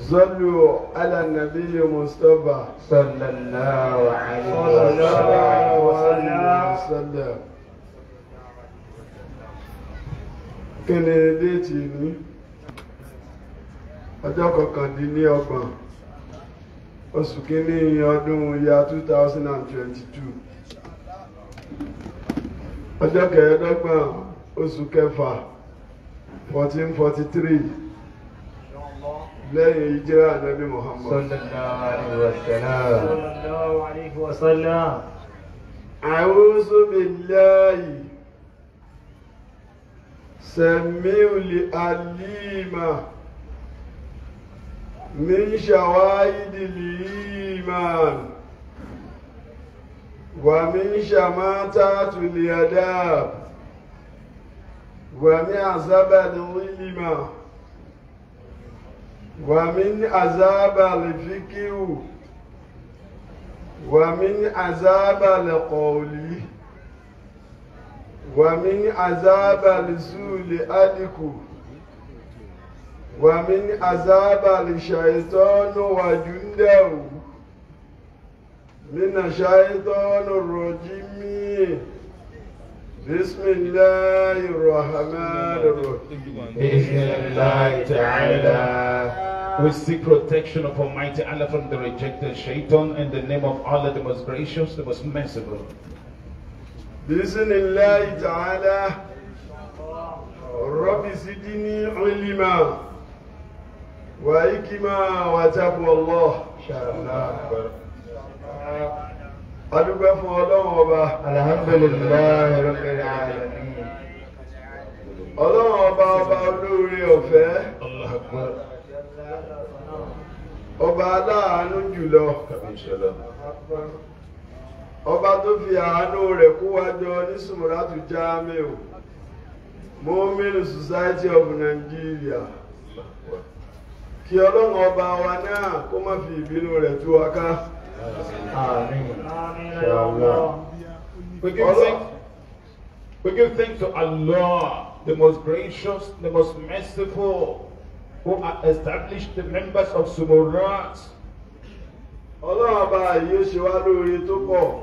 صلوا على النبي مصطفى صلى الله عليه وسلم kí ni déètì ní ọjọ́ kọkàndínlọ́gbọ̀n oṣù kínní ya 2022 ọjọ́ kẹẹ̀ẹ́dọ́gbọ̀n oṣù kẹfà 1443 lẹ́yìn ìjẹ́ ànábì Muhammad sallallahu alayhi wa sallam a'udhu billahi sami'ul alima min shawa'idil iman wa min shamatatil yadab wa min azabalil iman ومن عذاب الفكر ومن عذاب القول ومن عذاب الزول أدكو ومن عذاب الشيطان وجنده من الشيطان الرجيم بسم الله الرحمن الرحيم we seek protection of Almighty Allah from the rejected shaitan in the name of Allah, the most gracious, the most merciful. بسم الله تعالى رب زدني علما وحكما وتقوى الله. شاء الله. adúgbẹ́ fún ọlọ́run ọba alhamdulillahi rabbil alamin ọlọ́run ọba ọba olóore ọ̀fẹ́ ọba aláàánú jùlọ ọba tó fi àánú rẹ̀ kó jọ Society of Nigeria kí ọlọ́run ọba wa náà kó má fi ìbínú rẹ̀ tú wa Amen. Inshallah. We give, thanks, we give thanks to Allah, the most gracious, the most merciful, who established the members of Sumurat. Ọlọ́ọ̀bá yìí ṣe wá lóore tó pọ̀.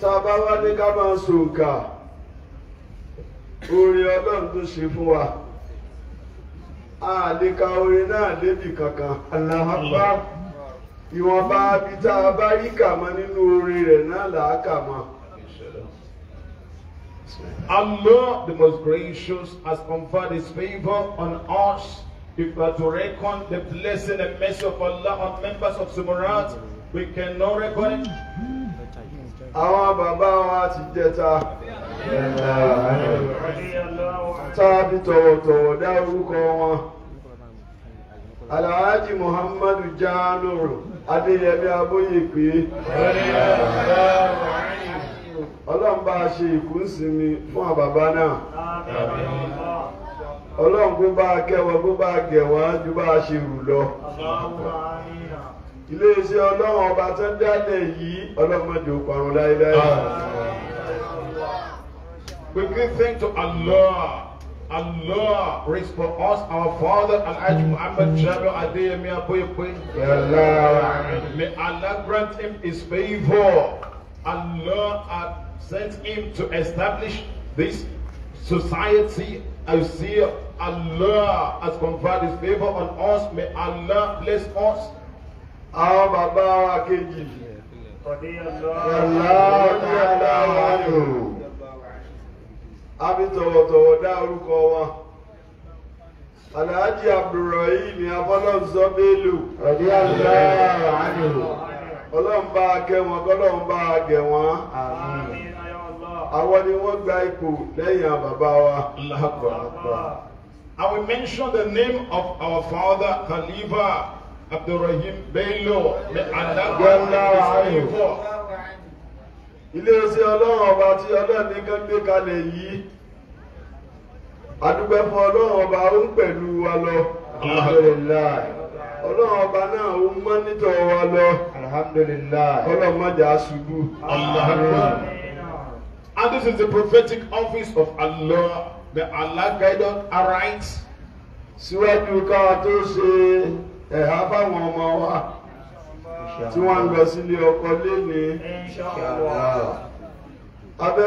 Tábà wá ní ká máa sòǹkà. Oore Ọlọ́run tó ṣe fún wa. A Allah ka oore ìwọ̀nba bí tá a bá nínú rẹ̀ náà là á kà mọ́. Allah, the most gracious, has conferred His favor on us. If we are to reckon the blessing and mercy of Allah on members of Sumarat, we cannot reckon it. Àwọn bàbá wa ti jẹta. Tàbí tọ̀wọ̀tọ̀wọ̀ dá orúkọ wọn. alhaji muhammadu Januru adéyẹmí abóyèpé ọlọ́run bá a ṣe ìkúnsinmi fún àbàbá náà ọlọ́run kó bá a kẹwọ́ kó bá a gẹ̀wọ́ ju bá a ṣe rù lọ iléeṣẹ́ ọlọ́run ọba tó ń yìí ọlọ́mọdé òparun láéláé. We give thanks Allah brings for us, our Father, and Aj Muhammad Jabir Adeyemi Aboyepe. May Allah grant him his favor. Allah sent him to establish this society. I see Allah has conferred his favor on us. May Allah bless us. Our Baba Akeji. Allah, Allah, Allah, Allah. a fi tọ̀wọ̀tọ̀wọ̀ dá orúkọ wọn. Alhaji Abdulrahim Afọlọ́nsọ Bello. Ọ̀dí àlùbá àánú. Ọlọ́run bá a kẹ́ wọn, kọ́lọ́run bá a gẹ̀ wọ́n. Àwọn ni wọ́n gba ipò lẹ́yìn bàbá wa. I will mention the name of our father, Khalifa Abdulrahim Bello. May Allah grant him favor iléeṣẹ́ ọlọ́run ọba tí ọlọ́run nìkan gbé kalẹ̀ yìí adúpẹ́ fún ọlọ́run ọba ó ń pẹ̀lú wa lọ alhamdulilayi ọlọ́run ọba náà ó ń mọ́nítọ̀ wa lọ alhamdulilayi ọlọ́run mọ̀jà ṣubú alhamdulilayi. And this is the prophetic office of Allah, the Allah guided aright. Síwájú ká tó ṣe ẹ̀há fáwọn ọmọ wa. tí wọ́n ń lọ sílé ọkọ léni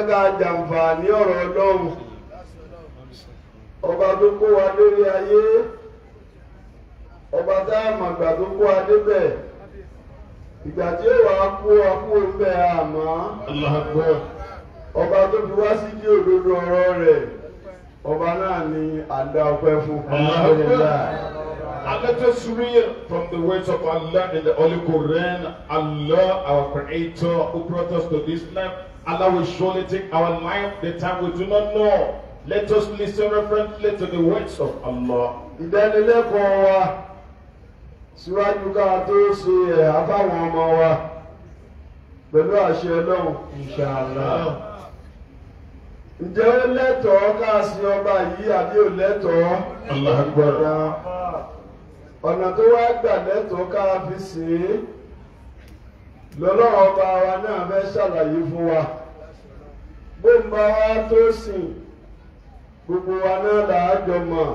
jàǹfà ní ọ̀rọ̀ ọlọ́run ọba tó kó wa lórí ayé ọba tá a mọ̀ ìgbà tó kó wa débẹ̀ ìgbà tí ó wàá kó wa kú òun bẹ́ẹ̀ àmọ́ ọba tó fi wá sí di òdodo ọ̀rọ̀ rẹ̀. ọba náà ni àdá ọpẹ́ fún. And let us read from the words of Allah in the Holy Quran. Allah, our Creator, who brought us to this life, Allah will surely take our life the time we do not know. Let us listen reverently to the words of Allah. Ìdánilẹ́kọ̀ọ́ wa síwájú ká tó ṣe ẹ̀ eh, afáwọn ọmọ wa pẹ̀lú àṣẹ Ọlọ́run. Inshallah ǹjẹ́ ó lẹ́tọ̀ọ́ ká ọba yìí àbí ò lẹ́tọ̀ọ́ àgbọ̀dá ọ̀nà tó wá gbà lẹ́tọ̀ọ́ ká fi sìn ín ọba wa náà fẹ́ ṣàlàyé fún wa bó ń bá wa tó sìn gbogbo wa náà là á jọ mọ̀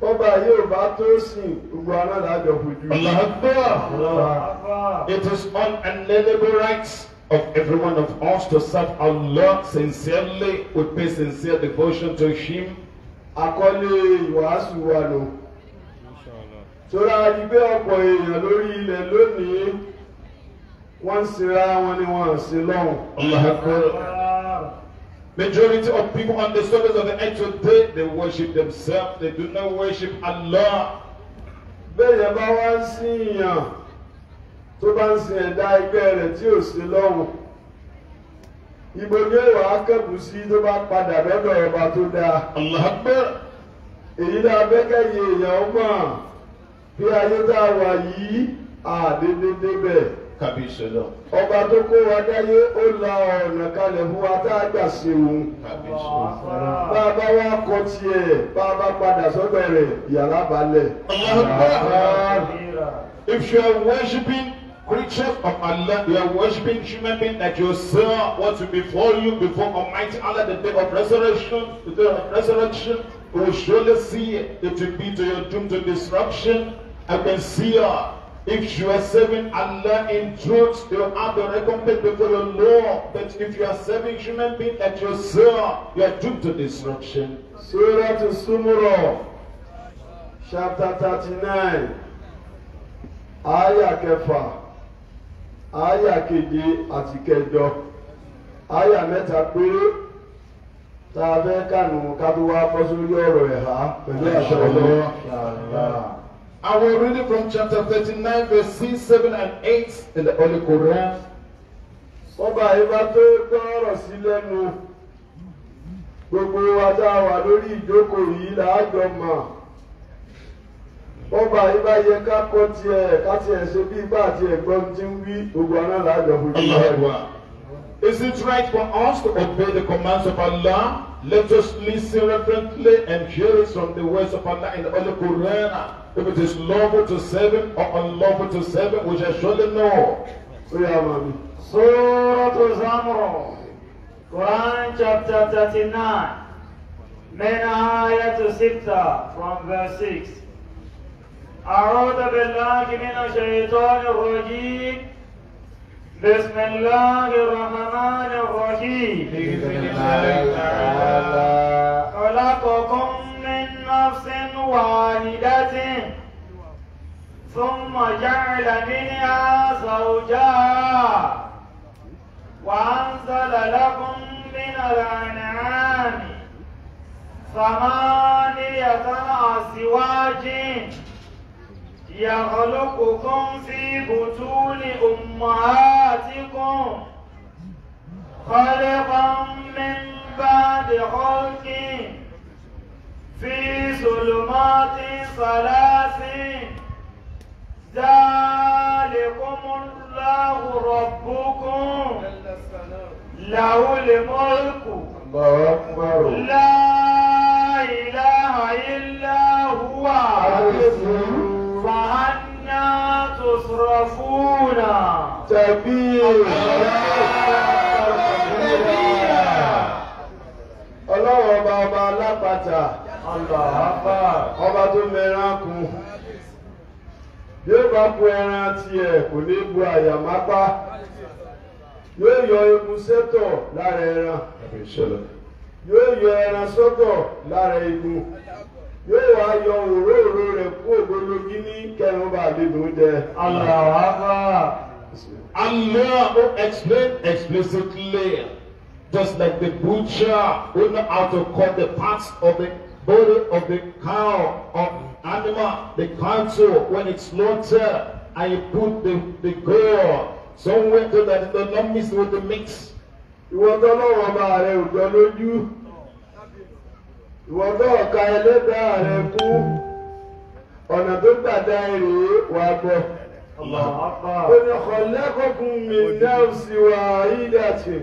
bọ́ba bá tó sìn gbogbo wa náà là fojú. Allahu It is unalienable rights of every one of us to serve Allah sincerely with pay sincere devotion to Him. Àkọlé ìwàásù wa lò. Sọ́ra ibé ọ̀pọ̀ èèyàn lórí ilẹ̀ lónìí, wọ́n ń sinra wọn ni wọ́n ń sin lọ́hùn. Majority of people on the surface of the earth today, they worship themselves, they do not worship Allah. Bẹ́ẹ̀ yẹn bá wá ń sìn tó bá ń sin ẹ̀dá ẹgbẹ́ rẹ̀ tí ò sí lọ́hùn ibo ni ó wàá sí tó bá padà lọ́dọ̀ ọba tó dáa. alábẹ́. èyí dá abẹ́kẹ́ yẹ èèyàn mọ̀ bí ayé tá a wà yìí àdédé débẹ̀. kàbí ìṣẹ̀lẹ̀. ọba tó kó wa dáyé ó la ọ̀nà kalẹ̀ fún wa tá a gbà ṣe òun. kàbí ìṣẹ̀lẹ̀. bá a bá wá kọ tiẹ̀ bá a bá padà sọ́gbẹ̀rẹ̀ yàrá balẹ̀. alábẹ́. if you are worshiping. Creatures of Allah, you are worshiping human beings that you serve. what will befall you before Almighty Allah the day of resurrection. The day of resurrection, you will surely see it will be to your doom to destruction. I can see uh, if you are serving Allah in truth, you have the recompense before the Lord. But if you are serving human beings that you serve, you are doomed to destruction. Surah to Sumurah, chapter 39, ayah kẹfà àyà keje àti kẹjọ àyà mẹ́ta péré tá a fẹ́ kànú ká tó wá bọ́ sórí ọ̀rọ̀ ẹ̀há pẹ̀lú àṣọ ọ̀lọ́. And we're reading from chapter 39, verse 6, 7, and 8 in the Holy Quran. Ọba ìbá tó gbọ́rọ̀ sí lẹ́nu, gbogbo wa tá a wà lórí ìjókòó yìí làá jọ mọ̀ bọ́ba yìí yẹ ká kọ́ tiẹ̀ ká tiẹ̀ ṣe bí ìgbà àti ẹ̀gbọ́n ti ń wí gbogbo àná làájọ fojú wa. Is it right for us to obey the commands of Allah? Let us listen reverently and hear it from the words of Allah in the Holy Quran. If it is lawful to serve Him or unlawful to serve Him, we shall surely know. Surah Zamro, Quran chapter 39, Min ayat to Sifta from verse 6. أعوذ بالله من الشيطان الرجيم بسم الله الرحمن الرحيم خلقكم من نفس واحدة ثم جعل منها زوجها وأنزل لكم من الأنعام ثمانية أزواج يخلقكم في بطون أمهاتكم خلقا من بعد خلق في ظلمات ثلاث ذلكم الله ربكم له الملك لا إله إلا هو فأنا تصرفون تبيرا ọlọ́wọ́ ọba ọba alápàtà ọba tó mẹ́ran kún yóò bá kú ẹran tiẹ̀ kò ní bu àyàmápá yóò yọ egun sétọ̀ lára ẹran yóò yọ ẹran sọ́tọ̀ lára egun yóò wá yọ òróró rẹ̀ kó ògbóló gíní kẹrin bá àdébùn jẹ. Allah Allah explain explicitly just like the butcher who know how to cut the parts of the body of the cow of animal the cattle when it's slaughtered and you put the the gore somewhere so that the don't mix with mix. ìwọ́n tó lọ́wọ́ bá rẹ̀ ò jọ lójú ìwọ́n bá ọ̀ka ẹlẹ́dàá rẹ kú ọ̀nà tó gbàdá èrè wà bọ̀. ó ní ọ̀lẹ́kọ̀ọ́kùn mi náà sì wà ídàtì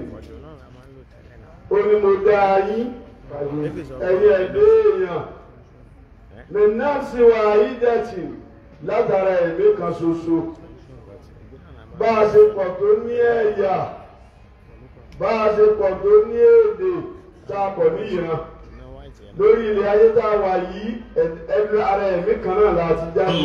ó ní mo dá yín ẹ̀yìn ẹ̀dọ́ èèyàn mi náà sì wà ídàtì látara ẹ̀mí kan ṣoṣo bá a ṣe pọ̀ tó ní ẹ̀yà bá a ṣe pọ̀ tó ní èdè tá a pọ̀ níyìran lórí ilẹ̀ ayé tá a wà yìí ẹnu ara ẹ̀mí kan náà la ti já sí.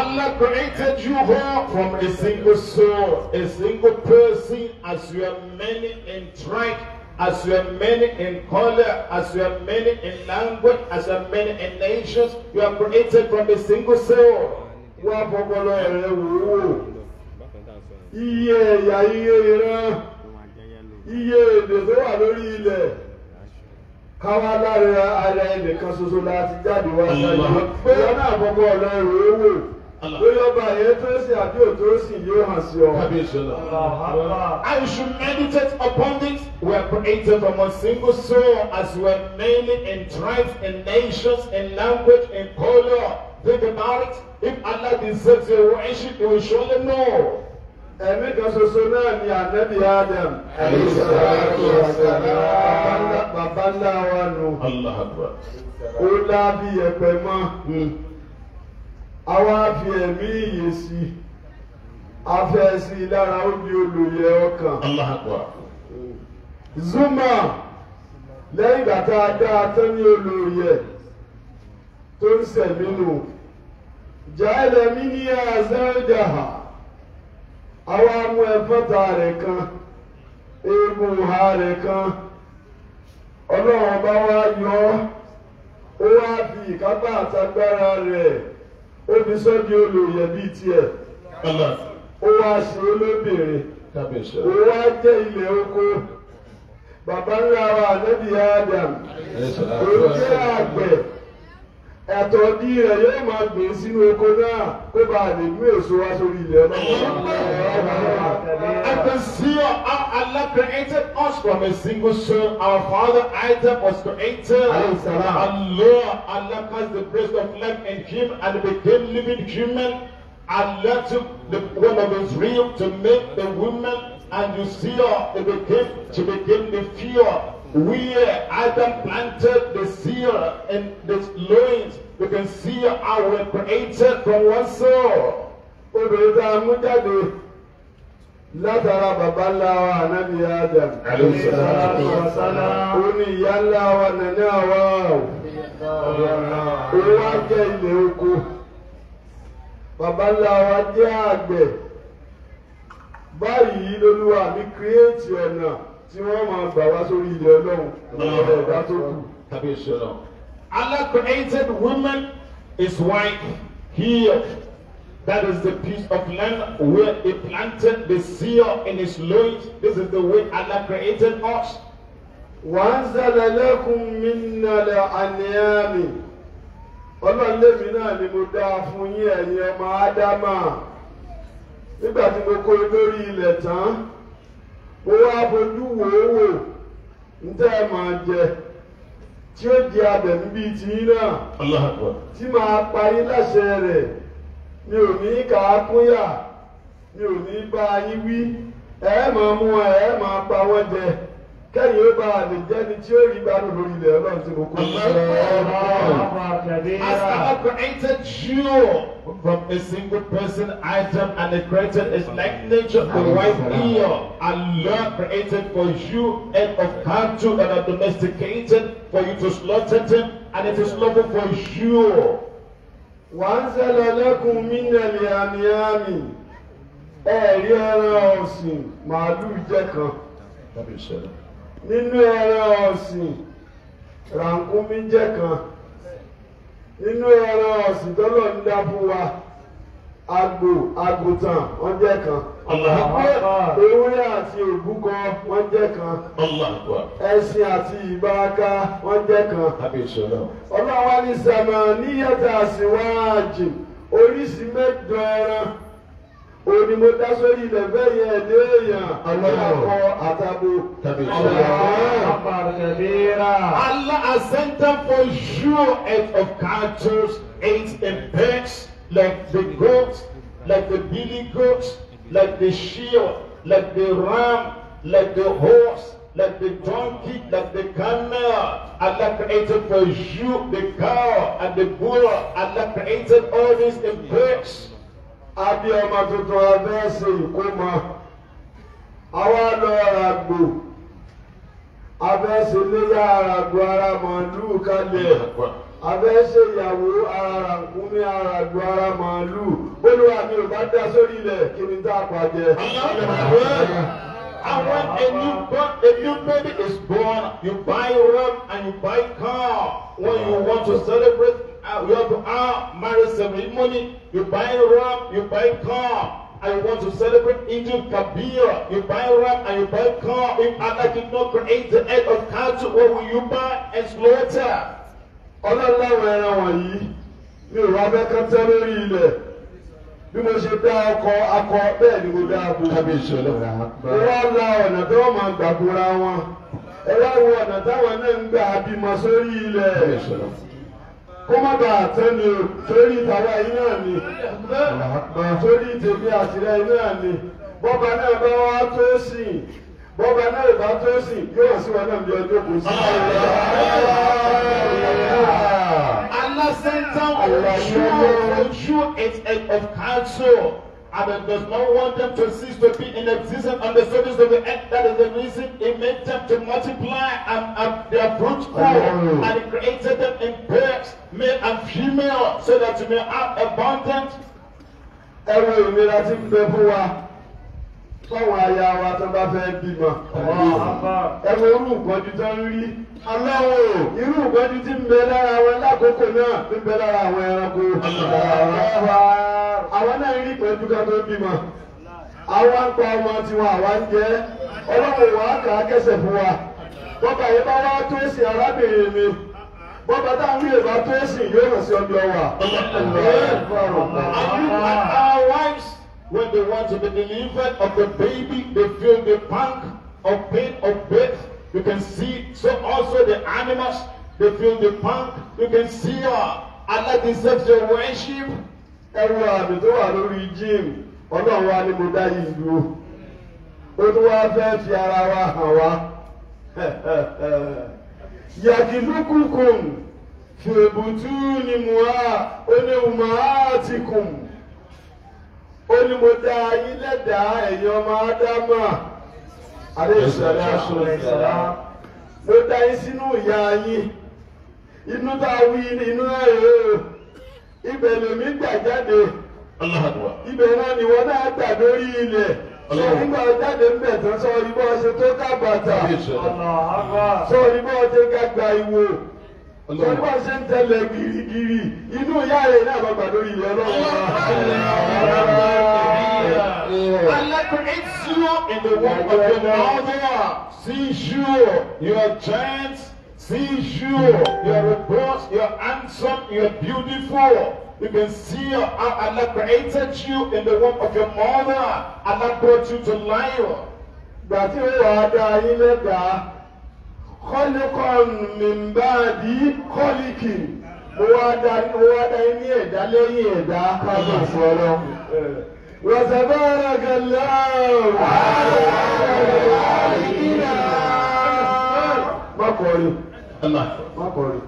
Allah created you all from a single soul, a single person, as you are many in strength, as you are many in color, as you are many in language, as you are many in nations, you are created from a single soul. Wá bọ́bọ́lọ́ rẹ̀ wò ó. Iye ẹ̀yà iye ìran, iye èdè tó wà lórí ilẹ̀ káwá lára ara ẹnìkan ṣoṣo láti jáde wá sáyé bóyá náà gbogbo ọ̀nà èrò ewò bóyá ọba tó sì àbí òtó sì yóò hàn sí ọ. And you should meditate upon it. We are created from a single soul as we are mainly in tribes in nations in language in color. Think about it. If Allah deserves your worship, you will surely know ẹ̀mí kan ṣoṣo náà ni ànábì Adam. bàbá ńlá wa nù. ó lábí ẹ̀pẹ̀ mọ́. àwa hmm. fi ẹ̀mí ìyè sí i. a fẹ́ sí i lára ó di olùyẹ ọkàn. zuma lẹ́yìn ìgbà tá a dá a tán ní olùyẹ tó ń sẹ̀mí nù. ja'ala minha zawjaha. àwa mú ẹfọ́ta rẹ kan eégún ha rẹ kan ọlọ́run ọba wa yọ ó wá fi ìkápá àtagbára rẹ̀ ó fi sọ́dí olóyè bíi tiẹ̀ ó wá ṣe olóbìnrin ó wá jẹ́ ilẹ̀ oko bàbá ńlá wa ànábì Adam ó jẹ́ àgbẹ̀. ẹ̀tọ́ ní rẹ̀ yóò máa gbìn sínú oko náà kó bá a lè mú èso wá sórí ilẹ̀ náà. And the seal Allah created us from a single soul. Our father Adam was created. Allah, Allah cast the breath of life in him and became living human. Allah took the one of his rib to make the woman and you see oh, her, it became, she became the fear We Adam planted the seed and the loins, we can see our we created from one soul. Obìnrin tá a mú jáde látara bàbá ńlá wa ànábì Adam. Ó ní ìyá ńlá wa nàní àwa o. Ó wá jẹ́ ilé oko. Bàbá ńlá wa jẹ́ àgbẹ̀. Báyìí lolúwa mi kírètì ọ̀nà tí wọ́n máa gbà wá sórí ilẹ̀ ọlọ́run lọ́wọ́ ẹ̀dá tó kù. kábíyèsí ọlọ́run. Allah created woman is white. here. That is the piece of land where he planted the seer in his loins. This is the way Allah created us. وَأَنزَلَ لَكُم مِّنَّ الْأَنْعَامِ Ọlọ́run lèmi náà ni mo dá fún yín ẹ̀yin ọmọ Ádámà. Nígbà tí mo kó e lórí ilẹ̀ tán. ó wá fojú wò ó ẹ máa jẹ tí ó di abẹ̀mí bíi tiyín náà tí máa parí láṣẹ rẹ̀ mi ò ní kà á mi ò ní bá yín wí ẹ pa wọ́n kẹ́yìn ó bá lè jẹ́ ni tí ó rí gbàdúrà lórí ilẹ̀ ọlọ́run tí mo kó sí. As Allah created you from a single person item and he created is like nature the white ear. Allah created for you and of cattle and are domesticated for you to slaughter them and it is lawful for you. وأنزل لكم من اليميام ẹ̀rí ẹran ọ̀sìn màálù jẹ́ kan. nínú ẹrẹ ọ̀sìn ràǹkúnmí jẹ́ kan nínú ẹrẹ ọ̀sìn tọ́lọ̀ ń dá wa agbo àgùntàn wọ́n kan àti òbúkọ wọ́n kan ẹsìn àti ìbáraká wọ́n kan ọlọ́wọ́ ní sẹ́mọ̀ níyàtà síwájú oríṣi mẹ́jọ ẹran. òní mo dá sórí ilẹ̀ bẹ́ẹ̀ yẹn ẹ̀dẹ́ èèyàn aláàkọ àtàbò tàbí ìṣòro. Allah has sent them for sure head of cattle, eight and birds, like the goat, like the billy goat, like the sheep, like the ram, like the horse, like the donkey, like the camel. Allah created for you the cow and the bull. Allah created all these birds abí ọmọ tuntun abẹ́ ṣe ìkómọ àwa lọ ràgbò abẹ́ ṣe léyà ràgbò ara màálù kalẹ̀ abẹ́ ṣe ìyàwó ara ràkúnmí ara ràgbò ara màálù olúwa mi ò bá dá sórí ilẹ̀ kí ni tá a pàjẹ́. And when a new, born, a new baby is born, you buy a and you buy car when you want to celebrate uh, you have uh, marriage ceremony, you buy a ram, you buy a car, and you want to celebrate into Kabir, you buy a ram and you buy a car. If Allah did not create the head of cattle, what will you buy and slaughter? Ọlọ́láwọ̀ ẹran wọ̀nyí ni ìwà abẹ́kẹ́ tẹ́ lórí ilẹ̀. Bí mo ṣe dá ọkọ akọ bẹ́ẹ̀ ni mo dá abo. Kábíyèsí ọlọ́run àwọn. la ọ̀nà tí wọ́n máa gbàgbóra wọn. Ẹ wá wo ọ̀nà táwọn náà ń gbà bímọ sórí ilẹ̀ kó má bàa tán o torí ìtàwá yín ni torí ìtèmi àtìlẹ́ yín ni bọ́ba náà bá wá tó sìn bọ́ba náà bá tó sìn yóò sí wọn náà bí ọjọ́ kò sí. Allah sent down a sure, a it's of counsel. And it does not want them to cease to be in existence on the surface of the earth. That is the reason it made them to multiply and, and their fruit grow. And it created them in pairs, male and female, so that you may have abundant. fáwọn aya wa tó bá fẹ́ bímọ. ẹ̀wọ̀n irú ìgbọ́njú tó ń rí. aláwọ̀ irú ń bẹ lára wọn lákòókò náà ń bẹ lára àwọn ẹranko. àwọn náà rí ìgbọ́njú ká tó bímọ. àwa ń pa ọmọ tiwọn àwa ń ọlọ́run kà á kẹsẹ̀ fún wa. yìí bá wá tó èsì arábìnrin mi táwọn ilé bá tó èsì when they want to be delivered of the baby, they feel the pang of pain of birth. You can see, so also the animals, they feel the pang. You can see uh, Allah deserves your worship. Everyone, the tó wà lórí jíìmù, ọlọ́run wa ni mo dá yìí dúró. Ó tún fẹ́ fi ara wa hàn wá. Yàgìlúkùkùn, fèbùtù ni mùá, ó ní mùá ti kùn ó ní mo dá yín lẹ́dàá ẹ̀yin ọmọ ádámà àdéhùsọ̀lá àṣọlẹ̀sọ̀lá mo dá yín sínú ìyá yín inú bá wí ní inú ẹ̀rọ ibẹ̀ lèmi gbà jáde ibẹ̀ náà ni wọ́n náà gbà lórí ilẹ̀ ṣé nígbà jáde ń bẹ̀ tán sọ orí ṣe tó kábàtà sọ orí ṣe gàgbà ìwò torí ṣe ń tẹ̀lé girigiri inú ìyá rẹ̀ náà bá lórí ilẹ̀ ọlọ́run. Allah creates you in the womb of your mother. See you, your chance. See you, you're robust, you're handsome, you're beautiful. You can see how Allah created you in the womb of your mother. Allah brought you to life. That's wàá dá ilé dáa kọ́lékọ́n mìmbáàdì kọ́líkì mo wá dá ní ẹ̀dá lẹ́yìn ẹ̀dá kábọ̀ sọ̀rọ̀. وتبارك الله má kọrin má kọrin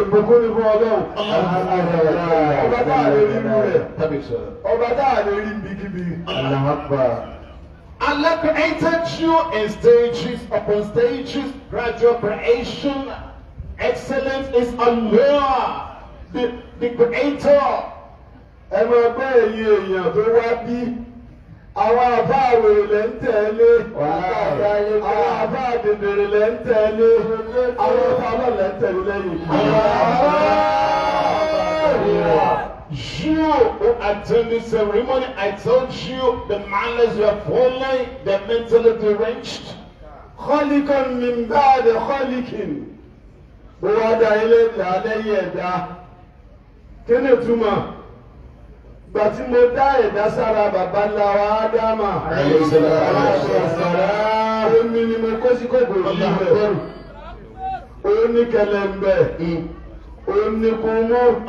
ìbùkún ni fún ọlọ́run ọba tá a lè rí mú rẹ̀ ọba tá a lè rí bíkíbi. Allah created you in stages upon stages, gradual creation. Excellence is Allah, the, the creator. Ẹnu ọgbẹ́ èyí èèyàn tó wá bí àwọn àbá àwèrè lẹ́ ń tẹ̀lé àwọn àbá àdìbèrè lẹ́ ń tẹ̀lé àwọn ọ̀tá ọlọ́ọ̀lẹ́ ń tẹ̀lé lẹ́yìn. You who attend this ceremony, I told you the manners you are following, the mentally deranged. Kọ́líkan mi ń bá àdé kọ́líkin. Bó wá dá ilé ìdá lẹ́yìn ẹ̀dá. Kí ni ìtumọ̀? Gbà tí mo dá ẹ̀dá sára bàbá ńlá wa Ádámà. Èmi ni onikunmu òun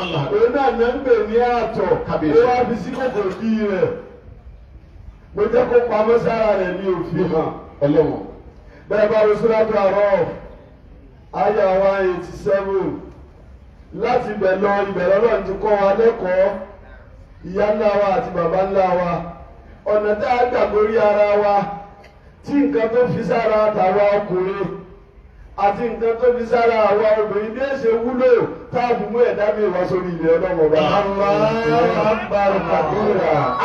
náà ní ń pè ní àtọ̀ ó wá fi sí kòkòrò bí rẹ̀ mo jẹ́ kó pamọ́ bá eighty láti lọ ti wa lẹ́kọ̀ọ́ ìyá ńlá wa àti bàbá ńlá wa tá a ara wa tí nǹkan tó fi sára tàwa ọkùnrin àti nǹkan tó fi sára àwa obìnrin táàbù mú ẹ̀dá mi wá sórí ilẹ̀ ọlọ́wọ́ bá.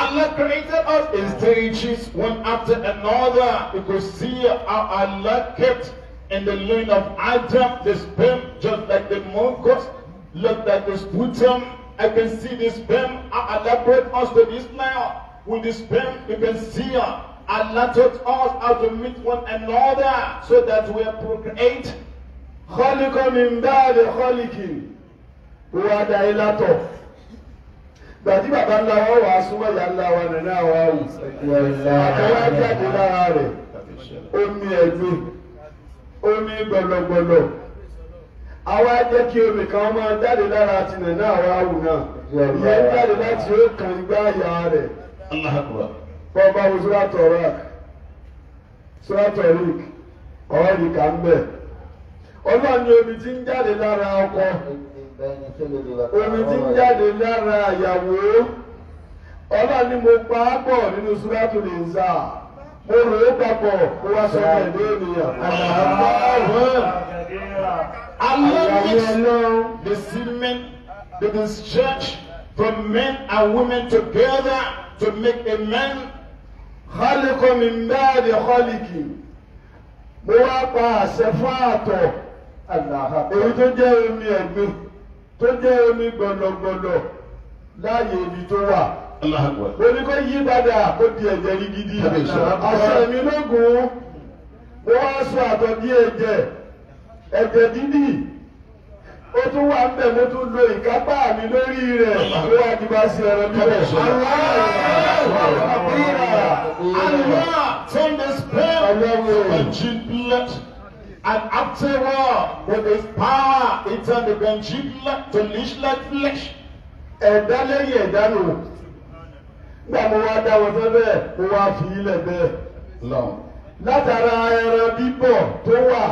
Allah created us in stages one after another. You could see how Allah kept in the line of Adam the sperm just like the mongoose look like the sputum. I can see the sperm. Allah brought us to this now. With the sperm, you can see her. Allah taught us how to meet one another so that we procreate. خلق من بعد خلق ó wá latọ. yín látọ̀ bàbá ńlá wa wà á súnmọ́ ìyá ńlá wa nínú àwa wù àtẹwá jáde lára rẹ̀ omi ẹ̀gbin omi gbọlọgbọlọ àwa jẹ́ kí omi kan máa jáde lára ti nínú ahụ náà ìyẹn jáde láti ó kàn gbá rẹ̀ wo kà ń bẹ̀ ọlọ́run ni omi ti ń jáde lára omi tí ń jáde lára àyàwó ọlá ni mo pa á pọ̀ nínú súrátù lè zà mo rò ó papọ̀ kó wá sọ pé ìlú ènìyàn Allah makes the semen, the discharge from men and women together to make a man. Khaliqa min ba'di khaliqi. Mo wá pa àṣẹ fún àtọ̀. Èyí tó jẹ́ omi ẹ̀gbin tó jẹ́ omi gbọ̀nlọ̀gbọ̀nlọ̀ láàyè ibi tó wà. mo ní kó yí padà kó di ẹ̀jẹ̀ rí gidi. àṣà mi ló gùn ún wá sọ àtọ̀ di ẹ̀jẹ̀ ẹ̀jẹ̀ dídì ó tún wà ń bẹ̀ mo tún lo ìkápá mi lórí rẹ̀ ló wá di bá sí ẹran bí rẹ̀. Allah send us prayer for Jesus. And afterward, with his power, he turned the Benjib to leash like flesh. Ẹ̀dá lẹ́yìn ẹ̀dá nù. Gbà mo wá dá wọn bẹ́ẹ̀, mo wá fi ilẹ̀ bẹ́ẹ̀ lọ. Látara ẹran bíbọ̀ tó wà,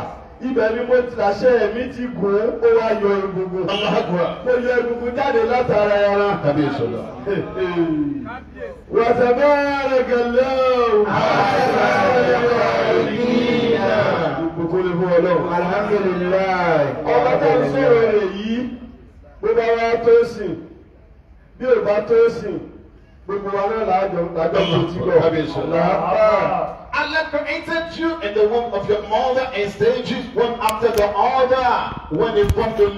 ibẹ̀ ni mo tàṣẹ ẹ̀mí ti gùn ún, ó wá yọ egungun. Mo yọ egungun jáde látara ẹran. Tàbí ìṣòro. Wọ̀sẹ̀ bẹ́ẹ̀ rẹ̀ gẹ̀lẹ́ o. Àwọn ẹ̀rọ ìgbìyànjú kúlù fún ọlọ́run. alhamdulilayi. ọba tó ń sọ̀rọ̀ rẹ̀ yìí bó bá tó sìn bí ò bá tó sìn gbogbo wa náà lájọ lájọ tó ti bọ̀. Allah created you in the womb of your mother and stages one after the other. When it comes to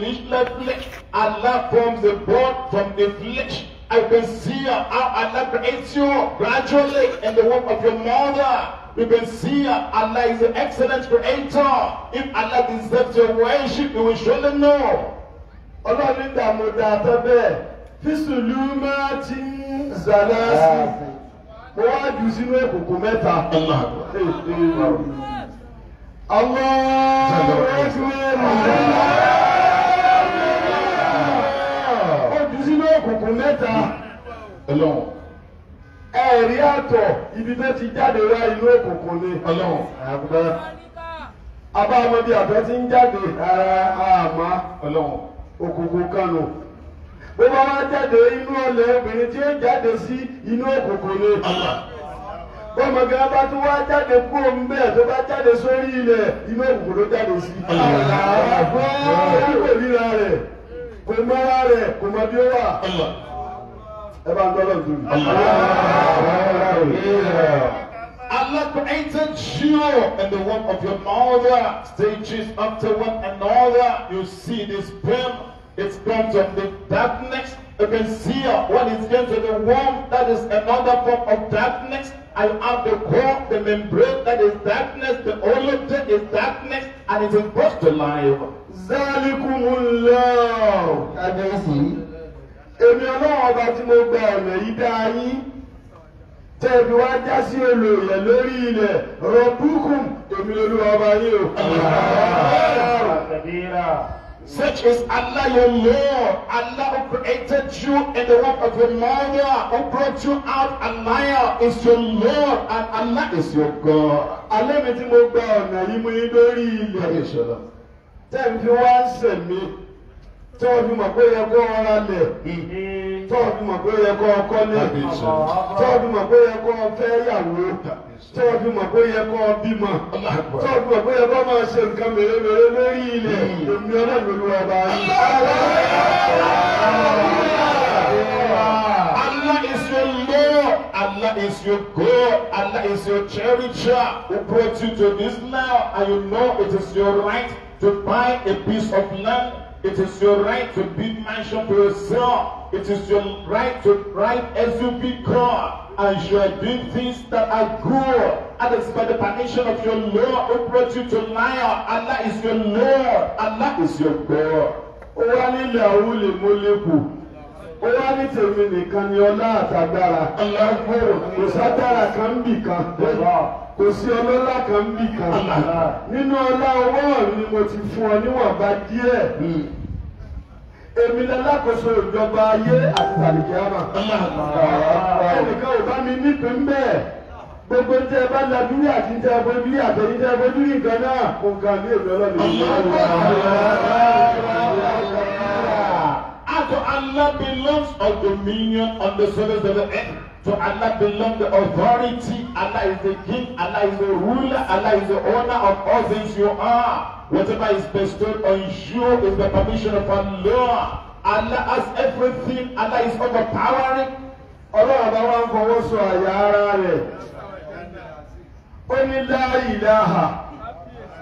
flesh, Allah forms the bone from the flesh. I can see how Allah creates you gradually in the womb of your mother. We can see Allah is an excellent creator. If Allah deserves your worship, you will surely know. Ọlọ́run ní dààmú dàtọ́ bẹ́ẹ̀ fíṣùlù máa ti ń zàlá sí. Mo wá jù sínú ìkòkò mẹ́ta. Àwọn ẹgbẹ́ rẹ̀ ó jù sínú ìkòkò mẹ́ta ẹ̀rí àtọ̀ ibi tó ti jáde wá inú òkùnkùn ni. ọlọ́run àgbà ti ń jáde ara àmọ́ ọlọ́run bó bá wá jáde inú ọ̀lẹ́ obìnrin tí ó jáde sí inú òkùnkùn ni. bọ́mọge bá tún wá jáde kú omi bẹ́ẹ̀ tó bá jáde sórí ilẹ̀ inú òkùnkùn ló jáde sí. àwọn àgbọ̀ ọ̀rẹ́ kò rẹ̀ kò mọ́ra rẹ̀ kò mọ bí ó wà. ẹ bá Allah created you in the womb of your mother. Stages after one another, you see this sperm. It's comes from the darkness. You can see when going to the womb, that is another form of darkness. I have the core, the membrane, that is darkness, the origin is darkness, and it is brought to life. ذلكم الله. èmi ọlọ́run ọba tí mo gba ọ̀nà yìí dá yín tẹ̀bi wá já sí olóyè lórí ilẹ̀ rọ̀bùkùn èmi lolúwa ọba yín o. Such is Allah your Lord. Allah who created you in the womb of your mother, who brought you out. Allah is your Lord and Allah is your God. Allah mi tí mo gba ọ̀nà yìí mú yín lórí ilẹ̀. Tẹ̀bi wá ń sẹ̀mí tọ́ ọ fi mọ̀ pé yẹ kó ọra lẹ̀ tọ́ ọ fi mọ̀ pé yẹ kó ọkọ́lé tọ́ ọ fi mọ̀ pé yẹ kó ọfẹ́ yàwó tọ́ ọ fi mọ̀ pé yẹ kó ọbímọ tọ́ ọ fi mọ̀ pé yẹ kó máa ṣe nǹkan mèremère lórí ilẹ̀ hmm. èmi ọlọ́run ló wà báyìí. Allah is your Lord, Allah is your God, Allah is your cherisher who brought you to this land and you know it is your right to buy a piece of land It is your right to build mansion for yourself. It is your right to you SUV car. And you are doing things that are good. And it's by the permission of your Lord who brought you to lion. Allah is your Lord. Allah is your God. ó wá ní tèmi nìkan ni ọlá àtàgbára kò sátara kan bì kan kò sí ọlọ́lá kan bì kan nínú ọlá ọwọ́ mi mo ti fún ọ níwọ̀nba díẹ̀ hmm. èmi lalákòóso ìjọba ayé àti tàbíkíámà ẹnìkan ò bá mi nípìn bẹ́ẹ̀ gbogbo ń tẹ bá ladúrí àti ń tẹ bójú àtẹ̀yìn tẹ bójú nìkan náà kò kàn ní ìgbẹ́lọ́ nìkan. Now to Allah belongs all dominion on the surface of the earth. To Allah belongs the authority. Allah is the king. Allah is the ruler. Allah is the owner of all things you are. Whatever is bestowed on you is the permission of Allah. Allah has everything. Allah is overpowering. Ọlọ́run bá wá ń fọwọ́ sọ àyà ara rẹ̀. Ó ní láìláha.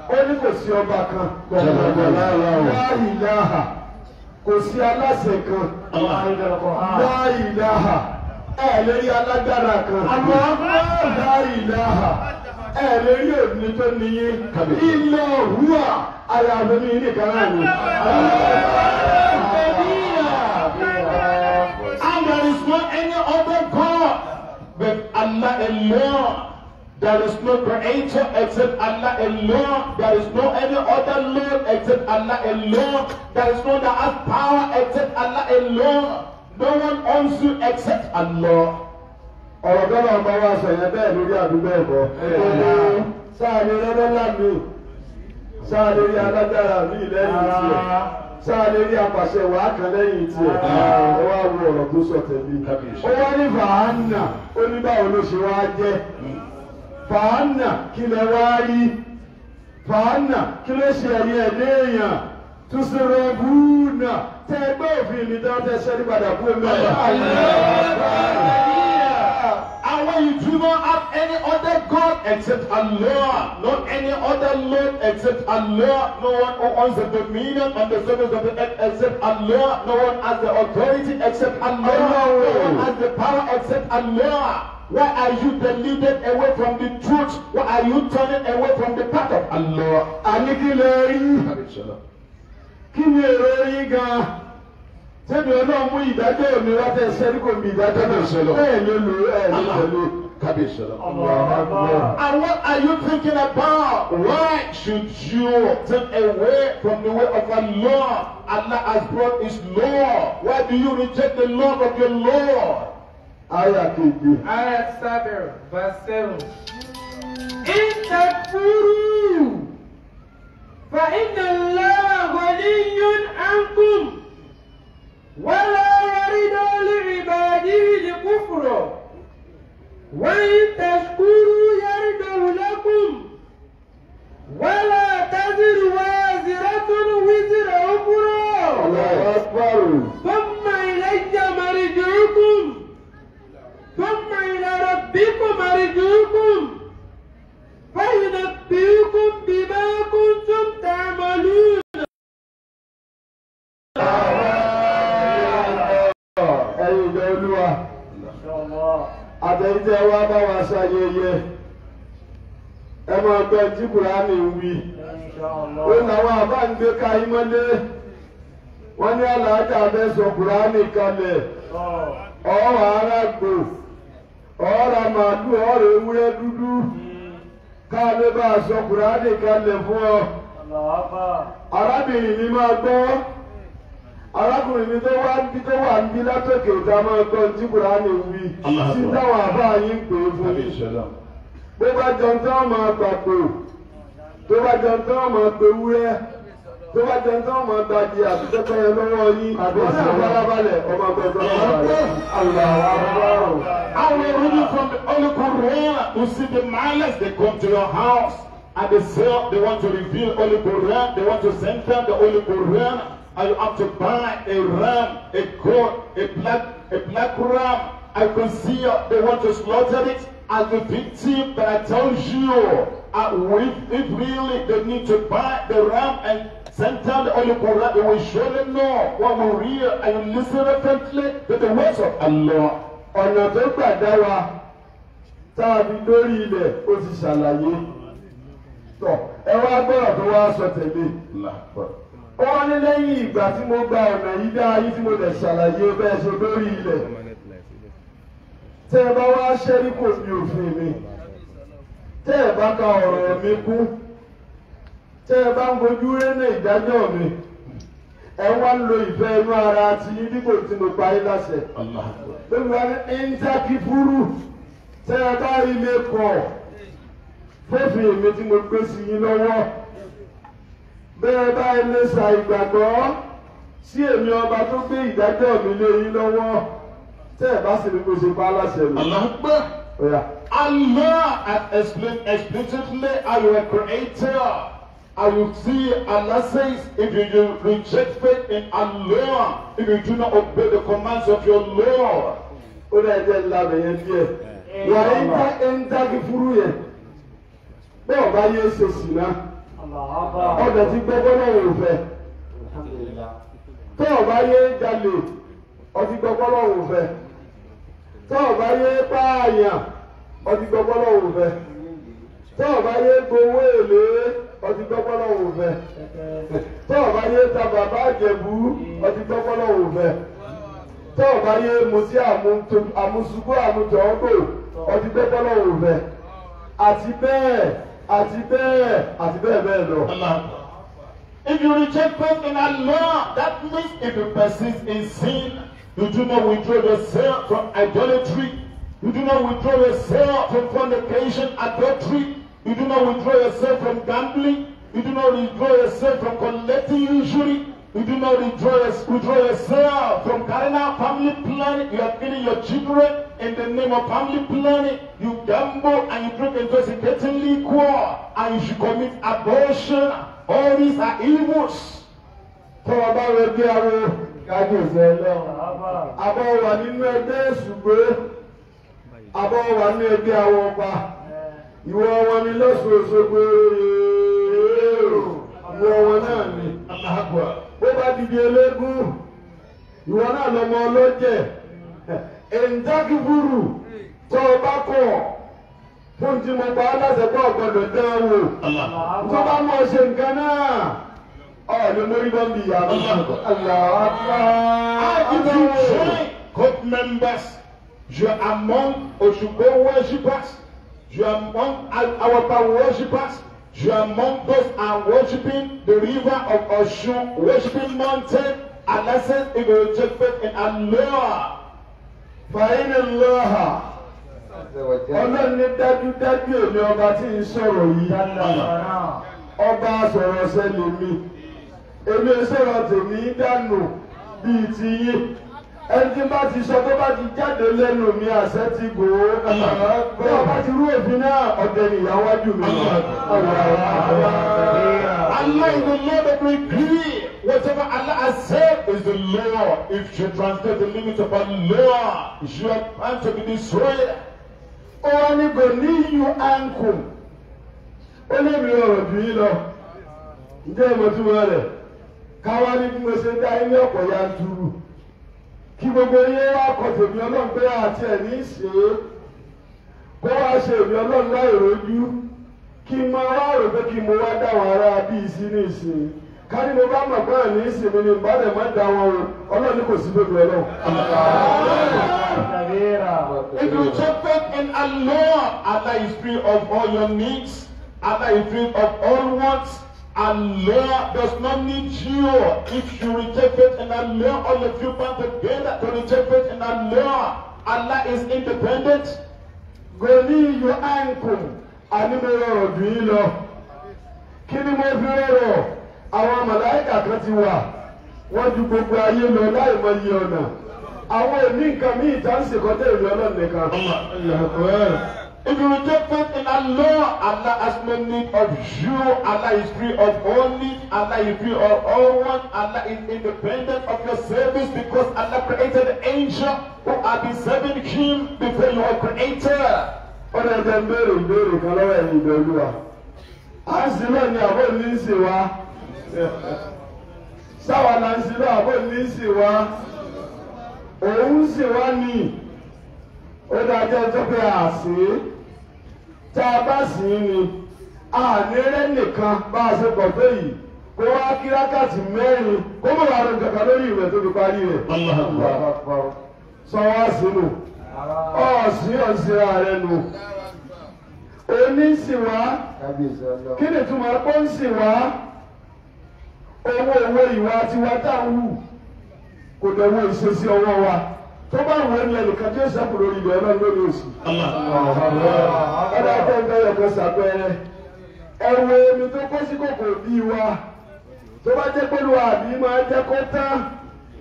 Ó ní kò sí ọba kan. Láìláha kò sí aláṣẹ kan láìláha ẹ lè rí alágbára kan láìláha ẹ lè rí òní tó níyí ilé òwúwà ayàwó ní nìkan náà ni. And there is no any other God but Allah alone. There is no creator except Allah alone. There is no any other Lord except Allah alone. There is no that has power except Allah alone. No one owns you except Allah. Ọ̀rọ̀ gbọ́dọ̀ ọmọ wa sọ yẹn bẹ́ẹ̀ lórí àdúgbò ẹ̀kọ́. Ẹ̀ẹ́dẹ́ sáàrí rẹ́rẹ́lá mi, sáàrí rí alágbára mi lẹ́yìn tiẹ̀, sáàrí rí apàṣẹ wàá kan lẹ́yìn tiẹ̀. Ó wá wo ọ̀rọ̀ tó sọ tẹ̀lé. Ó wá ní fàánà, ó ní báwo ló ṣe wá jẹ́ fàánà kí lẹ wá rí fàánà kí ló ṣe ẹ̀yìn ẹ̀dẹ́ èèyàn tùsùrù bùnà tẹ ẹgbẹ́ òfin mi dá tẹ ṣẹ́ nípadà fún mi. Àwọn you do not have any other God except Allah, not any other Lord except Allah, no one owns the dominion on the surface of the earth except Allah, no one has the authority except Allah, no one has the power except Allah. Why are you deluded away from the truth? Why are you turning away from the path of Allah? Àní kí lè rí? gan Sẹ́mi ọlọ́run mú ìdájọ́ òní wá tẹ́ sẹ́ni kò mí ìdájọ́ náà. Bẹ́ẹ̀ olú ẹ̀ ní pẹ̀lú ah, And what are you thinking about? Why should you turn away from the way of Allah? Allah has brought his law. Why do you reject the law of your Lord? Aya keje. Aya seven verse seven. Intakuru fa inna Allah ghaniyun ankum wala yarida li ibadihi kufra wa in tashkuru yaridahu lakum wala taziru waziratun wizra ukhra. Allahu akbar. Thumma ilayya marji'ukum. ثم إلى ربكم أرجوكم فينبئكم بما كنتم تعملون àtẹ̀yìntẹ́ wa bá wa ṣayẹyẹ ẹ máa gbọ́ tí kùránì wí ó làwọn àbá ka imọ́lé wọ́n ní àlàájá sọ kalẹ̀ ọ̀rọ̀ màálù ọ̀rọ̀ ewúrẹ́ dúdú káàdé bá a sọ kùránì kalẹ̀ fún ọ. arábìnrin mi máa gbọ́ arákùnrin mi tó wá níbi tó wà níbi látòkè òta máa gbọ́ tí kùránì wí sí táwọn àbá yín pè é fún mi. Gbogbo bá máa tó bá jẹun tí wọ́n gba di àtúntẹ́tẹ́ yẹn lọ́wọ́ yín wọ́n náà farabalẹ̀ ọmọ gbẹ̀gbẹ̀ Àwọn orúkọ from the Holy Quran who see the malice they come to your house and they say they want to reveal Holy Quran, they want to send them the Holy Quran and you have to buy a ram, a goat, a black, a black ram. I can see they want to slaughter it as a victim, but I tell you, if, uh, if really they need to buy the ram and send down the Holy Quran, they will surely know what we read and listen attentively to the words of Allah. ọ̀nà tó gbà dá wa tá a fi lórí ilẹ̀ ó ti ṣàlàyé tọ̀ ẹ wá gbọ́dọ̀ tó wá sọ tẹ̀lé. ó wá ní lẹ́yìn ìgbà tí mo gba ọ̀nà yìí dá ayé tí mo lè ṣàlàyé bẹ́ẹ̀ ṣe lórí ilẹ̀ tẹ́ ẹ bá wá ṣẹ́rí kò sí òfin mi tẹ́ ẹ bá ka ọ̀rọ̀ mi kú tẹ́ ẹ bá ń fojú rénè ìdájọ́ mi ẹ wá ń lo ìfẹ́ inú ara ti yín dípò tí mo pa yín láṣẹ. lórí wa ní íńtákìfúrú tẹ́ ẹ bá ilé kọ̀ fófin èmi tí mo gbé sí yín lọ́wọ́ bẹ́ẹ̀ bá ilé sa ìgbàgbọ́ sí èmi ọba tó gbé ìdájọ́ mi lé yín lọ́wọ́ tẹ́ ẹ bá sì ní mo ṣe pa láṣẹ mi. Yeah. Allah has uh, explained explicitly how you a creator. And you see, Allah says, if you, you reject faith in Allah, if you do not obey the commands of your Lord, ó dẹ̀ jẹ́ ìlànà yẹn díẹ̀. Wàá ń dá ń dági fúru yẹn. Bẹ́ẹ̀ ọba yẹ ṣe sì náà. Ọ̀dọ̀ ti gbẹ́gbẹ́ náà wò fẹ́. Bẹ́ẹ̀ ọba yẹ jalè, ọtí gbẹ́gbẹ́ náà wò fẹ́ tọ́ yé pààyàn ọtí gbọ́gbọ́lọ́ wò fẹ́ yé gbowó èlé ọtí gbọ́gbọ́lọ́ wò fẹ́ yé ta bàbá ọtí gbọ́gbọ́lọ́ wò fẹ́ yé mutí àmúṣubú àmújọ́gbò ọtí gbọ́gbọ́lọ́ wò àti bẹ́ẹ̀ àti bẹ́ẹ̀ àti bẹ́ẹ̀ bẹ́ẹ̀ lọ. If you reject faith in Allah, that means if you persist in sin You do not withdraw yourself from idolatry. You do not withdraw yourself from fornication, adultery. You do not withdraw yourself from gambling. You do not withdraw yourself from collecting usury. You do not withdraw, withdraw yourself from carrying out family planning. You are killing your children in the name of family planning. You gamble and you drink intoxicating liquor and you should commit abortion. All these are evils. Tọ́wọ́ bá wẹ̀ bí arúgbó. Aba ọwa abọ wà nínú ẹgbẹ́ ṣùgbọ́n abọ wà nínú ẹgbẹ́ àwọn ọba ìwọ ni lọsọọsọ gbèrè ìwọ wọn náà ni bó bá dìde eléégún ìwọ náà lọmọ ọlọjẹ ẹnjákìbúrú tó o bá kọ fún tí mo pa á láṣẹ pé ọ̀ọ́dún lórí bọ́ mi yà lọ́wọ́. Cult members, you among Oshogbo worshippers, you among Awapa worshippers, you among those are worshiping the river of Osun, worshiping mountain, Alasan, Igorojepe, and Allah. Fàyín Allah. Ọlọ́run ní dájúdájú èmi ọba tí ń sọ̀rọ̀ yìí. Ọba sọ̀rọ̀ sẹ́lẹ̀ mi èmi sọ̀rọ̀ tèmi dànù bíi ti yín ẹni tí bá ti sọ tó bá ti jáde lẹ́nu mi àṣẹ ti gò bí ọba ti rú èéfín náà ọ̀dẹ nìyàwájú mi. Allah is the Lord of degree. Whatever Allah has is the law. If you transgress the limit of law, you are bound to be destroyed. Ó wá ní kò ní yú ànkù. Ó lè mi ọ̀rọ̀ jù lọ. Ǹjẹ́ ìmọ̀ tí wọ́n rẹ̀? káwá ní bí mo ṣe dá yín ní ọ̀pọ̀ yanturu kí gbogbo yín wá kọ tèmi ọlọ́run pé àti ẹ̀ ṣe é kó wá ṣe èmi ọlọ́run láì rojú kí n máa wá rò pé kí mo wá dá wọn ará bíi sí ní ìsìn ká ní mo bá mọ̀ pé àní ìsìn mi ni n bá lè má dá wọn o ọlọ́run kò sí bèbè ọlọ́run. If you take faith in Allah, Allah is free of all your needs. Allah is free of all wants. Allah does not need you if you reject faith in Allah all of you band together to reject faith in Allah. Allah is independent. Gòní yóò ànkùn àní mo rọrọ̀ dùn yín lọ. Kí ni mo fi rọrọ̀? Àwọn màláìkà kan ti wà. Wọ́n ju gbogbo ayé lọ láì mọ iye ọ̀nà. Àwọn èmi nǹkan míì tá ń ṣèkọ́tẹ̀ ìlú ọlọ́ọ̀nìkan. If you reject faith in Allah, Allah has no need of you. Allah is free of all needs. Allah is free of all wants. Allah is independent of your service because Allah created angels who are serving Him before you were created. Ó lè jẹ́ béèrè ìbéèrè kan lọ́wọ́ ẹ̀yìn ìbẹ̀rù wa. À ń sin náà ni àbó ní í sìn wa. Sáwa la ń sin náà àbó ní í sìn wa. Òun sìn wa ni. Ó dájọ́ tó pé àṣìí tá a bá sìn ín ni ànírẹ́ nìkan bá a ṣe gbọ̀ pé yìí kó wá kí rákàtì mẹ́rin kó mọ̀ wá lóun kàkà lórí ìwé tó fi parí rẹ̀. sọ wá sínú ọ̀sìn ọ̀sìn ààrẹ nù onísìnwá kí ni túmọ̀ pé ń sìnwá owó owó ìwà tiwa tá a wù kò dẹ̀ wo ìṣesí ọwọ́ wa tó bá wù ẹni lẹ́nu kájí ó sàpò lórí ibẹ̀ ẹ bá gbé lóòsì. ọ̀dà akẹ́kọ̀ọ́ yẹ kó sàpẹ́rẹ́ ẹ wo omi tó kó sí kòkò bí wa tó bá jẹ́ pẹ́lú àbí máa jẹ́ kó tán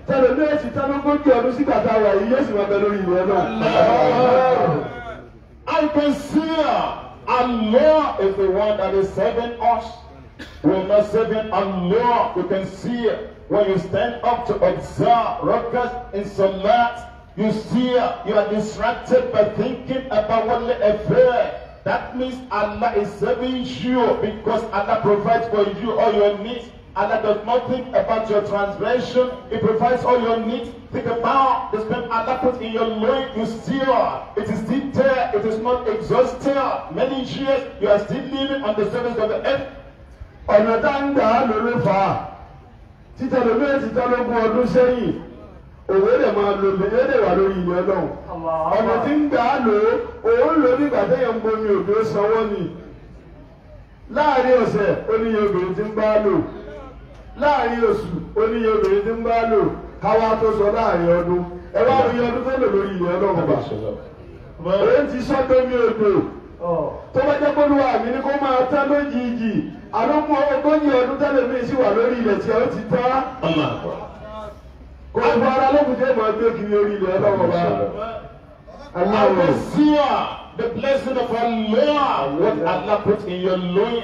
tẹ̀lé ní èsì tánúgbójú ọdún sígbà tá wà yìí yóò sì máa bẹ lórí ìwé náà. I can see uh, Allah is the one that is saving us. We are not saving. Allah. You can see it when you stand up to observe rockets in salat. You see, you are distracted by thinking about worldly affairs. That means Allah is serving you because Allah provides for you all your needs. Allah does not think about your transgression. He provides all your needs. Think about the spend Allah put in your loin. You still, it is still there. It is not exhausted. Many years you are still living on the surface of the earth. ọ̀nà tá ń gbà á lórí fa títẹ̀ ọdún sẹ́yìn òwe lè máa lo òbíye lè wà lórí ilẹ̀ ọlọ́run ọ̀nà tí ń gbà á lò ó òun lò nígbà téèyàn ń bomi òbí ó sanwó ni láàrin ọ̀sẹ̀ oníyẹ obìnrin ti ń bá lò láàrin oṣù oníyẹ obìnrin ti ń bá lò káwá tó sọ láàrin ọdún ẹ wá rí ọdún tó lò lórí ilẹ̀ ọlọ́run bá òun ti sọ pé mi ò dò tó bá jẹ́ pólúwa mi ni kó máa tán lójijì àlọ́ mú ọgọ́jì ọdún tẹ́lẹ̀ mi sì wà lórí ilẹ̀ tí ó ti tá gbogbo ara ló kùn máa gbé kiri orí ilẹ̀ ọlọ́wọ́ bá. Àwọn síwà the blessing of Allah what Allah put in your loin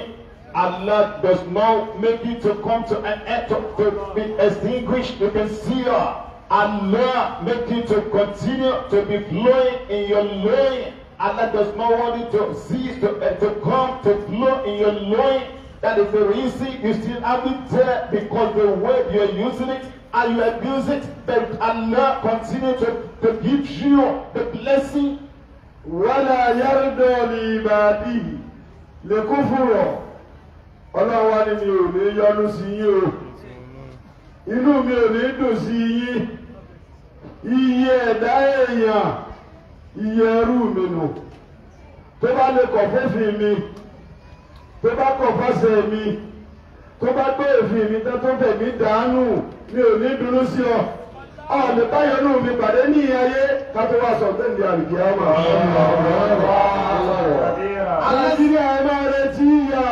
Allah does not make you to come to an end to, to be extinguished you can see her. Allah make you to continue to be flowing in your loin. Allah does not want you to cease to, uh, to come to flow in your loin. That is the reason you still have it there because the way you are using it and you abuse it, then Allah continue to, to give you the blessing. وَلَا يَرْضَى لِعِبَادِهِ لَكُفُرًا ọlọ́wà ni mi ò ní yọ́nú sí yín o inú mi ò ní dùn sí yín iye ẹ̀dá èèyàn iye ẹrú mi nù tó bá lè kọ̀ fẹ́fì mi tó bá kọ̀ fẹ́sẹ̀ mi tó bá gbé òfin mi tán tó tẹ̀mí dànù mi ò ní dúró sí ọ ọ̀nì báyọ̀ nù mí pàdé ní ayé kátó wá sọ pé ní àlùkí àmà. alájírí àmà rẹ tí yà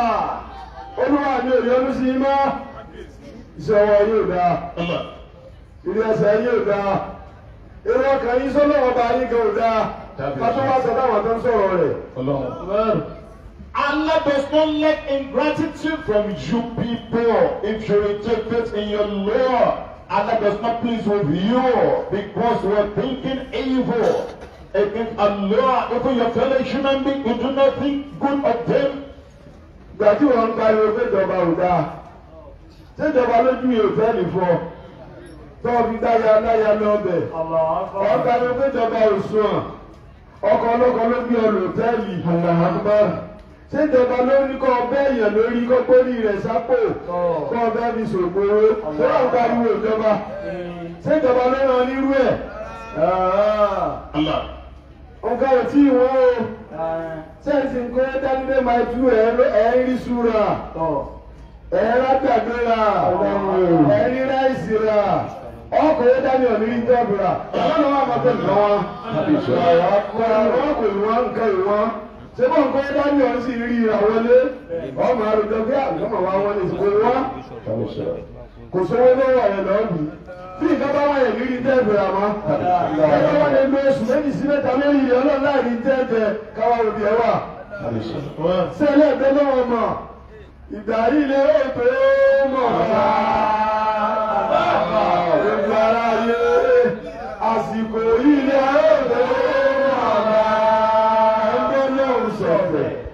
olúwa mi ò yọnu sí mọ́ ìṣòwò yóò dáa ìrìn ẹsẹ̀ yóò dáa èrò ọkàn yín sọ́nà ọba yín kò dáa kátó wá sọ táwọn tó ń sọ̀rọ̀ rẹ̀. Allah does not lack ingratitude from you people if you reject it in your Lord. Allah does not please with you because you are thinking evil against Allah. Even your fellow human being, you do not think good of them. that you wọ́n ń pariwo pé ìjọba ò dáa, ṣé ìjọba lójú mi ò fẹ́ nìfọ́? Tọ́ọ̀bì dáyà láyà lọ́bẹ̀. Ọ̀gá ni pé ìjọba ò sùn. Ọkọ̀ ọlọ́kọ̀ ló gbé ọ lò ṣèjọba ló ní kọ́ ọbẹ̀ èèyàn lórí kọ́kọ́rí rẹ̀ sápò kọ́ ọbẹ̀ fi ṣògbó owó tó wà pariwo ìjọba ṣèjọba ló ràn nírú ẹ̀. nǹkan ò tí ì wọ́n o ṣẹ́ǹsì nǹkan dánilé máa ju ẹ̀ ń rí sùúrà ẹ̀ ń rákàdé rà ẹ̀ ń rí ráìsì rà ọkọ̀ yẹn dání ọ̀nà yìí jẹ́ àbúrà ọ̀nà wà máa tẹ̀lé wọn ọ̀nà wà kọ̀ ìwọ̀n nǹkan ìwọ̀n ṣé bọ́n pé dání ọ̀hún sì rí ìràwọlé ọmọ àrùjọ pé àgbọ̀mọ̀ wa wọn lè sọ wá kò sówó lọ́wọ́ rẹ̀ lọ́ọ̀bì tí nǹkan bá wáyé rírí tẹ́ẹ̀bẹ̀ àmọ́ ẹgbẹ́ wọn lè lo oṣù méjì sí mẹ́ta lórí ìyẹn ọlọ́run láàrin tẹ́ẹ̀bẹ̀ káwá òbí ẹ̀ wà sẹ́lẹ̀ ẹ̀bẹ́ lọ́wọ́ mọ̀ ìgbà yìí lè ó pé ó mọ̀ bàbá ìgbà ayé àsìkò yìí lè ó.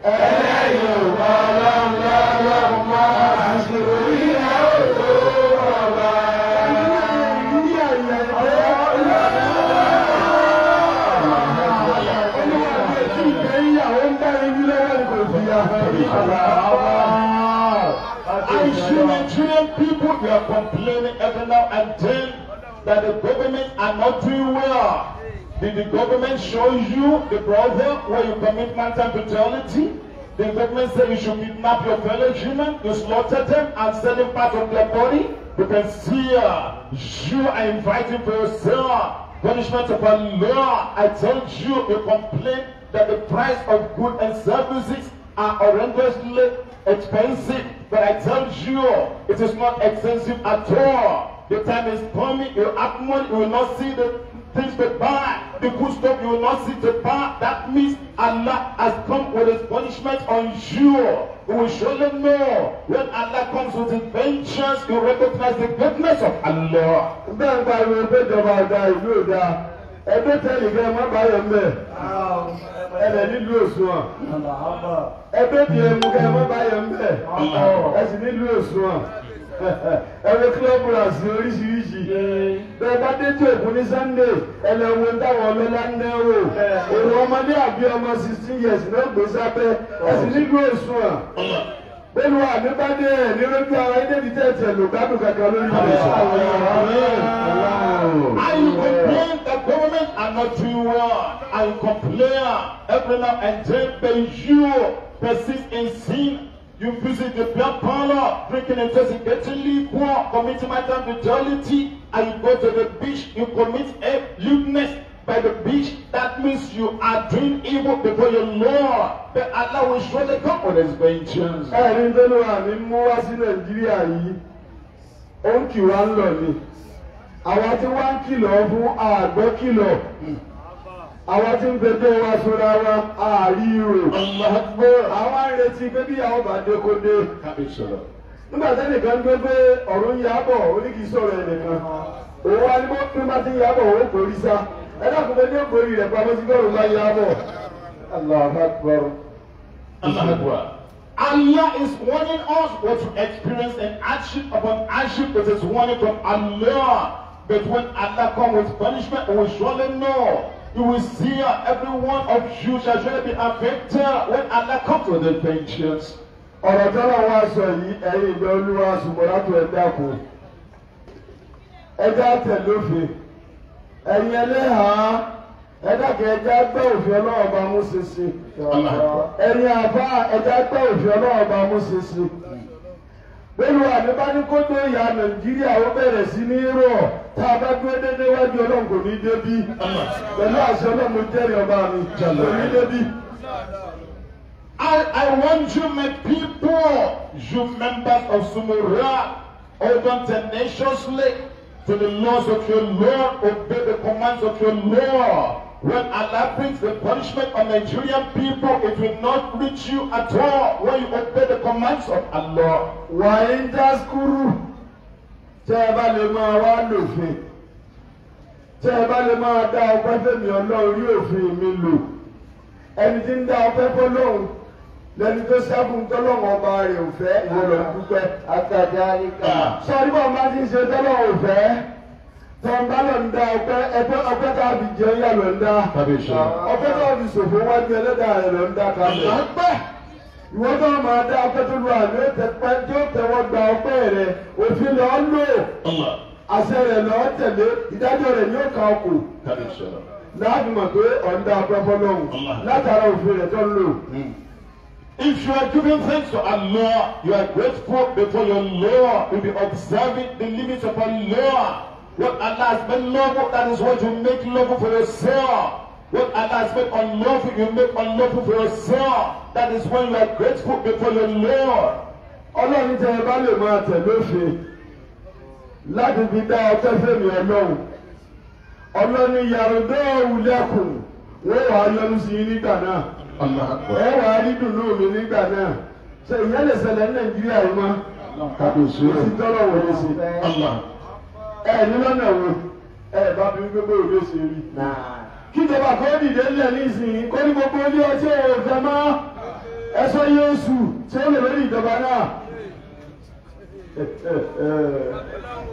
ẹlẹ́yìn ọ̀gá ọlọ́run lọ́lọ́run mọ́ àṣírí orílẹ̀ òjò ọba. I see Nigerian people, we are complaining every now and then that the government are not doing well. Did the government show you the brother where your commitment and brutality? The government said you should kidnap your fellow human, you slaughter them and sell them part of their body? Because here, you are inviting for yourself punishment of law. I told you, you complain that the price of goods and services are horrendously expensive. But I tell you, it is not expensive at all. The time is coming, you have money, you will not see the things to the because of you will not see the buy. That means Allah has come with his punishment on you. You will surely know when Allah comes with his vengeance, you recognize the goodness of Allah. Bẹ́ẹ̀ bá yọ pé ìjọba ọ̀dà ìlú ọ̀dà ẹgbẹ́ tẹ́lẹ̀ gẹ́ má bá yọ mẹ́. Ẹlẹ̀ nílùú òṣùwọ̀n. Ẹgbẹ́ tiẹ̀ mú kẹ́ má bá yọ mẹ́. Ẹsìn nílùú òṣùwọ̀n ẹ̀rọ kílọ̀bù oríṣiríṣi bẹ́ẹ̀ bá dé tí òkun ní Sunday ẹlẹ́wọ̀n táwọn ọlọ́lá ń náwó èrò ọmọdé àbí ọmọ sixteen years ló gbé sábẹ́ ẹ̀sìn nígbà òsùn à bẹ́ẹ̀ni wà ní bá dé ní lójú ara ilé ní tẹ̀tẹ̀ ló gbádùn kankan lórí ìgbésẹ̀. I complain that government are not doing well. I complain every now and then, but you persist in sin You visit the beer parlor, drinking and tasting dirty liquor, committing matter brutality, and you go to the beach, you commit a lewdness by the beach. That means you are doing evil before your Lord. But Allah will surely come on his vengeance. Ẹ̀rín tó ló wà ní mú wá sí Nàìjíríà yìí, ó ń kì wá ń lọ ni. Àwa tí wọ́n ń kìlọ̀ fún àgbọ̀ kìlọ̀ àwọn tí ń fẹjọ́ wa sọra wa àárí rò àwọn àrètí pé bí àwọn bá dé kó dé nígbà tí ẹnìkan gbé pé ọ̀run ń yàbọ̀ oníkì sọ̀rọ̀ ẹnìkan òun wá ní bí wọ́n ti ń yàbọ̀ òun kò rí sá ẹ dákun pé ní ògbórí rẹ̀ pamọ́ sí bẹ́ẹ̀ òun bá yàbọ̀. Allahu Akbar. Allahu Akbar. Allah is warning us what to experience and hardship upon hardship. It is warning from Allah. But when Allah comes with punishment, we surely know You will see her. Every one of you shall surely be affected when Allah comes with the vengeance. Ọ̀rọ̀ tọ́lá wa sọ yìí ẹ̀yin ìgbẹ́ olúwa ṣùgbọ́n tó ẹ̀ dákú. Ẹja tẹ̀lófin. Ẹ̀yin ẹlẹ́hàá ẹ̀dá kẹ ẹja gbẹ́ òfin ọlọ́ọ̀bá mú ṣinṣin. Ẹ̀yin àbá ẹja gbẹ́ òfin ọlọ́ọ̀bá mú ṣinṣin bẹ́ẹ̀ni wà bá ní kó ìyá nàìjíríà ó bẹ̀rẹ̀ sí ní rọ̀ tá a bá dúró dédé wájú ọlọ́run ní débí pẹ̀lú àṣẹ ọlọ́run jẹ́rìí ọba mi ní débí. I, I want you, my people, you members of Sumura, hold on tenaciously to the laws of your Lord, obey the commands of your Lord. When Allah brings the punishment on Nigerian people, it will not reach you at all when you obey the commands of Allah. Why ń já skúrú tẹ́ ẹ bá lè máa wá lòfin. Tẹ́ ẹ bá lè máa dá ọpẹ́ fèmí Ọlọ́run rí òfin mi lò. Ẹni tí ń dá ọpẹ́ fọlọ́run lẹni tó sábùn tọ́lọ́wọ́ ọba rẹ̀ ò fẹ́ ìwọ̀n lọ́dún pẹ́. Àtàjà tọ́ba lọ ń da ọpẹ́ ẹgbẹ́ ọpẹ́ tá a fi jẹun yà lọ ń da ah, tá a fi ṣòfò wájú ẹlẹ́dàá yà lọ ń da kàmẹ́. ìwọ́n tó máa dá ọpẹ́ tó lu àná tẹpẹ́ tí ó tẹ̀wọ́ gba ọpẹ́ rẹ òfin lọ lò àṣẹ rẹ lọ tẹ̀lé ìdájọ́ rẹ yóò ka ọkọ̀ láti pé ọ̀ǹda ọpẹ́ fọlọ́hùn látara òfin rẹ tó lò. Hmm. If you are giving thanks to Allah, you are grateful before your Lord. You be observing the limits of Allah. What Allah has made lawful, that is what you make lawful for yourself. What Allah has made unlawful, you make unlawful for yourself. That is when you are grateful before your Lord. Ọlọ́run tẹ ẹ bá lè máa tẹ̀lé òfin láti fi dá ọtọ́ fẹ́mi Ọlọ́run. Ọlọ́run yàrá òwúlẹ́kùn wọ́n wàá yọnu sí nígbà náà. Ẹ wàá rí dùnú mi nígbà náà. Ṣé ìyẹn lè ṣẹlẹ̀ ní Nàìjíríà yìí mọ́? Kàdùsù rẹ̀. ti tọ́lọ̀ wọlé sí ẹ ní lọ́nà wo ẹ bá bí gbogbo òde ṣe rí. kíjọba kó dìde lẹ̀ nísìnyí kó ní gbogbo ilé ọtí ọ̀fẹ́ mọ́ ẹ̀sọ́ iye oṣù tí ó lè lórí ìjọba náà.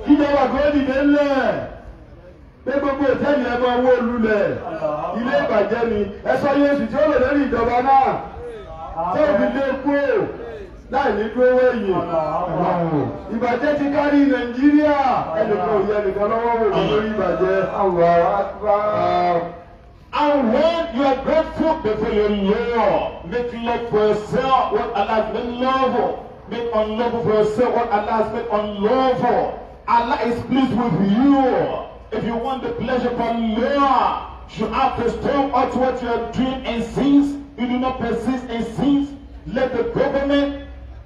kíjọba kó dìde lẹ̀ pé gbogbo òtẹ́ẹ̀lì ẹ̀ máa wó lulẹ̀ ilé ìbàjẹ́ ni ẹ̀sọ́ iye oṣù tí ó lè lórí ìjọba náà. tó fi lé kú láì ní dúró èyàn ìbàjẹ́ ti kárí nàìjíríà ẹnìkan ò ẹnìkan lọ́wọ́ wò lórí ìbàjẹ́. And when you are grateful before your Lord, make love for yourself what Allah has made love Make unlove for yourself what Allah has made unlove Allah is pleased with you. If you want the pleasure from Allah, you have to stop out what you are doing and sins. You do not persist in sins. Let the government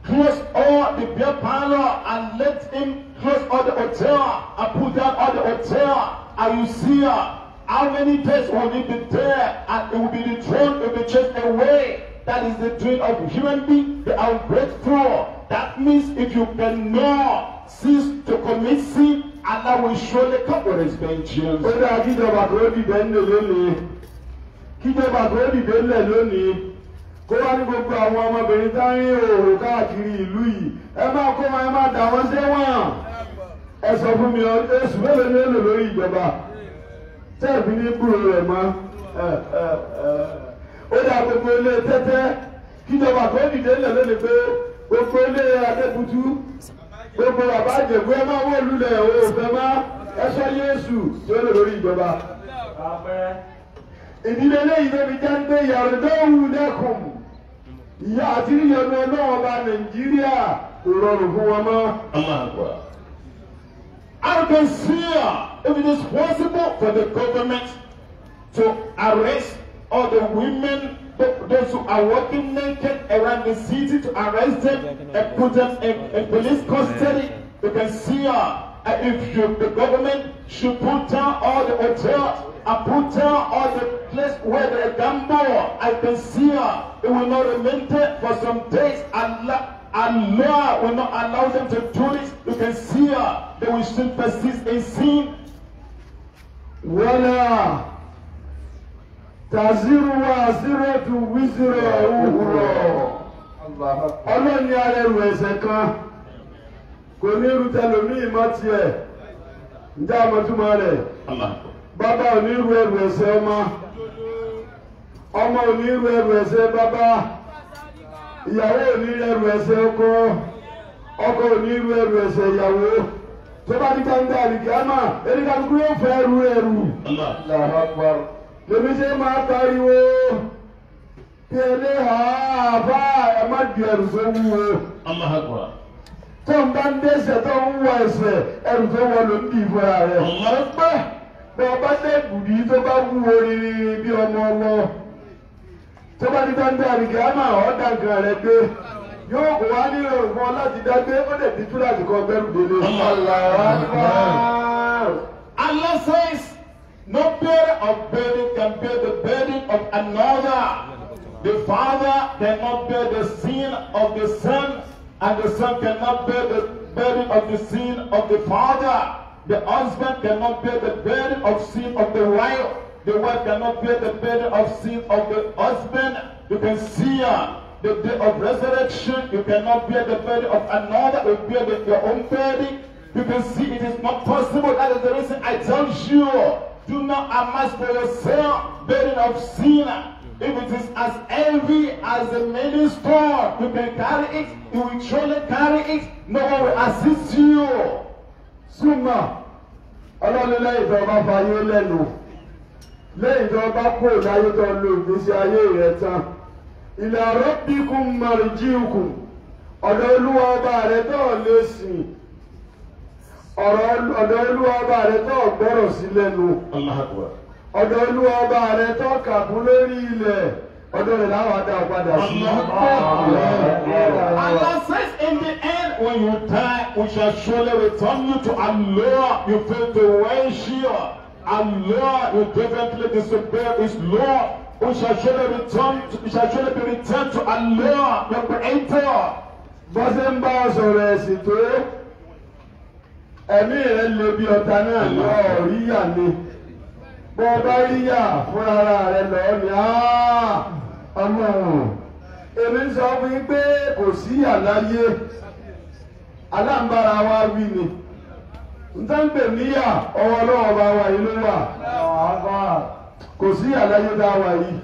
close all the beer parlor and let him close all the hotel and put down all the hotel and you see uh, how many days will he be there and it will be dethroned, it will be chased away. That is the dream of human being. They are grateful. That means if you cannot cease to commit sin, Allah will surely come with his vengeance. kíjọba kúrò dìde ńlẹ̀ lónìí. Kíjọba kúrò dìde ńlẹ̀ lónìí kó wá ní gbogbo àwọn ọmọbìnrin tá ń rí òòrò káàkiri ìlú yìí ẹ máa kó wọn ẹ máa dà wọn sẹ́wọ̀n ẹ sọ fún mi oṣù mélòó ni èlò lórí ìjọba tẹ́ẹ̀bí ní gbúrò rẹ̀ mọ́ ó dá gbogbo ilé tẹ́tẹ́ kíjọba kó dìde lẹ̀ lónìí pé gbogbo ilé adébútú gbogbo bàbá àjẹ̀bú ẹ máa wó lulẹ̀ òòfẹ́ má ẹ sọ Yéésù tí ó lè lórí ìjọba. ìdílé lẹ́yìn lóbi jáde yàrá dọ́wù lẹ́kùn ìyá àti ìyẹnu ọlọ́wọ́ ọba nàìjíríà rọrùn fún wọn mọ́. Arrogance here, if it is possible for the government to arrest all the women, those who are walking naked around the city, to arrest them and put them in, in police custody, you can see her. if you, the government should put down all the hotels and put down all the place where they gamble, I can see her. It will not remain there for some days. Allah, Allah will not allow them to do this. You can see her. They will still persist in sin. ولا تزر وازرة وزر Allah الله أكبر. kò ní irú tẹlómìí mọ́ tiẹ̀ ǹjẹ́ àmọ́túmọ̀ rẹ bàbá ò irú ẹrù ẹsẹ ọmọ ọmọ irú ẹrù ẹsẹ bàbá ìyàwó ò ẹrù ẹsẹ ọkọ ọkọ irú ẹrù ẹsẹ ìyàwó tó bá ní káńtà àlìkàmà ẹni yóò ẹrù ẹrù lèmi tó ń bá ń dẹ́sẹ̀ tó ń wọ ẹsẹ̀ ẹrù tó wọ ló ń dì fúnra rẹ̀ wọ́n bí wọ́n bá tó bá wúwo rírì bí ọmọ ọmọ tó bá ní dáńdé àríkè á máa ọ́ dàgbà rẹ̀ gbé yóò kó wá nílò fún láti dágbé ó lè di túláàsì kan gbẹrù délé. Allah says no bearer of burden can bear the burden of another. The father cannot bear the sin of the son. And the son cannot bear the burden of the sin of the father. The husband cannot bear the burden of sin of the wife. The wife cannot bear the burden of sin of the husband. You can see uh, The day of resurrection, you cannot bear the burden of another, you bear the, your own burden. You can see it is not possible. That is the reason I tell you, do not amass for yourself burden of sin. If it is as heavy as a many store, you can carry it, you will surely carry it, no one will assist you. Súnmọ̀, ọlọ́run lẹ́yìn tó bá fayé lẹ́nu, lẹ́yìn tó bá kó láyé tó lo ìgbésí ayé rẹ̀ tán. Ila rabbikum marji'ukum, ọ̀dọ̀ olúwa ọba rẹ̀ tó lè sìn, ọ̀dọ̀ olúwa ọba rẹ̀ tó gbọ́rọ̀ sí lẹ́nu. Allahu Akbar ọ̀dọ̀ olú ọba rẹ tọ́ka fún lórí ilẹ̀ ọ̀dọ̀ rẹ láwọn adá padà sí. says in the end when you die we shall surely return you to Allah you fail to worship Allah you definitely disobey his law we shall surely return to, we shall surely be returned to Allah your creator. bọ́sẹ̀ ń bá a sọ̀rọ̀ ẹ̀sìn tó ẹ̀mí rẹ̀ lè bí ọ̀tá náà bọ́ ọ fúnra rẹ lọ́ọ́ ni ọlọ́run èmi sọ fún yín pé kò sí yà láyé wa wí ni ntẹ́ǹpẹ̀ níyà ọwọ́ lọ́wọ́ bá wa yìí ló wà kò sí yà dá wa yìí.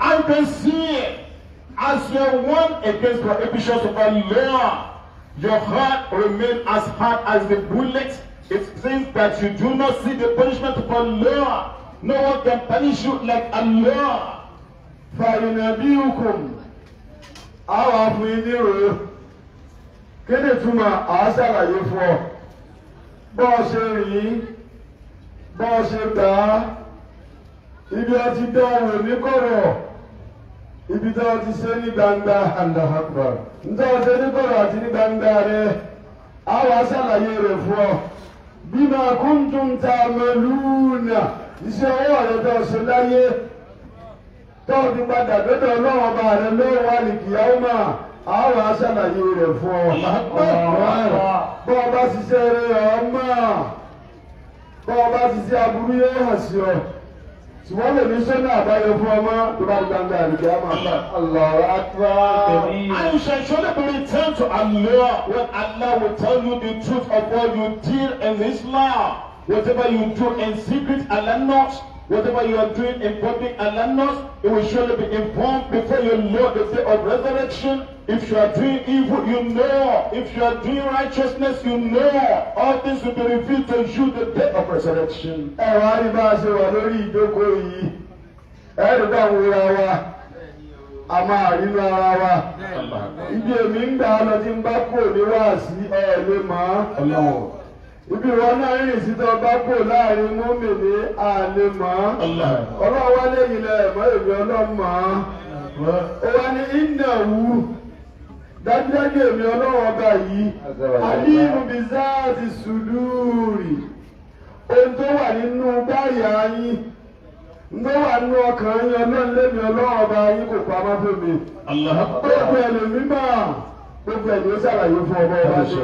I can see it. As you warn against prohibitions of Allah, your heart remain as hard as the bullet It things that you do not see the punishment of Allah. No one can punish you like Allah. فَيُنَبِيُكُمْ Àwọn afun yín ní ìròyìn. Kí ni ìtumọ̀ àá ṣàlàyé fún ọ? Bọ́ ọ ṣe rìn bọ́ ọ ṣe gbà á. Ibi ọ ti dá ọ̀rọ̀ ní kọ̀rọ̀. Ibi tí wọ́n ti ṣe ní gbangba àndàhàkùrọ̀. Ntọ́ ọ ṣe ní kọ̀rọ̀ àti ní gbangba rẹ̀. Àwọn aṣàlàyé rẹ̀ fún ọ bímọ kúntùn tá a mọ lúùnà iṣẹ́ ọwọ́ rẹ tó ṣe láyé tó ti padà dọ́dọ̀ ọlọ́run ọba rẹ lóun wà ní kìyàwó máa àwọn wọ́n lè ní sọ́nà àbáyọ fún ọmọ tó bá gbangba àlùkò àmà fà. Allahu Akbar. And shall surely be returned to Allah when Allah will tell you the truth of what you did in this Islam. Whatever you do in secret, Allah knows. Whatever you are doing in public and landlords, it will surely be informed before you know the day of resurrection. If you are doing evil, you know. If you are doing righteousness, you know. All this will be revealed to you the day of resurrection. Ẹ̀rọ àríbáṣe ara wa. Ibi èmi ń gbà lọ tí ń bá kò ní wáàsí ẹ̀ lè mọ́ ibi ìwọ náà rìn sí tó bá kò láàrin múmi àlè mọ́ ọlọ́run lẹ́yìn lẹ́yìn èmi ọlọ́run ó wá ní ìnáwó dájúdájú èmi ọlọ́run ọba yìí àdínú bíi sùdúrì ohun tó wà nínú báyà yín ńgbé wà nínú ọkàn yín ọlọ́run lẹ́mi ọlọ́run ọba yín kò pamọ́ fún mi gbogbo ẹ̀lòmímọ́ gbogbo ẹ̀lòmímọ́ ṣàlàyé fún ọba ọba ṣe.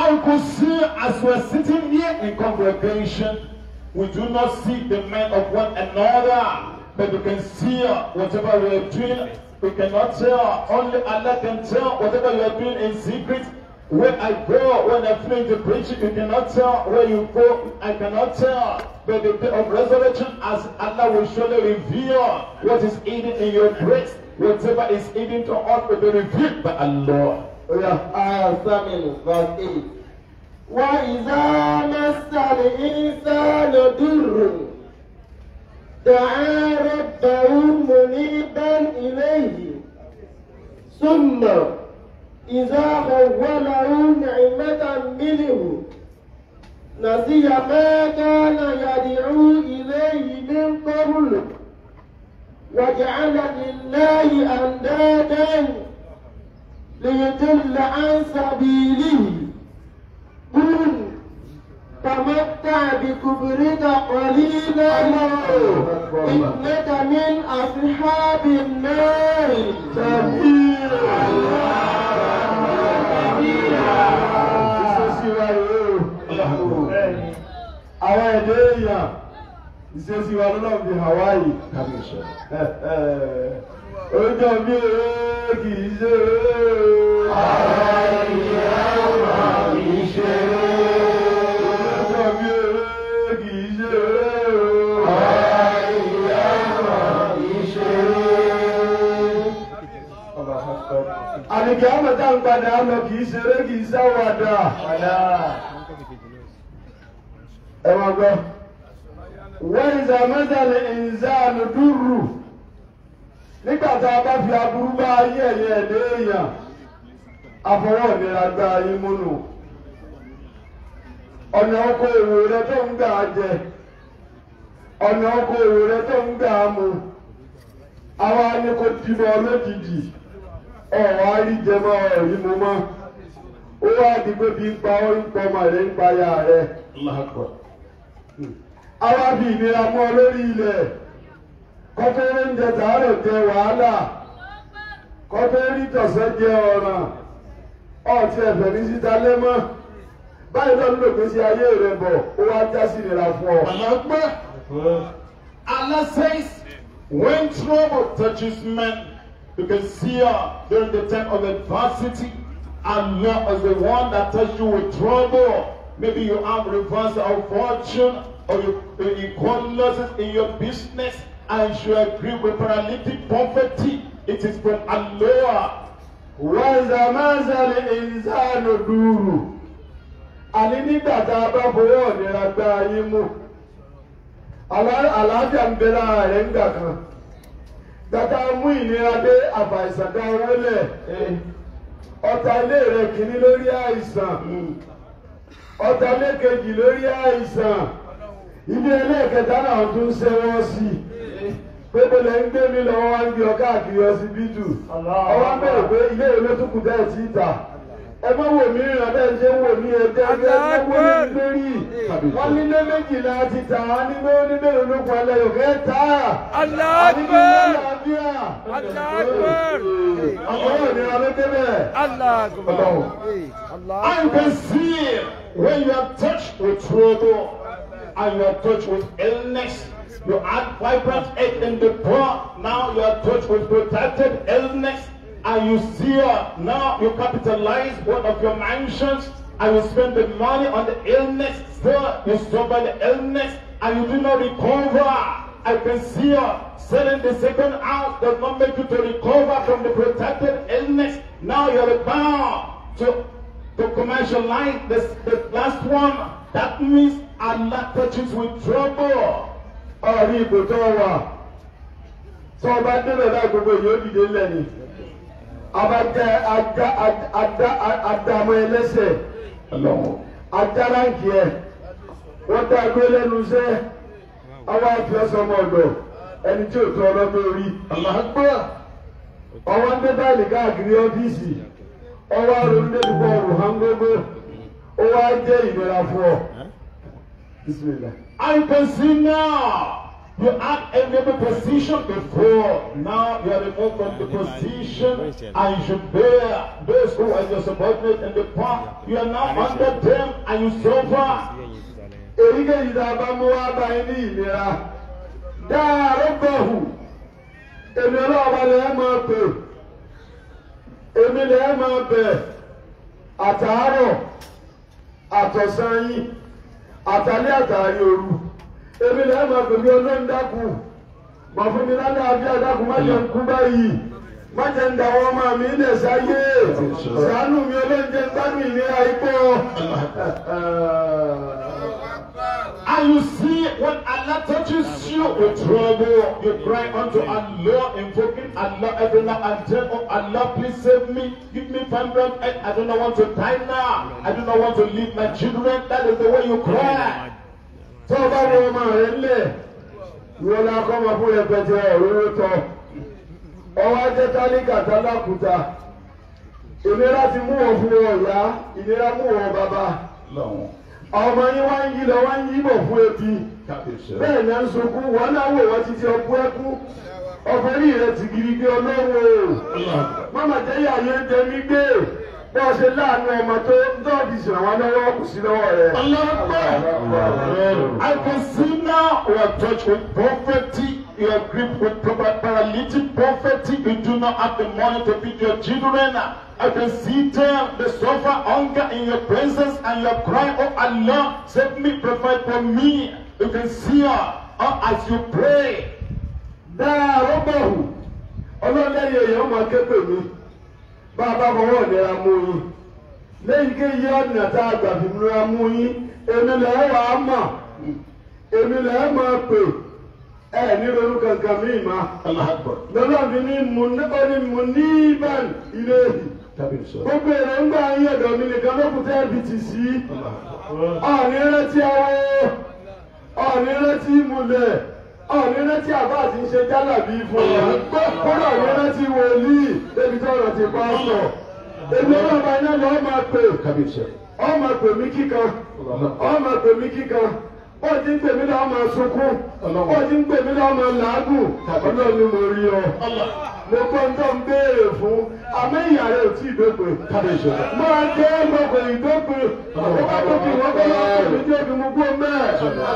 I could see as we're sitting here in congregation, we do not see the men of one another, but we can see uh, whatever we are doing. We cannot tell. Only Allah can tell whatever you are doing in secret. Where I go, when I finish the preaching, you cannot tell. Where you go, I cannot tell. But the day of resurrection, as Allah will surely reveal what is hidden in your breast, whatever is hidden to us will be revealed by Allah. وَإِذَا مَسَّ الْإِنسَانَ ضُرٌّ دَعَا رَبَّهُ مُنِيبًا إِلَيْهِ ثُمَّ إِذَا خَوَّلَهُ نِعْمَةً مِنْهُ نسي ما كَانَ يَدْعُو إِلَيْهِ مِنْ قَبْلُ وَجَعَلَ لِلَّهِ أَنْدَادًا ليتل عن سبيله قل تمتع بكبرك قليلا إنك من أصحاب النار كبيرا كبيرا ìṣesí wa lọ́nà fi Hawaii kàmíṣọ. ọjọ́ mi ò kì í ṣe é. Hawaii ẹ̀ wà kì í ṣe é. àlìkè àmọ̀tá ń padà lọ kì í ṣeré kì í sáwọ́ àdá. ẹ wá gbọ́. wẹ́ẹ̀zà mẹ́tàlẹ̀ ìnzánu dúró nígbà tá a bá fi aburú bá ayé ẹ̀yẹ ẹ̀dẹ́ èèyàn afọwọ́ ìnira gba ayé múnú ọ̀nà ọkọ̀ èrò tó ń gbà jẹ ọ̀nà ọkọ̀ èrò tó ń gbà mu àwa awábì ìnira mọ́ lórí ilẹ̀ kọ́fẹ́rẹ́ ń jẹ tààrọ̀ jẹ wàhálà kọ́fẹ́rẹ́ tọ̀sẹ̀ jẹ ọ̀ràn ọ̀tí ẹ̀fẹ̀ ní síta lẹ́mọ́ báyìí lọ́ọ́ nílò gbèsè ayé rẹ̀ bọ̀ ó wá já sí ìnira fún ọ. àlọ́gbẹ́ Allah says when trouble touches men you can see her during the time of adversity Allah is the one that touch you with trouble maybe you have reverse of fortune or you, you call losses in your business and you agree with paralytic poverty, it is from Allah. Wàzàmázàlì ìzánu dùrù. Àní nígbà tá a bá fowó ọ̀nìyàn gba ayé mú. Àlàáfíà ń bẹ lára rẹ̀ ńgbà kan. Gbàtà mú ìnira dé àbàìsàdá wọlé. Ọ̀tá ilé rẹ̀ kìíní lórí àìsàn. Hmm. Ọ̀tá ilé kejì ilé ẹlẹ́ẹ̀kẹta náà tún ṣẹ́wọ́ sí i pépele ń gbé mi lọ́wọ́ wá ń gbé ọ káàkiri ọsibítù ọwọ́ bẹ̀rẹ̀ pé ilé ìwé tún kù bẹ́ẹ̀ tí ì ẹ má wò mí rìn ọ̀dẹ́ ṣe ń wò mí ẹgbẹ́ ẹgbẹ́ ẹgbẹ́ ẹgbẹ́ rí wọ́n nílé méjìlá ti tà á nílé onílé olókùn ẹlẹ́yọ̀kẹ́ tà á. aláàgbẹ̀r aláàgbẹ̀r. ọkọ yóò ní ọdún débẹ̀. aláàgbẹ̀r. I can see when you are touched with trouble. and you are touched with illness. You had vibrant egg in the draw. Now you are touched with protected illness. And you see, uh, Now you capitalize one of your mansions. And you spend the money on the illness. Still, you suffer the illness. And you do not recover. I can see her uh, selling the second house does not make you to recover from the protected illness. Now you're bound to, to commercialize this, this last one. That means alákọ̀tìf with trouble ọ̀rí ipò tó wà tó ọba débẹ̀ bá gbogbo yìí ó dìde lẹ́nu abajẹ ada ada adamọ ẹlẹsẹ adaranki ẹ wọn dá agbé lẹ́nu sẹ àwọn afẹsọmọ ọdọ ẹni tí o tọ ọlọmọ orí àmàgbà ọwọ ń dé báyìí káàkiri ọfíìsì ọwọ àrùn ń dé dùkọ ọrùn hangogo ó wá jẹ ìnira fún ọ. Bismillah. I can see now. You had enemy position before. Now you are removed from the position and you should bear those who are your subordinate in the past. You are now under them and you suffer. Èyíkéyìí tá a bá mú wá bá yín ní ìlera. Dáàrọ́ gbọ̀hù. Èmi ọlọ́ọ̀bá àtàlẹ́ àtàrí òru èmi lẹ́yìn máa gbèmí ọlọ́run dákú gbọ̀fúnmi lálẹ́ àbí àdákú má jẹun kú báyìí má jẹun dàwọ́ ọmọ mi ilẹ̀ sáyé sàánú mi ọlọ́run jẹun gbádùn ìnira ipò. Ah, you see, when Allah touches you with trouble, you cry unto Allah, invoking Allah every night and then. Oh Allah, please save me. Give me five hundred. I do not want to die now. I do not want to leave my children. That is the way you cry. Tó o bá wọ ọmọ rẹ lẹ̀, ìwọ la kọ́ ọmọ fún ẹgbẹ̀tẹ̀ òróró tán. Ọwọ́ ajẹ́ tálíkà Ìnira ti mú wọn fún wọn ìyá, ìnira mú wọn bàbá. Lọ́wọ́n. ọmọ yín wá ń yí lọ wá ń yí bọ̀ fún ebi bẹ́ẹ̀ ni à ń sunkún wọn náà wò wọ́n títí ọkú ẹkú ọ̀fẹ́rí rẹ ti gírí gbé ọlọ́wọ́ mọ́mọ́ jẹ́yà yẹn mí gbé. bó o ṣe láàánú ọmọ tó dọ́ọ̀dì ìṣìnàwá lọ́wọ́ kò sí lọ́wọ́ rẹ. ọlọ́pàá I can see now your are with poverty your grip with proper paralytic poverty you do not have the money to feed your children. I can see them, they suffer hunger in your presence and your cry, Oh Allah, save me, provide for me. You can see her uh, uh, as you pray. Now, Dáa rọ́bọ̀ ọlọ́lẹ́yẹ̀ yẹn máa ké pè mí bá a bá fọwọ́ ìnira mú yín lẹ́yìn kéyìí ọ̀nà tá a gbà fi múra mú yín èmi lẹ́ wà á mà èmi lẹ́ máa pè ẹ nílò kankan mi ma lọ́nà mi ní mu nípa ní mu ní ibàn ilé yìí gbogbo èrè ń yín ọ̀dọ̀ mi nìkan ló kù tẹ́ fi tì sí ọ̀nì rántí awo ọ̀nì rántí mulẹ̀ ọ̀ní rántí Abbas ń ṣe jálà bíi fún wa kódà ọ̀ní rántí wòlíì débi tí ọ̀rọ̀ ti pa sọ èmi ọlọ́ba iná ni ọmọ pè ọmọ pè mí kíkan ọmọ pè mí kíkan ó ń pè mí lọ́wọ́ máa sunkún ó ń pè mí lọ́wọ́ máa làágùn ọlọ́run ni mo rí ọ mo kọ́ ń tọ́ ń béèrè fún àmọ́ ìyá rẹ̀ ò tí ì dópin. máa dé gbogbo ìdópin ó bá tó kí wọ́n kọ́ lọ́wọ́ mi mú gbó mẹ́ẹ̀.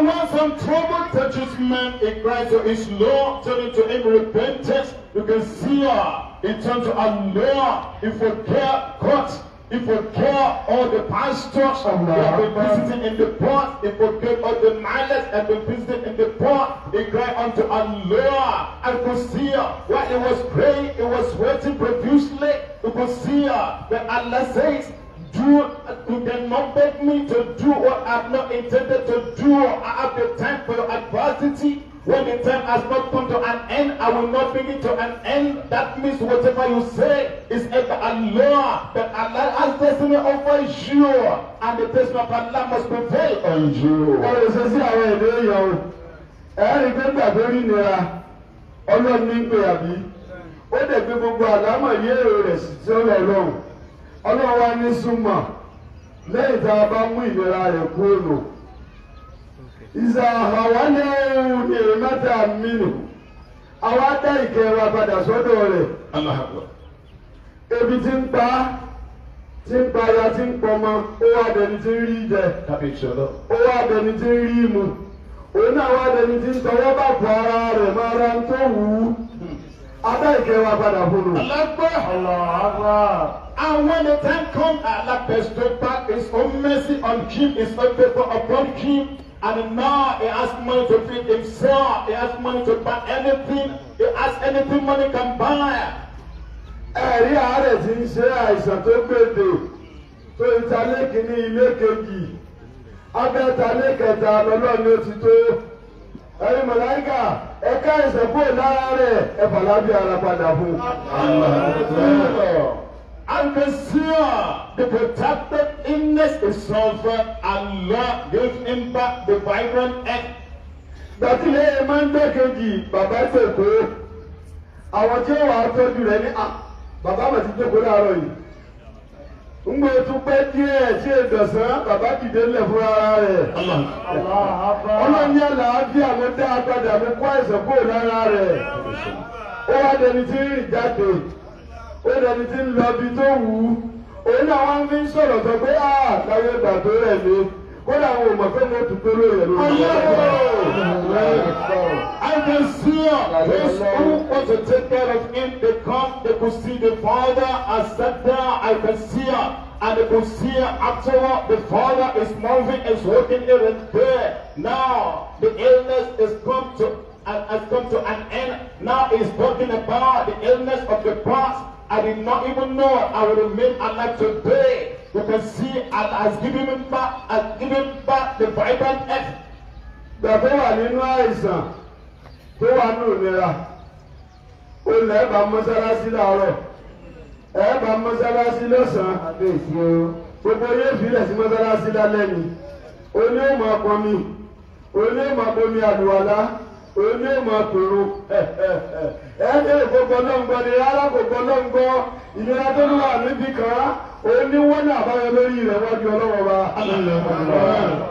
The one from trouble touches man, it cries to his Lord, turning to him repentance. You can see her, it turns If Allah, it forget God, it care all the pastors Allah. Oh, we have been visiting in the port, it care all the malice and have been visiting in the port, it cried unto Allah. I could see her, while it was praying, it was waiting profusely, you could see her, that Allah says, do, you cannot beg me to do what I have not intended to do. I have the time for your adversity. When the time has not come to an end, I will not bring it to an end. That means whatever you say is ever Allah. But Allah has destiny over you, and the destiny of Allah must prevail on you. Ọ̀rọ̀ ṣe sí àwọn èdè èèyàn o. Ẹ̀rí gbẹ́gbà tó rí nira, Ọlọ́run ní pè Ó dẹ̀ gbé gbogbo àlámọ̀ yé rẹ̀ sí tí ó ọlọ́wọ́ ní súnmọ́ lẹ́yìn tá a bá mú ìlera rẹ̀ kúrò lò ìzà àwa ní ní mẹ́ta mínú àwa dá ìkẹwà padà sọ́dọ̀ rẹ̀ ebi ti ń pa ti ń pa ya ti ń pọmọ ó wá ti ń rí jẹ ó ti ń rí mu òun náà wá ti ń tọwọ́ ara rẹ̀ máa ra abẹ́ẹ̀kẹ́ wa padà bolo. alágbá alágbá. And when the time comes, Allah bestows back His own mercy on him, His own favor upon him. And now he has money to feed himself. He has money to buy anything. He has anything money can buy. Ẹ̀rí àárẹ̀ ti ń ṣe àìsàn tó gbèdè tó ìtàlẹ́kì ní ilé kejì. Abẹ́tàlẹ́kẹta ni ó ti tó ẹni mọ̀láyíkà ẹ̀ka ẹ̀sẹ̀ kúrò lára rẹ̀ ẹ̀ bàlábí ara padà fún. And the the protected illness is suffered, Allah gives him back the vibrant act. Gbàtí lé ẹ máa ń gbé kejì bàbá ṣèkó, àwọn tí ó wà á tọ́jú rẹ̀ ní à, ah, bàbá mà ti jókòó láàárọ̀ yìí ngbe tún pẹ́ díẹ̀ sí ìdọ̀sán bàbá dìde lẹ̀ fún ara rẹ̀. ọlọ́ni àlàáfíà ló dá agbada mi kó àìsàn kúrò lára rẹ̀. ó wá dẹni tí ń rìn jáde ó dẹni tí ń lọ ibi tó wù ú. òun náà wá ń sọ̀rọ̀ sọ pé àtàwọn ìgbà tó mi. tó I can see this who to take care of him they come they could see the father as sat there I can see her. and they could see all, the father is moving is working in there now the illness is come to uh, has come to an end now he's talking about the illness of the past i did not even know i would remain alive today You can see has given him back has given back the vibrant earth. The tó wà nínú àìsàn tó wà nínú ìnira ó lẹ̀ ẹ́ bá mọ́sálásí láàárọ̀ ẹ̀ bá mọ́sálásí lọ́sàn-án àbẹ̀sí o gbogbo yóò filẹ̀ sí mọ́sálásí lálẹ́ ni oní ò máa pọn mi oní ò máa bomi àlùwàlá oní ò máa tòrò ẹ ẹ ẹ ẹ kò gbọ́ náà ń gbọ́ ni rárá kò gbọ́ náà ń gbọ́ ìnira tó ń wà níbì kan. Only one of our bá yẹn you know wájú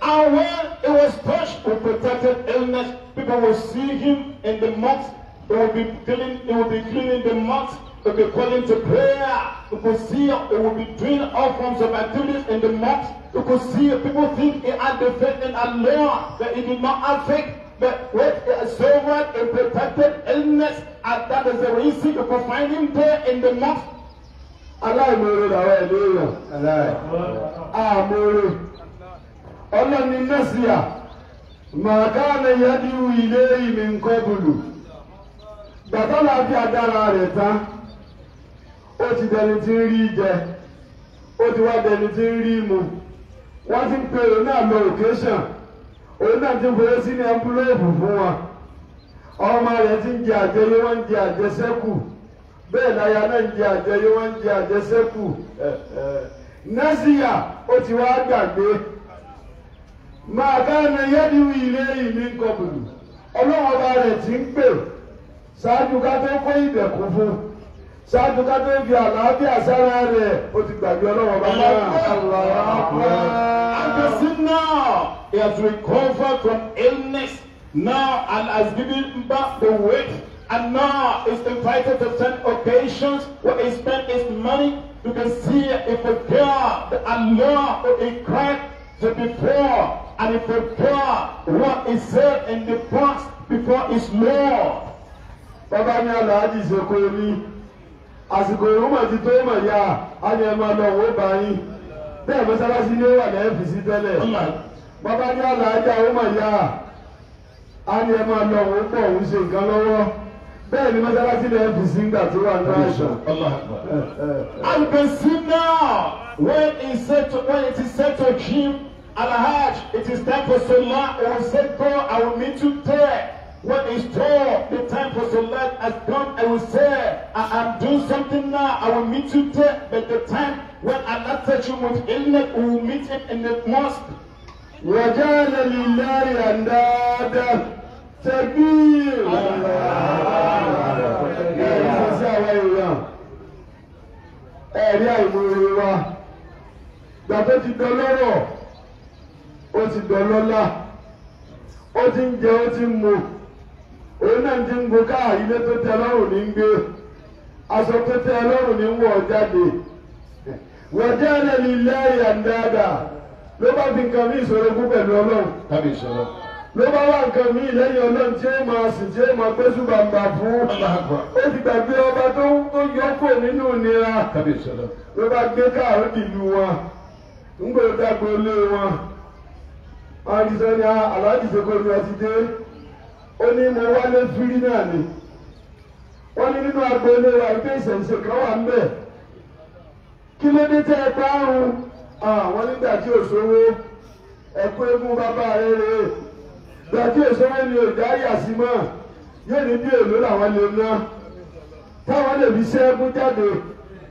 And when it was touched with protected illness, people will see him in the mosque. They will be cleaning, they will be cleaning the mosque. They will be calling to prayer. You could see they will be doing all forms of activities in the mosque. You could see people think he had the faith in Allah, that it did not affect. But with a sovereign and protected illness, and that is the reason you could find him there in the mosque. aláìmoore làwọn ẹ̀mí èèyàn àmoore ọlọ́ni mẹ́sìá màkàna yẹ́díwù ilé ìmì nkọ́bùlù bàtà láti agbára rẹ̀ tán ó ti dẹni tí ń rí jẹ ó ti wá dẹni tí ń rí mu wọ́n ti ń pe òun náà lọ òkèṣàn òun náà ti fòye sí ní ẹ̀ńpúlọ́ọ̀bù fún wọn ọmọ rẹ̀ ti ń jẹ àjẹyé wọ́n ń jẹ àjẹsẹ́kù. bẹ́ẹ̀ láya náà ń jẹ àjẹyó wọ́n ń jẹ àjẹsẹ́kù eh, eh. násìyà ó ti wá gbàgbé máa ká ẹni yẹ́dìwì ilé ìlú gọ̀bùnù ọlọ́run ọba rẹ̀ ti ń pè ṣáájú ká tó kó ìdẹ̀kùn fún ṣáájú ká tó fi àlàáfíà sára rẹ̀ ó ti gbàgbé ọlọ́run ọba náà. And the sinner is recovered from illness now and has given back the weight. And now is invited to send occasions where he spent his money. to can see he forgot the Allah who he cried to before and if a forgot what he said in the past before his Lord. Bàbá ní Aláàjì ṣe kó rí. Àsìkò ìrúmọ̀ ti tó mọ̀ yá, a ní ẹ máa lọ wó bá yín. Bẹ́ẹ̀ mọ́sálásí ni ó wà lẹ́ẹ̀fì sí tẹ́lẹ̀. Bàbá ní Aláàjì àwọn ọmọ yá, a ní ẹ máa lọ pọ̀ òun ṣe nǹkan lọ́wọ́ bẹ́ẹ̀ ni mọ́sálásí ni fc ń gbà tó wà ní àṣà. and the sinner when he said to when it is said to him alhaj it is time for sola he will say go i will meet you there when it's told the time for sola has come i will say i am doing something now i will meet you there but the time when allah touch you with illness we will meet him in the mosque. wàjà lè lè lárí àndáadáa. Tekbir. Ẹ̀rí sọ́sí àwọn èèyàn. Ẹ̀rí àìmọye wa. Gbàtó ti dọlọ́rọ̀. Ó ti dọlọ́lá. Ó ti ń jẹ, ó ti ń mu. Òun náà ti ń go káà ilé tó tẹ́ lọ́rùn ní ń gbé. Aṣọ tó tẹ́ lọ́rùn ní ń wọ̀ jáde. Wọ̀jẹ́ ẹ̀rẹ́ ni ilé ayé àndáadáa. Ló bá fi nǹkan ní ìṣòro kú pẹ̀lú Ọlọ́run. Tábìlì sọ̀rọ̀ ló bá wá nǹkan míì lẹ́yìn ọlọ́run tí ó máa sì tí ó máa pé ṣùgbàgbà fún ó ti gbàgbé ọba tó tó yọkọ nínú ìnira ló bá gbé káàró ìlú wọn ń gbèrò dàgbò ilé wọn àdìsẹ́ ni aláàjì sẹ́kọ̀ọ́ ni wọ́n ó ní mo wálé fírí náà ni wọ́n ní nínú agboolé wa ìgbé ìṣẹ̀ǹṣẹ̀ kan wà ń bẹ̀ kí ló dé tẹ́ ẹ bá ń rún àwọn nígbà tí ò sówó ẹ̀kú eégún bàbá rere gbàtí òṣèré ni òjá yà sí mọ́ yóò ní bí èlò làwọn lè ná táwọn lè fi ṣẹ́gun jáde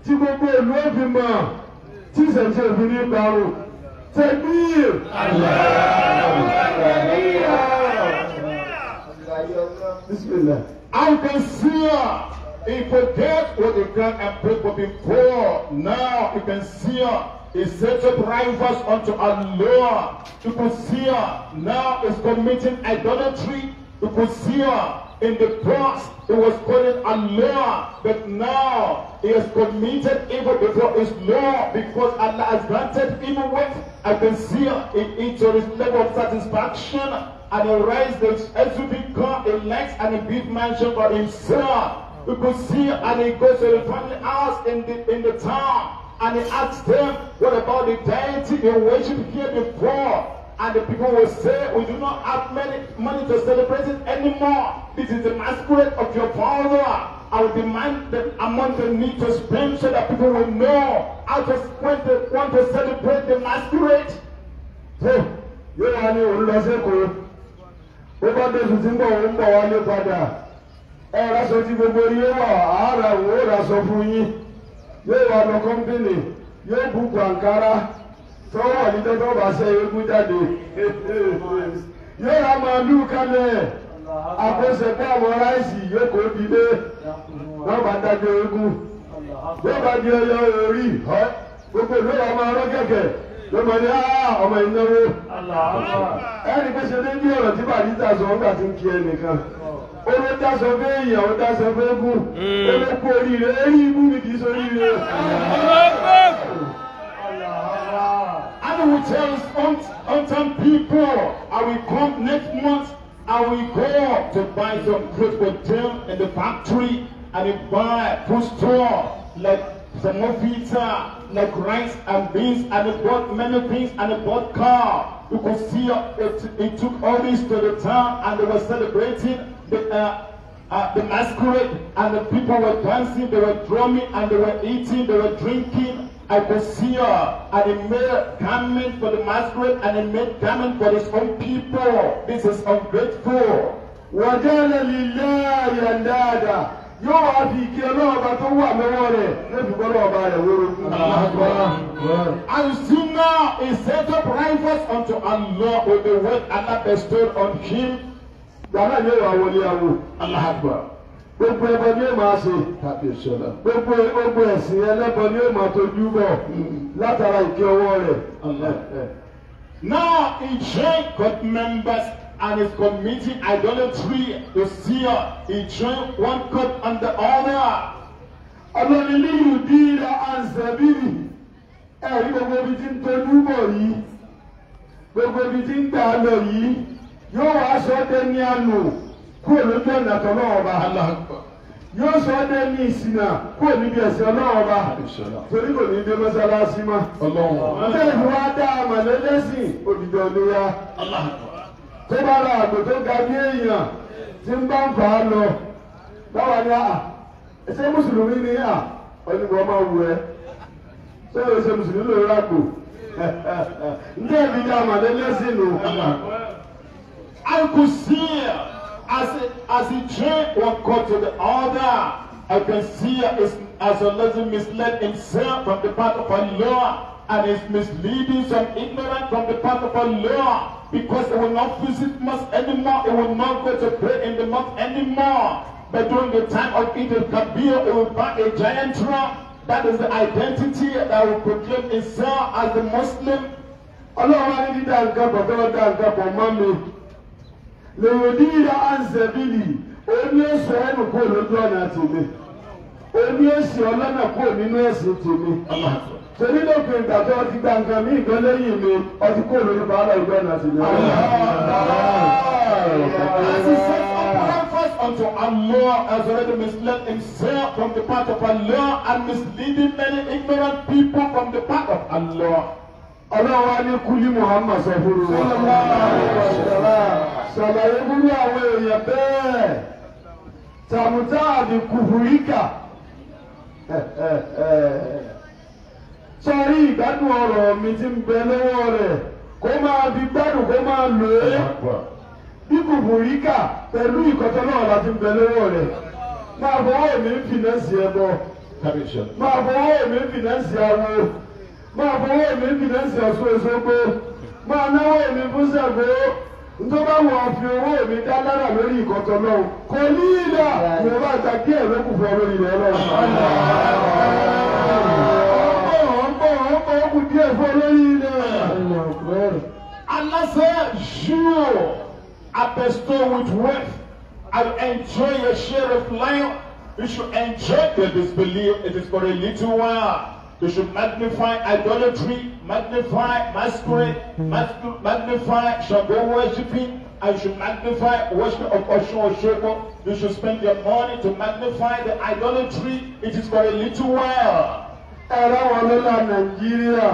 tí gbogbo ìlú ó fi tí ìṣẹ̀ṣẹ̀ òfin ní parun tẹ̀míìr. I can see her. He forget what the ground and people before. Now you can see her. is set up rivals unto Allah. to Qusiyah now is committing idolatry. To Qusiyah in the past he was calling Allah, but now he has committed evil before his law because Allah has granted him with I can see in it his level of satisfaction and he raised the SUV become a next and a big mansion for himself. You could see and he goes to the family house in the in the town. And he asked them, What about the deity they worship here before? And the people will say, We do not have many money to celebrate it anymore. This is the masquerade of your power. I will demand that among the need to spend so that people will know how to when they want to celebrate the masquerade. Hey, yóò wá ní òun lọ sẹ́kọ̀ọ́. Ó bá dé tuntun bọ̀ òun bọ̀ wá ní padà. Ẹ ra sọ ti gbogbo yín wà, àárà yóò wà lọ kọ́ńpìnì yóò bu gbàǹkárá tọwọ́ nígbà bá ṣe eégún jáde yóò ra màálù kalẹ̀ àkóso àwọn ráìsì yóò kó dìde wọ́n bá dájú eégún yóò bá di ọyọ orí gbogbo ìlú máa kẹ̀kẹ́ ní ọmọ ìnáwó ẹnì ṣe ń kí Hmm. And we tell unto people, I will come next month, I will go to buy some fruit with them in the factory, and they buy food store, like some more pizza, like rice and beans, and they bought many things, and they bought car. You could see it, it took all this to the town, and they were celebrating, the, uh, uh, the masquerade and the people were dancing, they were drumming and they were eating, they were drinking. I could see her uh, and he made garment for the masquerade and he made garment for his own people. This is ungrateful. Wàjẹ́lẹ̀ lílẹ̀ yẹn dáadáa yóò wá fi ike ọlọ́ọ̀ba tó wà lọ́wọ́ rẹ̀ lẹ́bi bọ́lá ọba rẹ̀ wóró. And now, is set up rivals unto Allah with the word Allah bestowed on him yàrá yẹn wà wọlé awo aláhàgbà gbogbo ẹbọ ni ó máa ṣe gbogbo gbogbo ẹ̀sìn ẹlẹ́bọ ni ó máa tójú bọ̀ látara ìké ọwọ́ rẹ̀. Now he joined God members and is committing idolatry to seer. He joined one God and the other. Ọlọ́ni ní Yudira Ansabiri ẹ̀rí gbogbo ibi tí ń tójú bọ̀ yìí gbogbo ibi tí ń gbà lọ yìí. yóò wá sọ dẹni àlò kúrò lójú ọ̀nà tó lọ́wọ́ bá yóò sọ n'ibi ìṣìnà kúrò níbi ẹ̀sìn bá torí kò ní dé mọ́sálásí mọ́ ọlọ́wọ́ tó wá dá àmàlẹ́lẹ́sìn òdìjọ́ léyà tó bá ra àgbò tó ga bí èèyàn tí ń bá ń fà á a ṣé mùsùlùmí ni a ọ̀nìbọ̀ máa wù I could see as as he drank one cup to the other. I can see as, as a lesson misled himself from the path of Allah and is misleading some ignorant from the path of Allah because he will not visit mosque anymore, he will not go to pray in the mosque anymore. But during the time of Eid kabir he will buy a giant drum. That is the identity that will proclaim itself as the Muslim. Allah wa ni di da nǹkan bọ̀ tọ́wọ́ da nǹkan bọ̀ lèyòdì yà oní èsì ọ̀nà kó lójú ọ̀nà tèmi oní èsì ọ̀nà kó nínú ẹ̀sìn tèmi torí ló pe ìgbàgbọ́ ọtí gbàǹgà mí ìgbẹ́ lẹ́yìn mi ọtí kó lórí bàálà ìgbẹ́ ọ̀nà tèmi. As he says, Apollos unto Allah has already misled himself from the path of Allah and misleading many ignorant people from the path of Allah ọlọ́run wa ní kúlí Muhammad sọ fún wa. ṣàlàyé búrú àwọn èèyàn bẹ́ẹ̀ tàmùtà àbí kùfùríkà sọrí ìgbádùn ọ̀rọ̀ mi ti ń bẹ lọ́wọ́ rẹ̀ kó máa fi gbádùn kó máa lò é bí kùfùríkà pẹ̀lú ìkọ̀tọ́ náà la ti ń bẹ lọ́wọ́ rẹ̀ máa fọwọ́ mi ń fìnẹ́sì ẹ̀ bọ̀ máa fọwọ́ mi ń fìnẹ́sì awo máa fowó èmi fìdí sí ọ̀ṣun máa náwó èmi fún Ṣàngó nítorí báwo ọ̀fi owó èmi dá lára lórí ìkọ̀tọ̀ náà kò ní ìlà ìwọ̀n bá ta díẹ̀ ló kù fún ọ lórí ilẹ̀ ọlọ́run. ọgbọ́n ọgbọ́n with wealth and enjoy a share of life. You should enjoy the disbelief. It is for a little while. They should magnify idolatry, magnify masquerade, magnify Shango worshiping, and should magnify worship of Oshun Oshoko. You should spend your money to magnify the idolatry. It is for a little while. Ẹ̀rọ wọn ló la Nàìjíríà.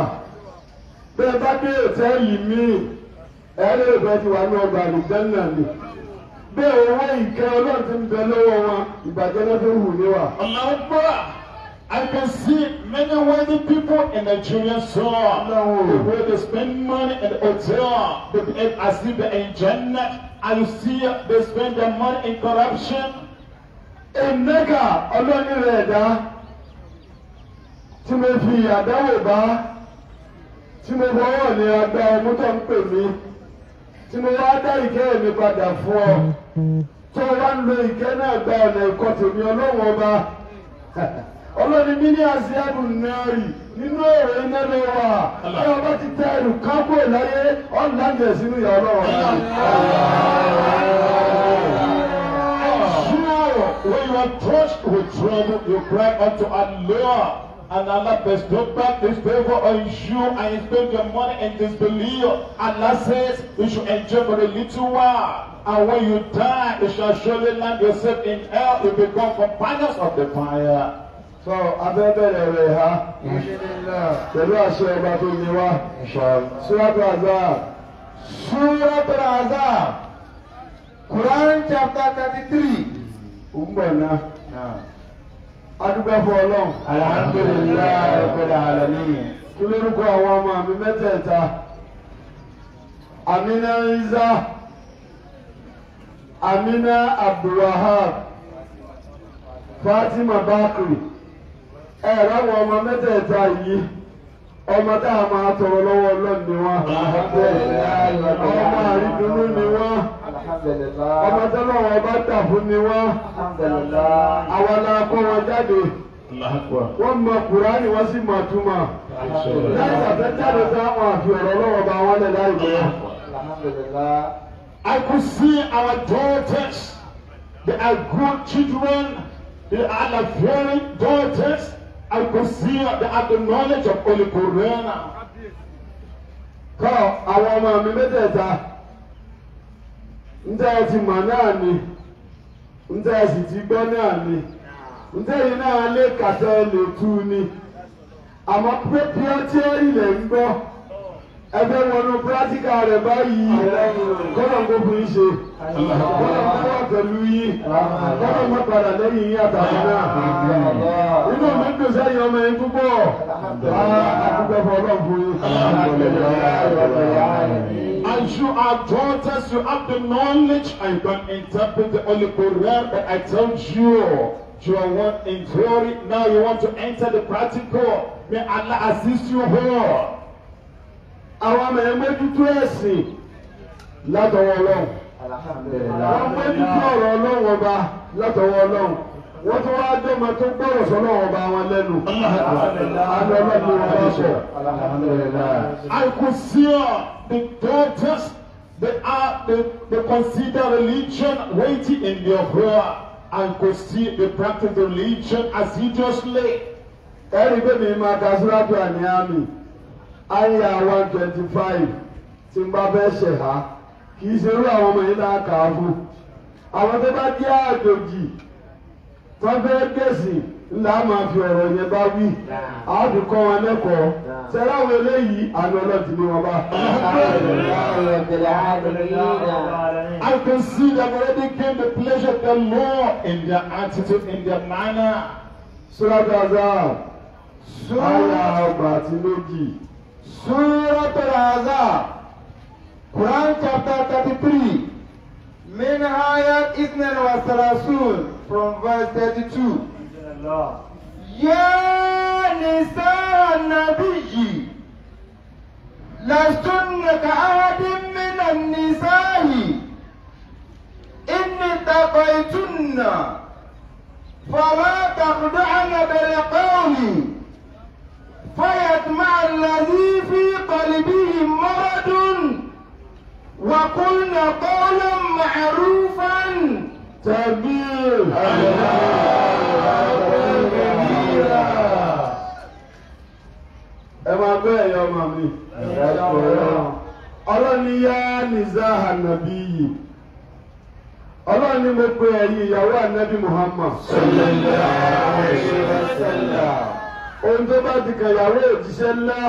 Bẹ́ẹ̀ bá dé òtẹ́ẹ̀lì míì, ẹ̀rọ ìbẹ́ ti wà ní ọgbà àlùjẹ́nà ni. Bẹ́ẹ̀ owó ìkẹ́ ọlọ́run ti ń bẹ lọ́wọ́ wọn, ìbàjẹ́ lọ́dún wù ní wa. Ọ̀nà ń gbọ́ra. I can see many wealthy people in Nigeria so no. where they spend money in the hotel, but as if they're in Jannah, and you see they spend their money in corruption. Ẹnẹ́gà ọlọ́ni rẹ̀ dá tí mo fi àdáwò bá tí mo fọwọ́ ní agbá ọmú tó ń pè mí tí mo wá dá ìkẹ́ mi padà fún ọ tó wá ń lo ìkẹ́ náà gba ọ̀nà olórí mílíọ̀nù ẹnu náírì nínú èrè nẹ́lẹ̀ wa bí ọba ti tẹ ẹnu kápò láyé ọ̀là ń jẹ sínú ìyá ọlọ́run náà. When you are touched with trouble, you cry unto Allah. And Allah bestows back His favor on you and He spend your money and disbelief. Allah says you should enjoy for a little while. And when you die, you shall surely land yourself in hell. You become companions of the fire sọ abẹ́bẹ̀rẹ̀ rẹ̀ ha pẹ̀lú àṣẹ ọba tó ní wá Surat Al-Ahzab Surat Al-Ahzab Quran chapter thirty three ògbọ̀n náà adúgbò fún ọlọ́run alhamdulilayi rabbil alamin kí lórúkọ àwọn ọmọ mi mẹ́tẹ̀ẹ̀ta Amina Isa Amina Abdulwahab Fatima Bakri ẹ̀rọ àwọn ọmọ mẹ́tẹ̀ẹ̀ta yìí ọmọ tá a máa tọrọ lọ́wọ́ Ọlọ́run ni wọ́n ọmọ àrídùnnú ni wọ́n ọmọ tọ́lọ́wọ́ ọba dà ni wọ́n àwọn la wọn jáde wọ́n mọ Kùránì wọ́n sì mọ túmọ̀ láì sàtẹ́jáde sáwọn àfi ọ̀rọ̀ lọ́wọ́ bá wọn lẹ̀ láì bẹ́ẹ̀. I could see our daughters. They are good children. They are like very daughters. I perceive they have the knowledge of Holy Quran. Kọ́ àwọn ọmọ mi mẹ́tẹ̀ẹ̀ta ǹjẹ́ ẹ ti mọ̀ náà ni ǹjẹ́ ẹ sì ti gbọ́ náà ni ǹjẹ́ yìí náà lè kàtẹ́ lè tú ni àmọ́ pé bí ọtí ẹ̀rí lẹ̀ ń gbọ́ ẹ fẹ́ wọnú pírátíkà rẹ̀ báyìí kọ́nà kó fún yín ṣe kọ́nà kó wà yín kọ́nà kó padà lẹ́yìn yín àtàwọn náà inú mi dùn sẹ́yìn ọmọ yín púpọ̀ àdúgbò fọlọ́ fún yín. And you are daughters, you have the knowledge. I can interpret the Holy Quran, but I tell you, you are one in theory. Now you want to enter the practical. May Allah assist you here àwọn ọmọ ẹ̀ mójútó ẹ̀sìn látọwọ́ ọlọ́run wọ́n mójútó ọ̀rọ̀ ọlọ́run ọba látọwọ́ ọlọ́run wọ́n tún wá dé ọmọ tó gbọ́rọ̀ sọ́nà ọba wọn lẹ́nu alẹ́ ọlọ́run wọn bá sọ. I could see the daughters they are they, they consider religion waiting in their prayer and could see they practice the religion assiduously. ẹ̀rí bẹ́ẹ̀ ni màá kà síwájú àní àmì. anya awa 25 ti tí n bá fẹ́ ṣẹ̀ há kì í ṣerú àwọn ọmọ yìí náà kà á fún àwọn tó bá jẹ́ àjòjì tó fẹ́ ńlá máa fi ọ̀rọ̀ yẹn bá wí àádùn kọ́ wọn lẹ́kọ̀ọ́ sẹ́lá eléyìí àná ọlọ́ọ̀tì ni wọ́n bá. I can see that already came the pleasure of the Lord in their attitude, in their manner. Sura Gaza, Sura سورة العزاء قرآن chapter 33 من آيات 32 from verse 32 يا نساء النبي لستن كأحد من النساء إن تبيتن فلا تخدعن بالقول فيطمع الذي في قلبه مرض وقلنا قولا معروفا تبير ẹ máa gbé ẹ̀yọ́ ọmọ mi ọlọ́ni yá nìza ànàbí yìí ọlọ́run ni mo pe ẹ̀yin ìyàwó ànábì Muhammad. sallallahu alaihi wasallam. ohun bá ti òjíṣẹ́ ńlá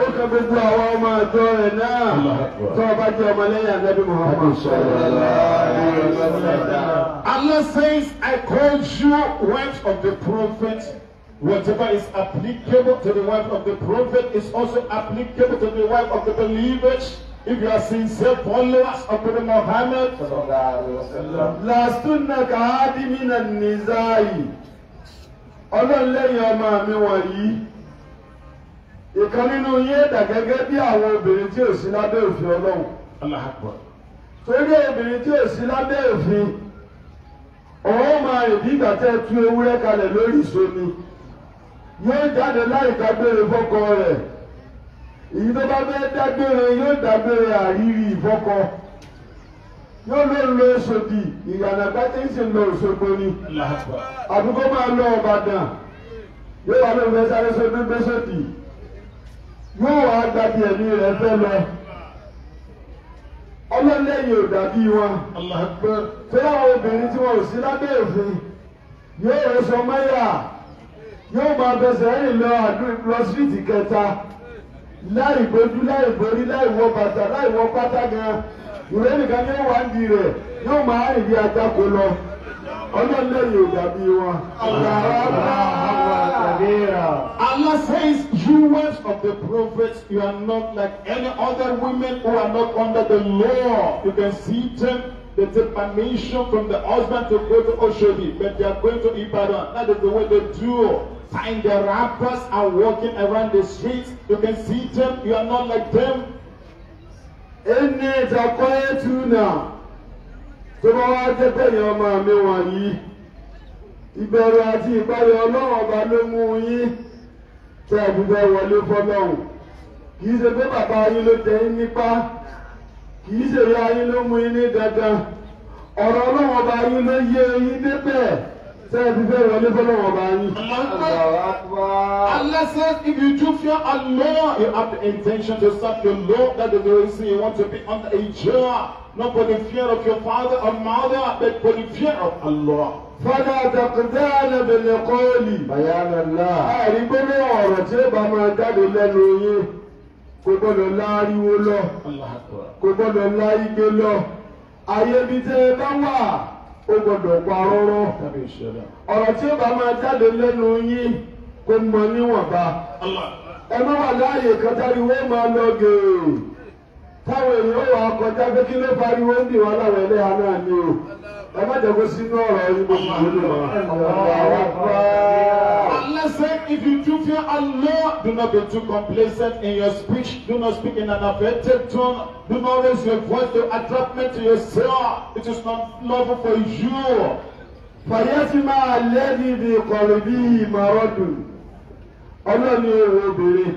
ó kà gbogbo àwọn ọmọ ẹ̀jọ́ rẹ̀ náà tó jẹ́ Ànábì Muhammad. Allah says, I called you wife of the prophet. Whatever is applicable to the wife of the prophet is also applicable to the wife of the believers. If you are sincere followers of Prophet Muhammad, لستن كهادم ọlọ́run lẹ́yìn ọmọ mi wọ̀nyí ìkan nínú yín dà gẹ́gẹ́ bí àwọn obìnrin tí ò sí lábẹ́ òfin ọlọ́run torí obìnrin tí ò sí lábẹ́ òfin òun máa rìn bí ìgbà tẹ́ tú ewúrẹ́ kalẹ̀ lórí ìsomi yóò jáde láì dágbére fọ́kọ rẹ̀ èyí tó bá fẹ́ dágbére yóò dágbére àrírí ìfọ́kọ yóò lè lo Èṣòdì ìyànà gbẹ́tẹ́ ń sì lọ Òṣogbo ni àdúgbò máa lọ Ìbàdàn yóò wà lóun fẹ́ sáré sódún gbẹ́sọ̀dì yóò wá gbàdí ẹ̀mí rẹ̀ fẹ́ lọ ọlọ́lẹ́yìn ò dàbí wọn tó láwọn obìnrin tí wọn ò sí lábẹ́ òfin yóò rẹ sọ mẹ́yà yóò máa bẹsẹ̀ rìn lọ lọ síìtì kẹta láì bójú láì borí láì wọ bàtà láì wọ pátá gan ìwé nìkan ní wà ń di yóò máa rìn bí ajáko lọ ọlọ́run lẹ́yìn ò dàbí wọn. Allah says you wives of the prophets you are not like any other women who are not under the law you can see them the determination from the husband to go to Oshodi, but they are going to Ibadan. That is the way they do. Tying the rappers are walking around the streets. You can see them. You are not like them ẹni ìjàkọ́ ẹtù náà tó bá wá jẹ́ pẹ̀lú ọmọ mi wọ̀nyí ìbẹ̀rù àti ìpayà ọlọ́run ọba ló mú yín tẹ́ ẹ̀bùbẹ̀ wọlé fọlọ́hùn kì í ṣe pé bàbá yín ló tẹ yín nípa kì í ṣe ìyá yín ló mú yín ní dandan ọ̀rọ̀ ọlọ́run ọba yín ló yé yín débẹ̀. Allah uh, says, if you do fear Allah, you have the intention to serve your Lord. That is the reason you want to be under a jar. Not for the fear of your father or mother, but for the fear of Allah. فلا تقدان بالقول بيان الله ẹ̀rí gbọ́dọ̀ ọ̀rọ̀ tí ó bá máa jáde lẹ́nu yín kò gbọ́dọ̀ láriwo lọ kò gbọ́dọ̀ láyé gbé Ọ gbọdọ pa rọrọ, ọrọ tí ó bá máa jáde lẹ́nu yín kó mọ níwọ̀nba ẹ má wà láàyè kan táriwo máa lọ gèrò táwọn èèyàn wà kọjá pé kí ló ẹ má jẹ́ kó sínú ọ̀rọ̀ yìí mo fà nínú wa. if you do fear Allah, do not be too complacent in your speech. Do not speak in an affected tone. Do not raise your voice to attractment to yourself. It is not lawful for you. Fàyẹ́sìmá lẹ́ni ní ìkọ̀rọ̀ bí ìmọ̀rọ̀dùn. Ọlọ́ni èrò obìnrin.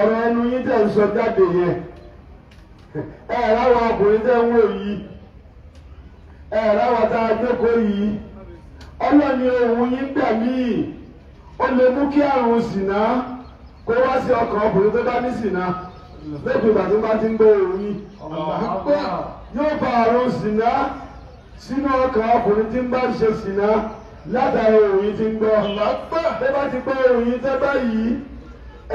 Ọ̀rọ̀ ẹnu yín tẹ̀ ń sọ jáde yẹn. Ẹ̀ẹ́dáwọ̀ ọkùnrin tẹ̀ ń wò yìí. ẹ̀rọ àwọn tá a jókòó yìí ni ohun yín gbà míì ó lè mú kí àrùn sìnà kó wá sí ọkàn ọkùnrin tó bá ní sìnà lẹ́kùn ìgbà tó bá ti ń gbé ohun yìí yóò fa àrùn sìnà sínú ọkàn tí ń bá ṣe sìnà látàrí ti ń gbọ́ ti gbọ́ tẹ́ báyìí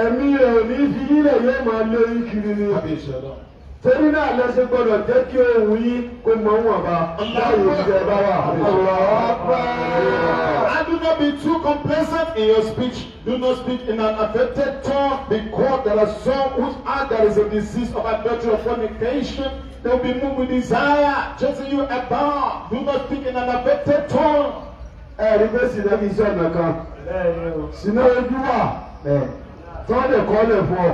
ẹ̀mí rẹ̀ ò ní fi máa torí náà lẹ́sẹ̀ gbọ́dọ̀ jẹ́ kí ohun yín kó mọ ohun ọba láàyè ìjẹ bá wà. I do not be too complacent in your speech. Do not speak in an affected tone because there are some whose heart there is a disease of adultery or fornication. They will be moved with desire, chasing you about. Do not speak in an affected tone. Ẹ̀rí pé sinẹ́ fi iṣẹ́ ọ̀nà kan. Sinẹ́ ojú wà. Tọ́lẹ̀ kọ́lẹ̀ fún ọ.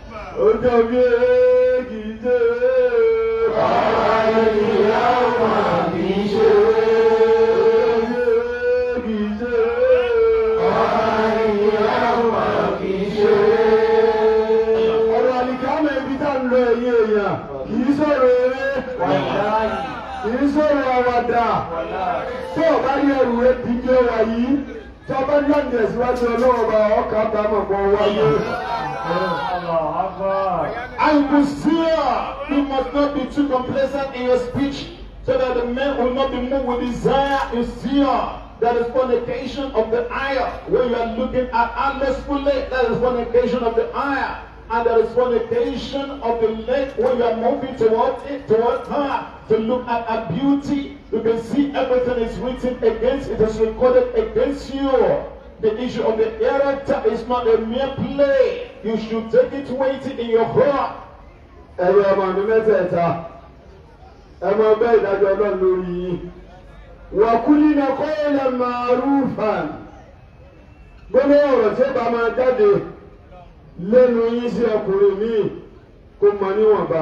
ọjọ́ méjì ṣe bàbá ìyá ọmọ mi ṣe. kìí sọ̀rọ̀ àwàdà tó o bá yẹ ìwé díje wa yìí tó o bá yọ̀ǹdẹ̀ síwájú ọlọ́wọ́ bá ọkà bá mọ̀ bọ́ wáyé. I see you must not be too complacent in your speech so that the man will not be moved with desire and zeal. Uh, that is fornication of the eye. When you are looking at unmercifully, that is fornication of the eye. And that is fornication of the leg when you are moving towards it, towards her, to look at her beauty. You can see everything is written against, it is recorded against you. The issue of the character is not a mere play. You should take it weighty in your heart. Ẹ̀yin ọmọ mi mẹ́tẹ̀ẹ̀ta, ẹ mọ bẹ́ẹ̀ ìdájọ́ Ọlọ́run lórí yín. Wàkúlínà kọ́ọ̀lẹ̀ màrúfàn. Gbọ́dọ̀ ọ̀rọ̀ tí ó bá máa jáde lẹ́nu yín sí ọkùnrin míì kó mọ níwọ̀nba.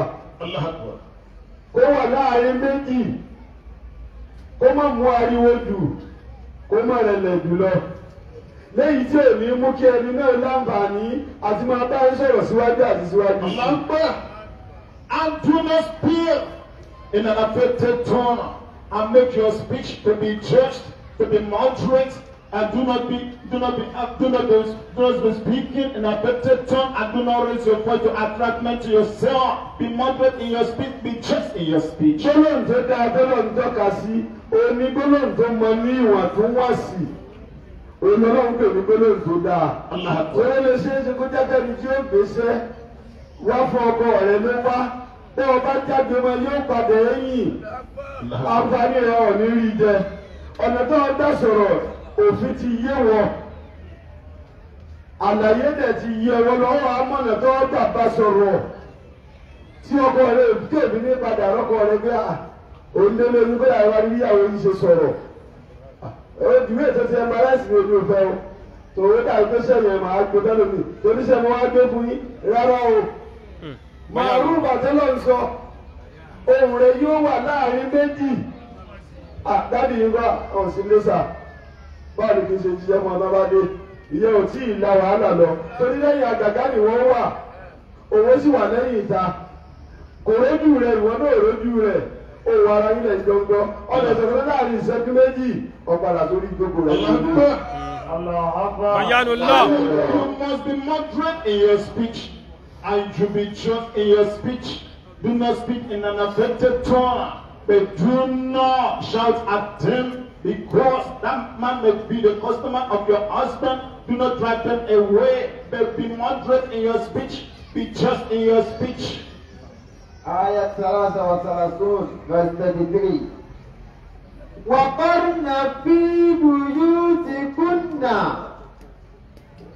Kó wà láàrin méjì, kó má mú ariwo jù, kó má rẹlẹ̀ jù lọ lẹ́yìn tí ò mú kí ẹni náà láǹfààní àti máa bá ń sọ̀rọ̀ síwájú àti síwájú. Màmá ń pẹ́ and do not speak in an affected tone and make your speech to be judged to be moderate and do not be do not be do not be do not be speaking in affected tone and do not raise your voice to attract men to yourself be moderate in your speech be just in your speech. gbólóhùn tó dáa gbólóhùn tó kà sí oní gbólóhùn tó mọ ní ìwà tó wá sí òun ọlọ́run pè mí gbólóhùn tó dáa òun lè ṣe é ṣe kó jáde ní tí ó gbèsè wá fún ọkọ rẹ ló wá bó o bá jáde ọmọ yóò padà ẹ̀yìn àǹfààní rẹ ò ní rí jẹ ọ̀nà tó ń dá sọ̀rọ̀ òfin ti yé wọ àlàyé dẹ̀ ti yé wọ lọ́wọ́ amọ̀nà tó ń gbà bá sọ̀rọ̀ tí ọkọ rẹ tèmi ní padà rọ́kọ rẹ gbé à òun lé lórí bóyá ìwádìí ìyàwó yìí ṣe sọ̀rọ̀. ìwé ìtọ́sí ẹ̀ máa láìsí ojú ìfẹ́ o tòun dà gbé sẹ́yìn ẹ̀ máa gbé bẹ́ẹ̀ lómi torí sẹ́yìn wọn gbé fún yín o hmm. màrú bàtẹ́lọ̀ ń sọ yóò wà láàrin méjì ni kì í ṣe jíjẹ́ fún abábádé ìyẹn ò tí ì la wàhálà lọ torí lẹ́yìn àgàgá ni wọ́n wà òun sì wà lẹ́yìn ìta kò rójú ìwọ náà rójú òwò ara nílẹ̀ jọ ìṣẹ̀fẹ̀ láàrin ìṣẹ́jú méjì ọ̀padà sórí ìjókòó rẹ̀ ló ń gbọ́. Ayanu lọ. You must be moderate in your speech and you be just in your speech. Do not speak in an affected tone, but do not shout at them because that man may be the customer of your husband. Do not drive them away, but be moderate in your speech. Be just in your speech. آية 33 verse 33 وقرن في بيوتكن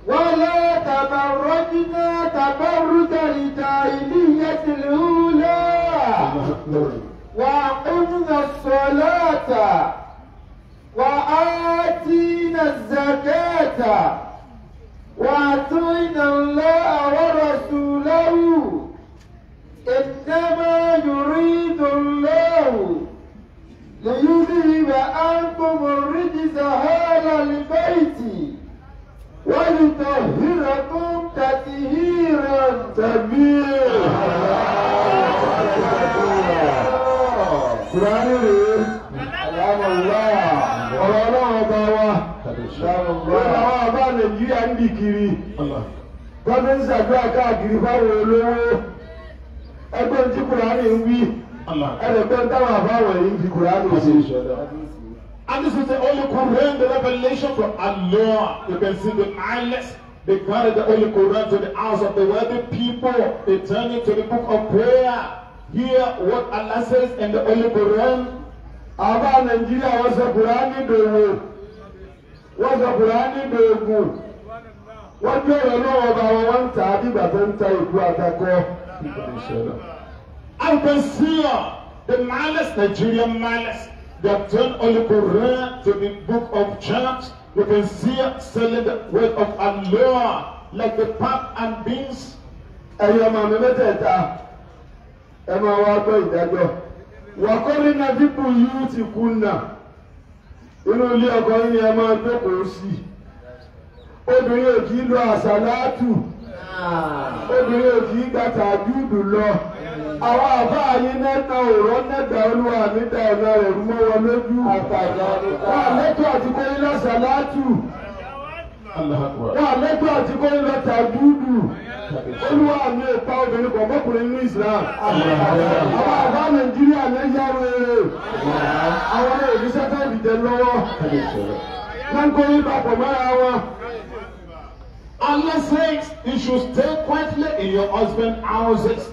ولا تبرجن تبرج الجاهلية الأولى وأقمنا الصلاة وآتينا الزكاة وأطعنا الله ورسوله إنما يريد الله ليذهب عنكم الرجس هذا البيت ويطهركم تطهيرا تبيرا. ọ̀rọ̀ ọlọ́run ọba wa ọ̀rọ̀ àwọn ọba nàìjíríà ń bì kiri gọ́ọ̀mẹ́ntì ṣàdúrà káàkiri fáwọn olówó ẹgbẹ́ ntí Kùránì ń wí ẹgbẹ́ ntáwọn àbáwọ̀ yìí ntí Kùránì ń wí. And this is the Holy Quran, the revelation from Allah. You can see the eyeless. They carry the only Quran to the house of the wealthy people. They turn it to the book of prayer. Hear what Allah says in the only Quran. Àbá Nàìjíríà wọ́n sọ Kùránì dòwò. Wọ́n sọ Kùránì dòògùn. Wọ́n gbé ìrànlọ́wọ́ bá wọn wọ́n ń ta àdìgbà tó ń ta ìkú àtakọ́ people they showed I can see the malice, Nigerian malice. They have turned Holy Quran to the book of church. You can see selling the word of Allah like the pap and beans. Ẹ̀yin ọmọ mi mẹ́tẹ̀ẹ̀ta ẹ máa wá gbọ́ ìdájọ́. Wàkọ́rí na bíbù yìí ti kú nà. Inú ilé ọkọ yín ni ẹ máa jókòó sí. Obìnrin ò kì í lo àṣà láàtù obìnrin òjì gbàtà júùdù lọ àwọn àbá yín nẹ́ta òrọ́ nẹ́ta olúwa níta ọ̀nà rẹ̀ mọ́ wọn lójú wà lẹ́tọ̀ àti kóyí lọ́sà látù wà lẹ́tọ̀ àti kóyí lọ́tà júùdù olúwa mi ò pa obìnrin kan mọ́kùnrin ní Islam àwọn àbá Nàìjíríà lẹ́yà rere àwọn èyí sẹ́tẹ̀lì jẹ lọ́wọ́ wọ́n kóyí papọ̀ mọ́ra wọn. Allah says you should stay quietly in your husband's houses.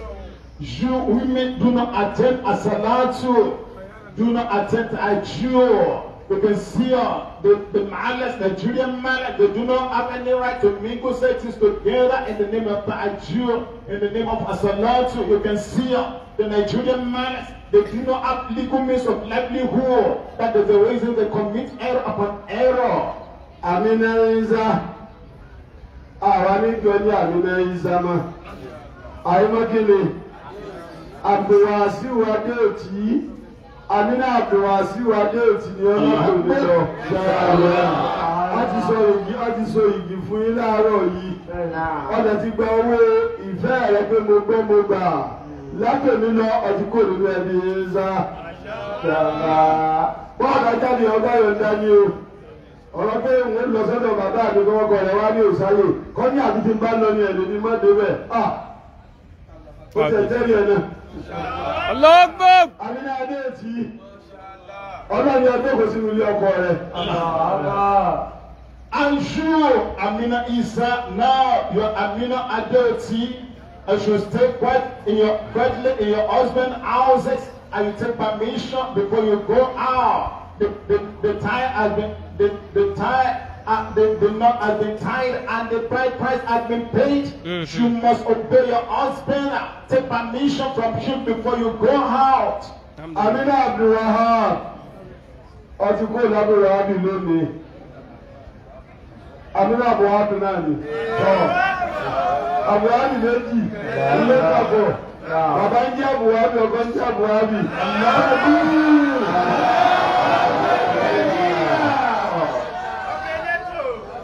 You women do not attend a salatu. Do not attend a Jew. You can see uh, the, the Nigerian malas, they do not have any right to mingle sexes together in the name of the Jew, in the name of Asalatu. You can see uh, the Nigerian malas, they do not have legal means of livelihood. That is the reason they commit error upon error. I mean, Uh, àwa níjọ ní àlùmẹ ìzàmà àyèmọkele àbẹwàsíwò adéòtí àmínà àbẹwàsíwò adéòtí ni ọlọ́dún lọ a ti sọ igi a ti sọ igi fún yín láàárọ̀ yìí ọjà ti gba owó ìfẹ́ rẹ pé mo gbọ́ mo gbà látòmí lọ ọtí kò nínú ẹbí ń sá bọ́ọ̀dà jáde ọgá yóò dání o ọ̀rọ̀ pé òun lọ sọ́dọ̀ bàbá mi kọ́ ọkọ rẹ̀ wá ní òsáyè kọ́ ní àti ti bá lọ ní ẹ̀dùn ní mọ́tò bẹ́ẹ̀ à ah! ó tẹ̀ tẹ́lẹ̀ ẹ̀ náà. ọlọ́gbọ́. àbílẹ̀ adé ti ọlọ́ni ọdún kò sí ilé ọkọ rẹ̀. I'm sure Amina Isa now your Amina Adeoti I should stay quiet in your quietly in your husband houses and you take permission before you go out the the the time has been the, the tie uh, the, the knot has been tied and the bride price has been paid. Mm-hmm. You must obey your husband. Take permission from him before you go out. Amina Abdulrahman ọtí kó you lónìí. Amina Abdulrahman náà ni. Abdulrahman méjì ilé ìgbàgbọ́. Bàbá ń jẹ́ Abdulrahman ọkọ ń jẹ́ Abdulrahman.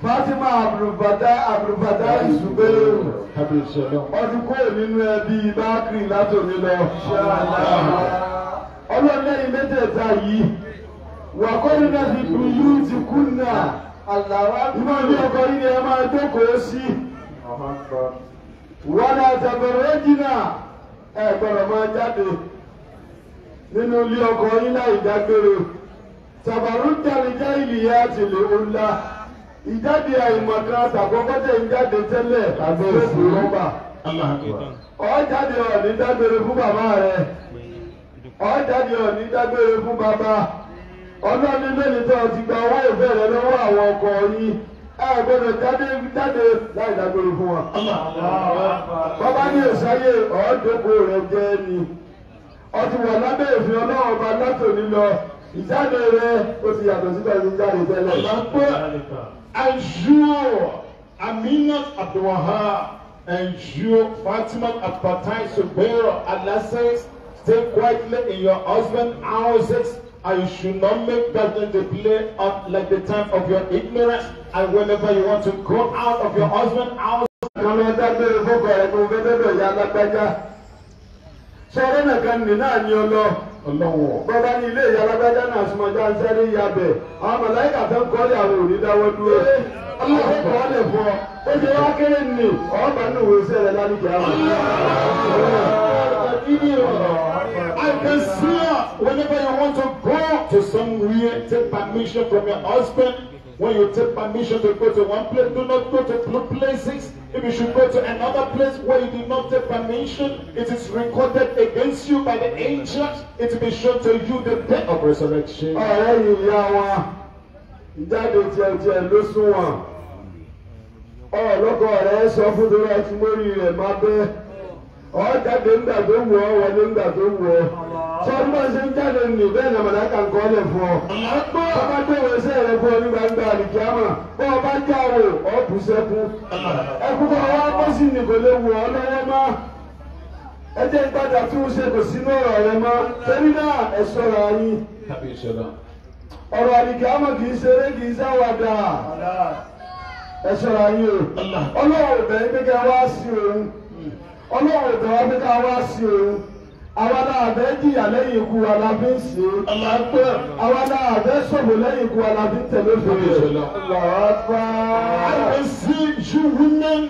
Fatima Abdulfatah Abdulfatah Zubairu. Ọdún kúrò nínú ẹbí Bákìrì látòmí lọ. Ọlọ́run lẹ́yìn mẹ́tẹ̀ẹ̀ta yìí. Wàkọ́ni náà fi dùn yìí ti kú náà. na. ní ọkọ̀ yìí ni ẹ máa jókòó sí. Wọ́n á tẹ̀bẹ̀rẹ̀ jìnnà. gbọ́dọ̀ máa jáde nínú ilé ọkọ̀ yín láì dágbére. Tàbàrú ìjáde àìmọ̀kan ṣàkókọ́jẹ́ ìjáde tẹ́lẹ̀ lóṣù rọ́bà ọ̀jáde ọ̀ní dágbére fún bàbá rẹ̀ ọ̀jáde ọ̀ní dágbére fún bàbá ọlọ́ni lẹ́ni tó ti gba owó lọ́wọ́ àwọn ọkọ jáde jáde láì dágbére fún bàbá ní ìsáyé rẹ̀ jẹ́ ni ọtí lábẹ́ ọlọ́run lọ ìjáde rẹ̀ ó ti yàtọ̀ ensure Aminat Abdulwahab, ensure Fatima Abbatai Subaira Alassane, stay quietly in your husband's houses. And you should not make judgment the play on like the time of your ignorance. And whenever you want to go out of your husband's house. Kọ́lọ́ dábẹ́ ìfọ̀kọ̀ ẹ̀kọ́ ọlọ́wọ̀. ní ilé ìyá alágbájá náà súnmọ́ jáńsẹ́ ní ìyá bẹ̀ àwọn màláìkà fẹ́ kọ́lé àwọn òní dáwọ́ dúró. ọlọ́wọ́ kọ́lé fún ọ ó ṣe wá kéré nì ọ̀ọ́bà ní òwe sí ẹ̀rẹ́ lálẹ́ ìjà wọn. I can see whenever you want to go to somewhere, take permission from your husband. When you take permission to go to one place, do not go to two places. If you should go to another place where you did not take permission, it is recorded against you by the angels. It will be shown to you the day of resurrection. Ah, ah, Ọ̀rẹ́ ìyá sọ fún torí ẹtí mórí rẹ̀ má bẹ́ẹ̀ ọ̀jáde ńgbà tó wù ọ́ wọlé ńgbà tó wù ọ́ sọ́dúnmọ́ ṣe ń jáde nù bẹ́ẹ̀ náà màdá kan kọ́ lẹ̀ fún ọ. bàbá tó wọ ẹsẹ̀ rẹ fún ọ ní gbangba àlìkíámà bọ́ ọ já o ọ bù sẹ́kù. ẹkú bá wa bó kò lè wù ọ lọ́wọ́ mọ́. ẹ jẹ́ tó ṣe kò sínú ọ̀rọ̀ rẹ mọ́ torí náà ẹ sọ̀rọ̀ ayín. ọ̀rọ̀ àlìkíámà kì í ṣeré kì í sáwàdà. ẹ sọ̀rọ̀ ayín o. ọlọ́run ò ọlọ́run ò bẹ̀rẹ̀ pé ká wá sí òun àwa náà àbẹ́ jìyà lẹ́yìn ikú wa la fi ń sè é. alágbẹ́. àwa náà àbẹ́ sọ̀bù lẹ́yìn ikú wa la fi ń tẹ̀lé fèrè. lọ́ọ̀fà. I see you women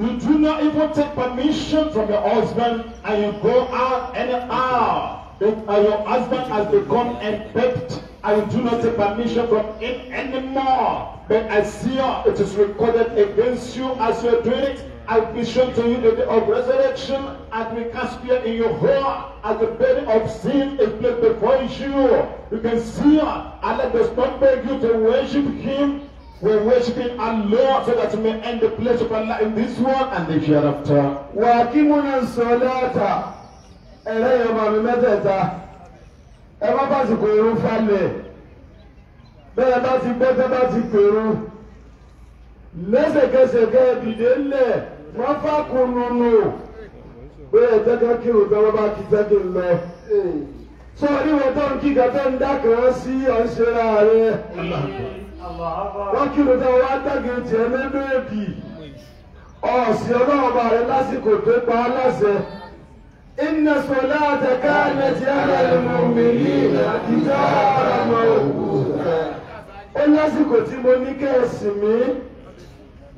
you do not even take permission from your husband and you go out anyhow. And uh, your husband has become embedded and you do not take permission from him anymore. But I see it is recorded against you as you are doing it. I vision to you the day of resurrection as we cast fear in your horror, as the burden of sin is placed before you. You can see her. Allah does not beg you to worship Him. We're worshiping Lord so that we may end the place of Allah in this world and the hereafter. Wàkímúnà sọ̀dáàtà ẹ̀rẹ́ ìyọ̀mọ̀ mi mẹ́tẹ̀ẹ̀ta ẹ má bá ti pèrò falẹ̀ bẹ́ẹ̀ bá ti gbẹ́tẹ́ bá ti pèrò lẹ́sẹ̀kẹsẹ̀ kẹ́ ẹ dìde ńlẹ̀ mafa kununu pé ẹ̀jẹ̀ ká kí òun tẹ́wọ́ bá kí sẹ́kì ń lọ. sọ oníwọ̀n tó ń kí gàtẹ́ ń dá kan sí ọ̀ṣẹ́ra rẹ̀ wọ́n kí òun tẹ́wọ́ wá tẹ́gì tiẹ̀ méjèèjì ọ̀sìn ọlọ́ọ̀bà rẹ̀ lásìkò tó pa á láṣẹ. إن صلاة كانت على المؤمنين كتابا موقوتا. Ó lásìkò tí mo ní kẹ́ ẹ sìn mí,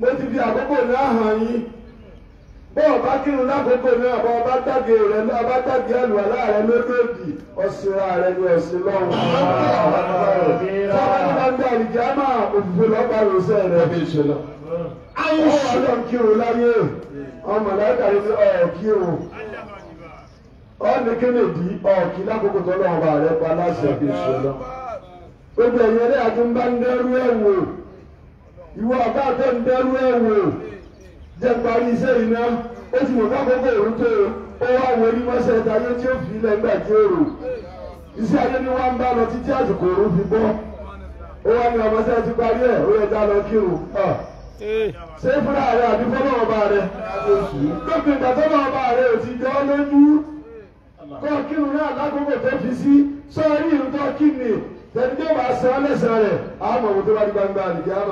mo ti fi àkókò náà hàn yín bó o bá kírun lákòókò náà bó o tàbí rẹ náà bá tàbí àlùwàlá rẹ méjèèjì ọ̀sìnra rẹ ni ọ̀sìn lọ́run. sábà ní máa ń gba ìjà máa òfìfo lọ́pàá rọ̀ṣẹ́ rẹ. àwọn ọ̀dọ́ kírun láyé ọmọ lẹ́ka yìí ọ̀ kírun ọ̀nì kennedy ọ̀kì lákòókò tó lọ́wọ́ bá rẹ pa láṣẹ kí n lọ. gbogbo ẹ̀yẹ́rẹ́ jẹ́ parí iṣẹ́ iná ó ti wò kákòókò òru tó ó wá wo ní mọ́ṣẹ́ tí ó fi ilẹ̀ ńgbà tí ó rò iṣẹ́ ayé ni wọ́n ń bá lọ títí àsìkò òru fi bọ́ ó wá ní ti parí ẹ̀ ó yẹ rẹ àbí ọba ọba rẹ ò ti jọ ọ́ lójú kọ́ kírun náà lákòókò tó fi sí tó kí ni tẹ̀lé di gbangba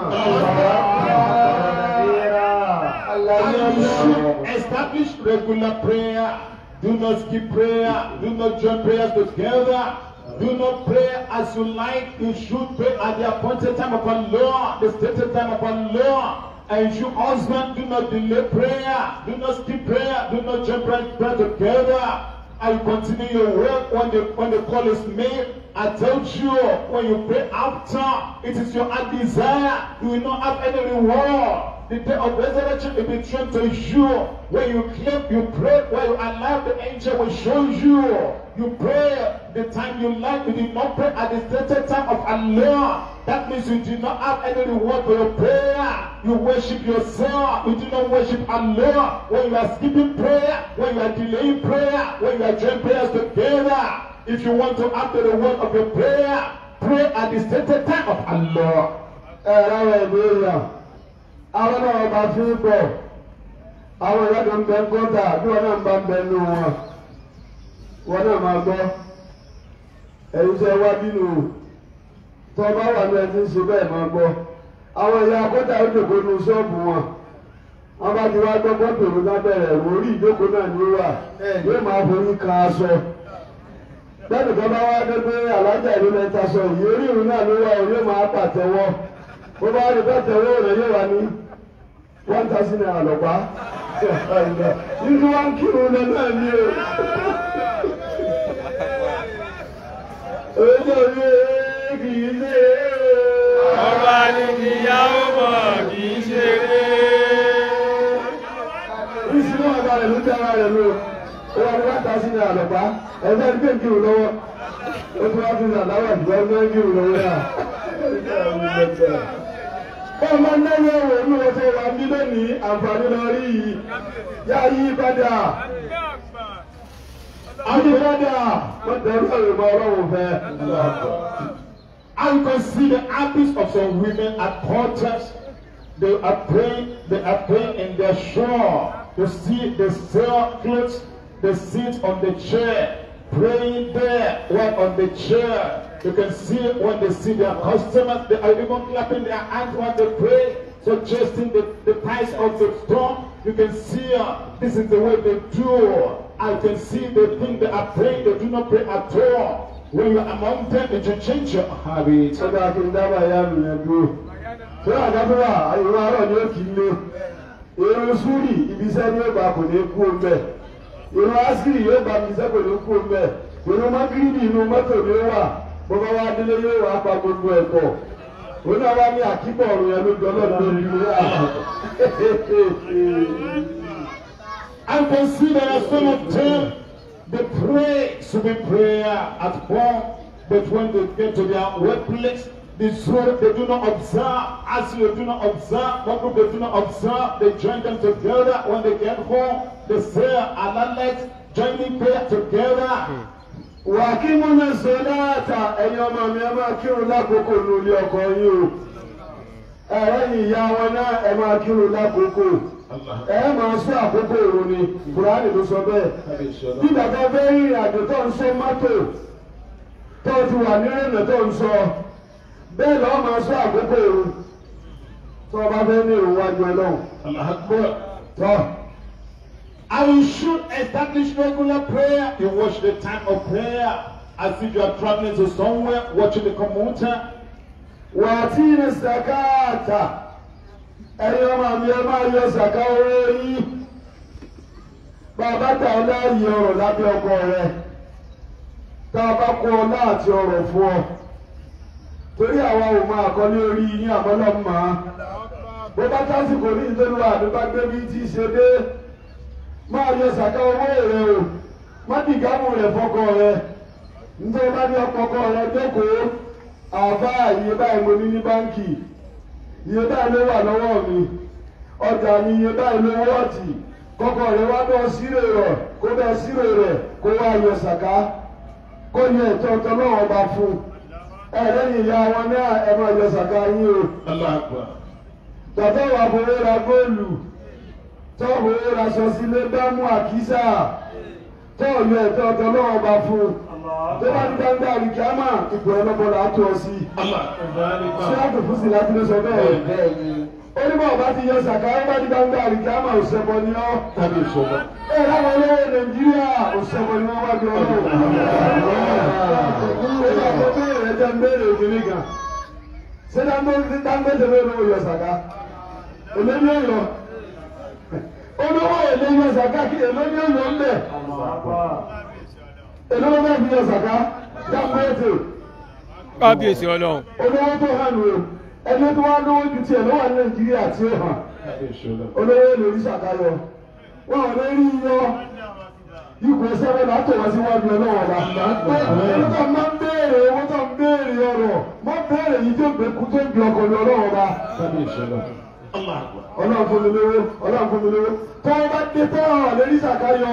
And establish regular prayer. Do not skip prayer. Do not join prayers together. Do not pray as you like. You should pray at the appointed time upon law, the stated time upon law. And you, husband, do not delay prayer. Do not skip prayer. Do not join right prayer together. And continue your work when the, when the call is made. I told you, when you pray after, it is your desire. You will not have any reward. The day of resurrection will be true to you. When you claim, you pray, when you allow the angel will show you. You pray the time you like, you did not pray at the stated time of Allah. That means you do not have any reward for your prayer. You worship yourself. You do not worship Allah. When you are skipping prayer, when you are delaying prayer, when you are joining prayers together, If you want to after the word of your prayer, pray at the stated time of Allah. Ẹ̀rọ ẹ̀dẹ́yà, àwọn náà ọba fi ń bọ̀, àwọn ìyá kan bẹ ń gọ́dà bí wọn náà ń bá ń bẹ nínú wọn. Wọn náà máa gbọ́, ẹ̀yin tẹ́ wá bínú, tọ́ bá wà ní ẹni ṣe bẹ́ẹ̀ máa gbọ́. Àwọn ìyá gọ́dà ó dògbò nu ṣọ́ọ̀bù wọn wọ́n bá ti wá gbọ́gbọ́ tòun lábẹ́rẹ̀ wò orí ìjókòó náà ni ó wà yóò máa forí kan aṣọ bẹ́ẹ̀ni bá wá dé pé alájà ìlú mẹ́ta sọ yìí orí náà ló wá òun yóò máa pàtẹ́wọ́ bó bá rí pàtẹ́wọ́ rẹ̀ yóò wá ní one thousand naira lọ́pá nínú wa ń kírun lẹ náà ní o. ojú mi kì í ṣe é o. ọba ni ìyàwó mọ̀ kì í ṣe é. ìsinmi ọ̀gá rẹ̀ ló dára rẹ̀ lọ ó wà ní láta sí ní àlọ́pá ẹ̀sẹ̀ ní kéèké ò lọ́wọ́ ó tún wá fi ní àláwà ìgbà ní kéèké ò lọ́wọ́ yà. bọ́ọ̀ máa ń náwó ẹ̀wọ̀n ní wọ́n ṣe wà ní lónìí àǹfààní lọ rí yìí yá yí padà àyí padà wọ́n dẹ̀rù ẹ̀rọ ọlọ́run fẹ́. I can see the habits of some women at contests. They are praying, they are praying, and they're sure to see the cell clothes They sit on the chair, praying there while on the chair. You can see when they see their customers, they are even clapping their hands when they pray, suggesting the, the price of the storm. You can see uh, this is the way they do. I can see the thing they are praying, they do not pray at all. When you are among them, it will change your habit. Ọba Akindaba ya nìyẹn ni ó kì í lé? Èrò Súrì ibiṣẹ́ ní ìgbà kò ní kú ọ̀bẹ irun asiri yóò bá mi sẹ́kọ̀ ló kú mẹ́ irun magiribi inú mọ́tò mi wà bọ́bá wa délé yóò wá pa gbogbo ẹ̀ pọ̀ oní àwa ní àkíbọ̀ ọ̀rùn yẹn ló jọ lọ́dún ní ìlú wa. I can as some of them they pray to be prayer at home, but when they get to their workplace. They swear they do not observe. As you do not observe, what group they do not observe. They join them together. When they get home, they say, Allah let joining prayer together. Wà kí mú ní sọ́láàtà ẹ̀yin ọmọ mi ẹ máa kírun lákòókò lórí ọkọ yín o. Ẹ̀rẹ́ ìyá wọn náà ẹ máa kírun lákòókò. Ẹ máa sọ àkókò òru ni. Kùránì ló sọ bẹ́ẹ̀. Bí bàbá bẹ́ẹ̀ lọ́ọ́ máa sọ àkókò òru tó o bá fẹ́ ní òun wájú ọlọ́run. tọ́. And we should establish regular prayer. You watch the time of prayer as if you are traveling to somewhere, watching the commuter. Wà á tí ní sàkáàtà. Ẹyọ ọmọ mi ẹ máa yọ sàká owó yìí. Bàbá tà ọ láàyè ọrọ̀ lábẹ́ ọkọ rẹ̀. Tá a bá kó ọ láti ọrọ̀ fún ọ. torí àwa ò máa kọ́lé orí yín mma. bó bá tásìkò ní ìtọ́lúwa àdúgbò gbẹ́bí tí ṣe dé máa yọ owó rẹ o má dìgámù rẹ fọkọ rẹ nítorí bá ní ọkọọkọ rẹ dẹ́kọ̀ọ́ àbá iye báyìí mo ní ní báńkì iye báyìí ló wà lọ́wọ́ mi ọjà iye báyìí ló wá bọ́ sírè ẹ̀rẹ́ ni ìyá wọn náà ẹ máa yọ sàká yín o. bàbá wa fowó ra góòlù tó fowó ra aṣọ sílé dámú àkísà tó yọ ẹ̀tọ́ ọ̀tọ̀ lọ́wọ́ bá fún un tó bá ní gbangba àlìkámà ìgbò ọlọ́bọ là á tó ọ sí. ṣé àtúnfúsì láti ló sọ bẹ́ẹ̀ onímọ̀ ọba ti yọ sàká ó bá ní gbangba àlìkámà òṣèbọ ni ọ́. ẹ láwọn olówó nàìjíríà òṣèbọ ni wọ́n wá bí ọlọ́wọ́ ẹjẹ ń òkèlè gan ṣé Dangote Dangote ló ló yọ sàká èlé ní ọyọ olówó èlé yọ sàká kí èlé ní ọyọ ńlẹ èlé ló bẹ́ẹ̀ fi yọ sàká Dangote. kábíyèsí Ọlọ́run. olówó tó hàn wò ẹni tó wá lówó ju tiẹ̀ ló Nàìjíríà tí ó hàn olówó èlé yọ yọ wọn ò lè rí yọ ipò sẹ́wọ́ náà tó wá síwájú ọlọ́wọ́ wa. ẹni tó máa ń béèrè owó tó ń béèrè ọ̀rọ̀ máa ń béèrè yìí tó gbé kú tó ń gbé ọkọ̀ ní ọlọ́wọ́ wa. ọlọ́run fún mi lówó ọlọ́run fún mi lówó tó bá dé tó lórí ìsàkà yọ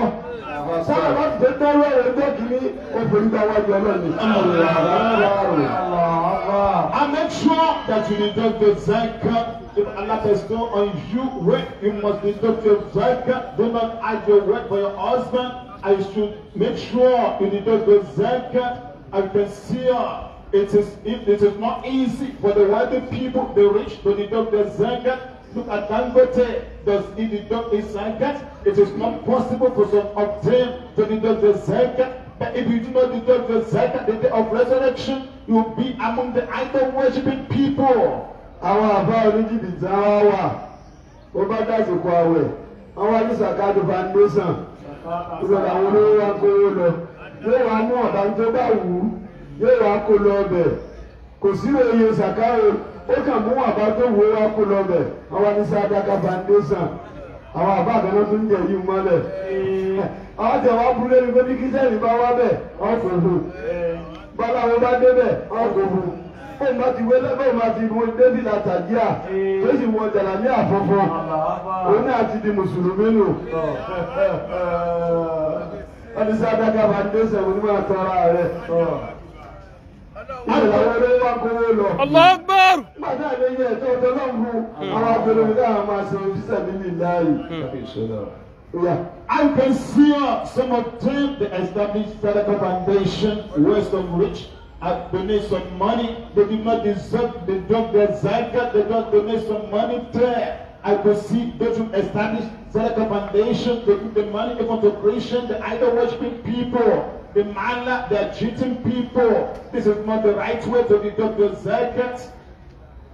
bá ti dé tọ́wọ́ rẹ̀ gbé kínní obìnrin gba wájú ọlọ́run. I make sure that you dey do zakah. If Allah has done on you, right, you must be do zakah. Do not hide your right for your husband. I should make sure in the Dogbezek I can see uh, it is it, it is not easy for the wealthy people the rich to deduct their zakat. Look at Dangote does he deduct his zakat? It is not possible for some of them to deduct their zakat. But if you do not deduct the zakat the day of resurrection, you will be among the idol worshipping people. Our àbá oníjìbìtì àwọn wà, ó bá dásìkò àwẹ̀, àwọn àdìsàkadù bá ìgbọ̀dọ̀ àwọn lọ yóò wá mú ọ̀dà tó bá wù ú yóò kó lọ ọbẹ̀ kò sí òye sàkáyò ó kàn ó wá kó lọ ọbẹ̀ àwọn ní Sàdáká foundation àwọn àwọn tẹ̀ bóun bá ti wẹlẹ bóun bá ti wọ david atagia tó sì wọ jalami àfọfọ òun náà ti di mùsùlùmí nù ọdún sí adaka bá dé sẹ́wọ̀n nígbà tọ́ra rẹ̀ ìlànà wọlé wá kówó lọ. ọlọ́gbọ́n. nígbà tá yẹ ẹ̀tọ́ ọ̀tọ́ hmm. àwọn abẹ́rẹ́ náà máa ṣe ojúṣe mi nìláyìí. Yeah. I can see some of the established Sadaka Foundation, West of Rich, have donated some money. They did not deserve. They dropped their zakat. They don't donate some money there. I could see those who established Zedekah Foundation, they put the money in consecration, the idol worshiping people, the manna, they are cheating people. This is not the right way to deduct the zakat.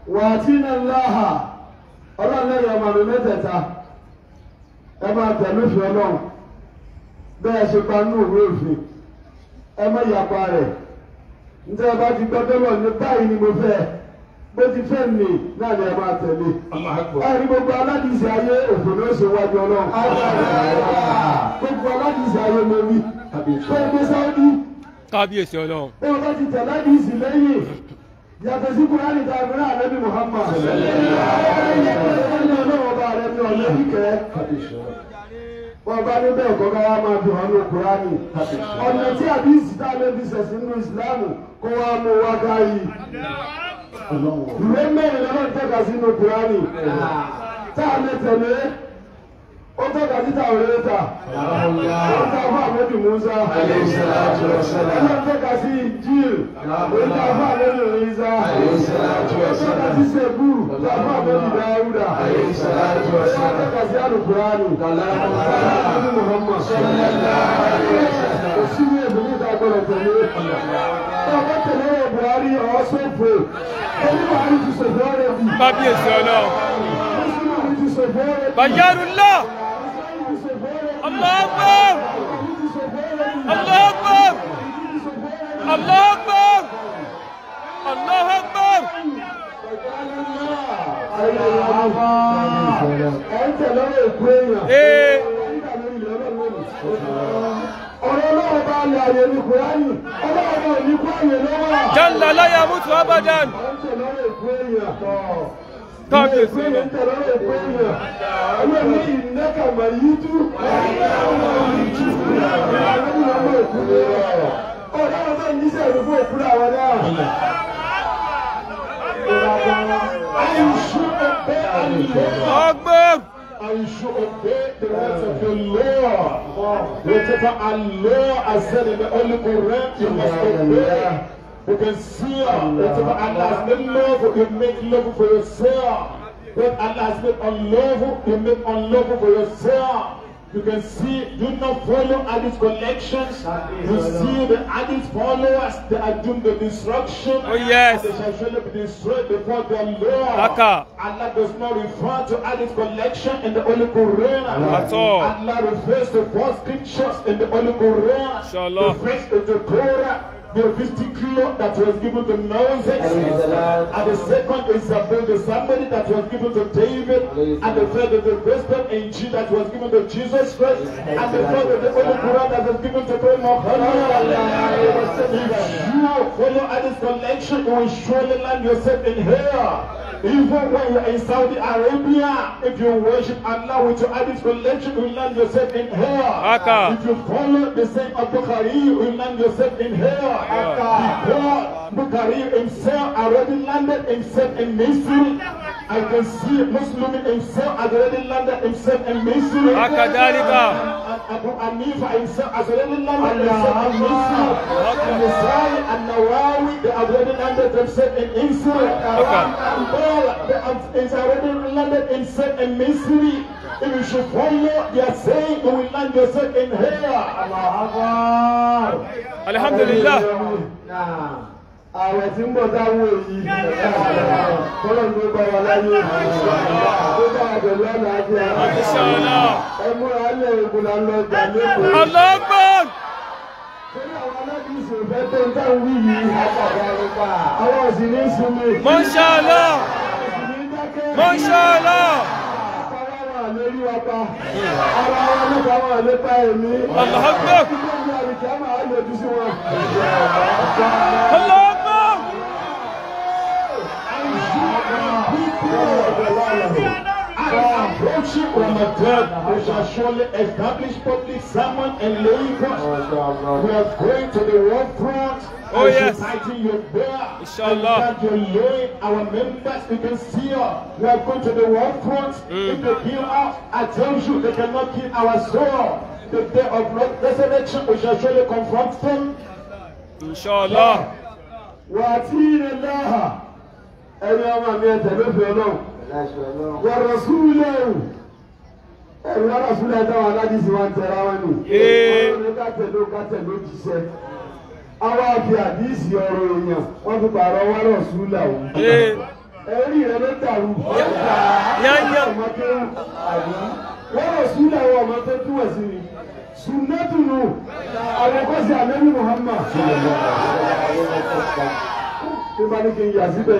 Wàtíná láhà, ọlọ́run lẹ́yìn ọmọ mi mẹ́tẹ̀ẹ̀ta, ẹ Emma tẹ̀lé òfin ọlọ́run, bẹ́ẹ̀ ṣe pa inú òwe òfin, ẹ má yàpa njẹ́ ẹ bá ti gbọ́ tọ́lọ̀ ní báyìí ni mo fẹ́ bó ti fẹ́ mi náà ni ẹ máa tẹ̀lé. ẹ̀rí gbogbo aládìsí ayé òfò náà ṣe wájú ọlọ́run. gbogbo aládìsí ayé mo wí. pẹ̀lú sáwọ́dí. kábíyèsí ọlọ́run. bí wọ́n bá ti tẹ̀lé àdìsí lẹ́yìn yàtọ̀ sí kúránì tá a fi rán àlẹ́bí Muhammad. ẹ̀yẹ́ pẹ̀lú ọlọ́run ọba rẹ̀ mi ọ̀lẹ́bí kẹ́ bọ́ọ̀bá níbẹ̀ ẹ̀kọ́ ká máa bí wọn kúránì ọ̀nà tí àbí ìsìtá lè fi ṣẹ̀sìn nínú ìsìláàmù kó wá mú wá káyì. ìwé mẹ́rin lọ́wọ́ tẹ́ka sínú kúránì tá lè tẹ̀lé ó tọ́ka títà òrèrè ta ó ta fún àmọ́bí Musa ó tọ́ka sí jíl ó ta fún àmọ́bí Ìsá ó tọ́ka sí sẹ́kù ta fún àmọ́bí Dáúdà ó tọ́ka sí alukuraanu aláàbí Muhammad òsínú ìbílẹ̀ ìta gbọ́dọ̀ tẹ̀lé ọba tẹ̀lé Buhari ọ̀ọ́sọ̀fọ̀ oníwàárí ti sọ̀fọ̀ rẹ̀ bù. bábíyèsí ọlọ́run. bàjẹ́ àrùn lọ. الله أكبر الله أكبر الله أكبر الله أكبر جل لا يموت أبدا kábíyèsí lọ. ọlọ́ni ìnáka màyí tú. ọlọ́run tó ní sẹ́ ìlú fún òkúra wọn náà. Ọgbẹ́. I should obey the words of the law. Whatever Allah has said in the Holy Quran, you must obey. You can see whatever Allah has made lawful, you make love for yourself. What Allah has made unlawful, you make unlawful for yourself. You can see, do not follow Hadith collections. You see the Hadith followers, they are doomed to destruction. Oh, yes. They shall surely be destroyed before their Lord. Allah does not refer to Hadith collection in the Holy Quran. At all. Allah refers to false scriptures in the Holy Quran. Inshallah. Refers to the Quran the viticulture that was given to Moses, and the second is about the somebody that was given to David, and the third is the wisdom in G that was given to Jesus Christ, and the fourth is the Holy Quran that was given to Paul Muhammad. If you follow this collection, you will surely land yourself in here. Even when you are in Saudi Arabia, if you worship Allah with your Addis collection, you will land yourself in here. If you follow the same Abu Khari, you will land yourself in here after poor Bukhari himself already landed himself in misery. I can see Muslim himself already landed himself in misery. وكذلك أبو حنيفة himself has already landed himself in misery. النسائي النووي they have already landed themselves in misery. Okay. Paul they have already landed himself in misery. If you should follow their saying, you will land yourself in hell. Alhamdulillah. Àwẹ̀ tí ń bọ̀ sáwọ́ èyí kọ́lọ̀ ló bá wa láyé tó bá àbẹ̀lẹ́ àlàáfíà ẹ múra lẹ̀ ogun la lọ gbà lẹ́kọ̀ọ́. Ọlọ́gbọ̀n. Sórí àwọn alábìsì ìfẹ́ tó ń dáhùn wí yìí, àwọn òsì ní sunmi. Mọ́ṣáláà. Mọ́ṣáláà olúwa pa ara wa nípa wọn ò lè pa èmi ìdílé mi àbíkẹ́ máa yọjú sí wọn. Allahu Akbar. From oh, the dead, we shall surely establish public sermon and laying We are going to the world front. Oh, yes. Inshallah. Your lay our members, you can see us. We are going to the world front. Mm. If they kill us, I tell you, they cannot kill our soul. The day of resurrection, we shall surely confront them. Inshallah. Wàtí ilé wọ̀rọ̀ ẹ̀rù rárá sùúrù ẹ̀ dáwọn aládìí sì wá ń tẹ̀ra wọn nù. ọ̀rọ̀ ní ká tẹ̀lé jíṣẹ́ àwa àfi àdìsí ọ̀rọ̀ èèyàn wọ́n fi pààrọ̀ wọ́rọ̀ sùúrù làwọn. ẹ̀rí rẹ̀ ló dàrú. wọ́rọ̀ sùúrù làwọn ọmọ tó túwọ̀ sí mi sí àlẹ́nu Muhammad. tí o bá ní kí n yà síbẹ̀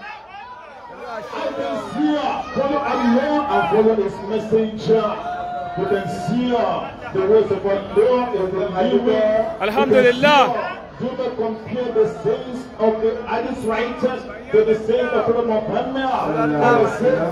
Ecclesia, follow Allah and follow His messenger. You can see the words of Allah is the new Alhamdulillah. Do not compare the sins of the Hadith writers to the sins of Prophet Muhammad.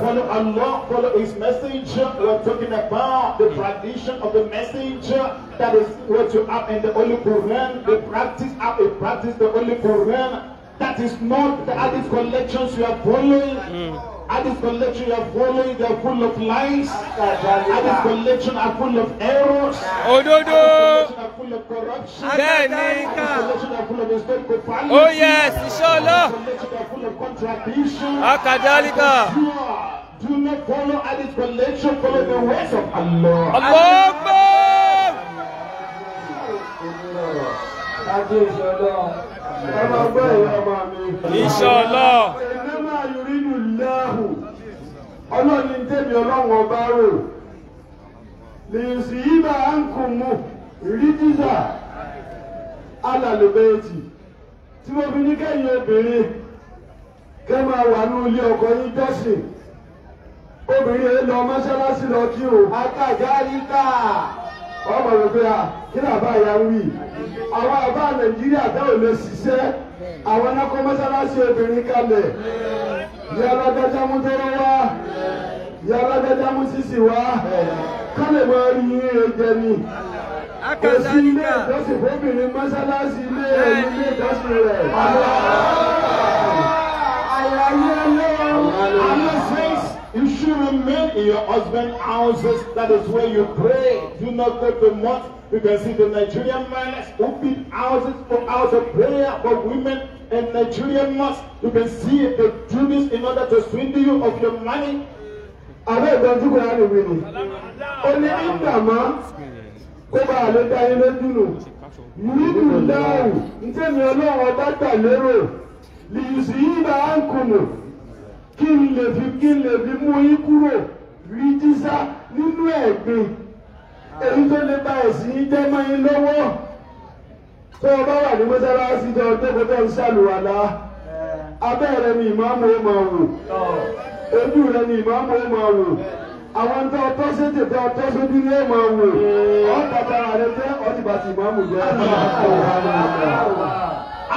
Follow Allah, follow His messenger. We're talking about the hmm. tradition of the messenger. That is what you have in the Holy Quran. The practice, how you practice the Holy Quran. That is not the hadith collections you are following. Mm. Hadith collection you are following, they are full of lies. Hadith collection are full of errors. Oh no, no! are full of corruption. Hadith collection are full of historical fallacy. Oh yes, inshallah. Hadith collection are full of contradiction. Akadalika. Do not follow Hadith collection, follow the words of Allah. Allah Akbar. Hadith Allah. ẹ máa ọmọ mi. Inshallah. ẹ̀mí máa tẹ̀mí ọlọ́run ọba rò lè sì bá à ń kùn mú alàlùbẹ́ẹ̀tì mo fi ní kẹ́yìn obìnrin kẹ́ máa wà ní ọkọ yín Obere obìnrin yẹn lọ o. àtàjà yìí ọmọ rẹ pé a kí náà bá ya ń wí àwọn àbá nàìjíríà dáhùn lè ṣiṣẹ́ àwọn ẹnakọ mọ́sálásí obìnrin kalẹ̀ ní alágbájá mú tọrọ wá ní alágbájá mú sísì wá kálẹ̀ mọ́ rí yín ẹ̀jẹ̀ ni kò sí ilé ìjọsìn fóbìnrin mọ́sálásí ilé ilé ìjọsìn rẹ̀. àyà yẹn lé àmọ́sí. You should remain in your husband's houses. That is where you pray. Do not go to mosque. You can see the Nigerian miners who build houses for hours of prayer for women and Nigerian mosques. You can see the this in order to swindle you of your money. Ààrẹ ìdánjú kò rárá ìwé ni. Ó ní ìdààmú kó bá àlè dá yín lójú nù. Yúrídù dáhùn ní tèmi ọlọ́run ọba gbà lérò. Lìyùsì yìí bá ń kùnù kí n lè fi kí n lè fi mú yín kúrò rí jísà nínú ẹ̀gbin èyí tó lè ba ẹ̀sìn yín jẹ́ mọ́ yín lọ́wọ́ tó o bá wà ní mọ́sálásí jọ tẹ́kọ̀ọ́ tó ń ṣàlùwàlá abẹ́ ni ìmáàmù ó máa wò ojú rẹ ni ìmáàmù ó máa wò àwọn tó ọtọ́ sédè tó ọtọ́ sójú ni ó máa wò ọ́ tàbí ara rẹ jẹ́ ọtí bàtì ìmáàmù jẹ́ ọ̀hún.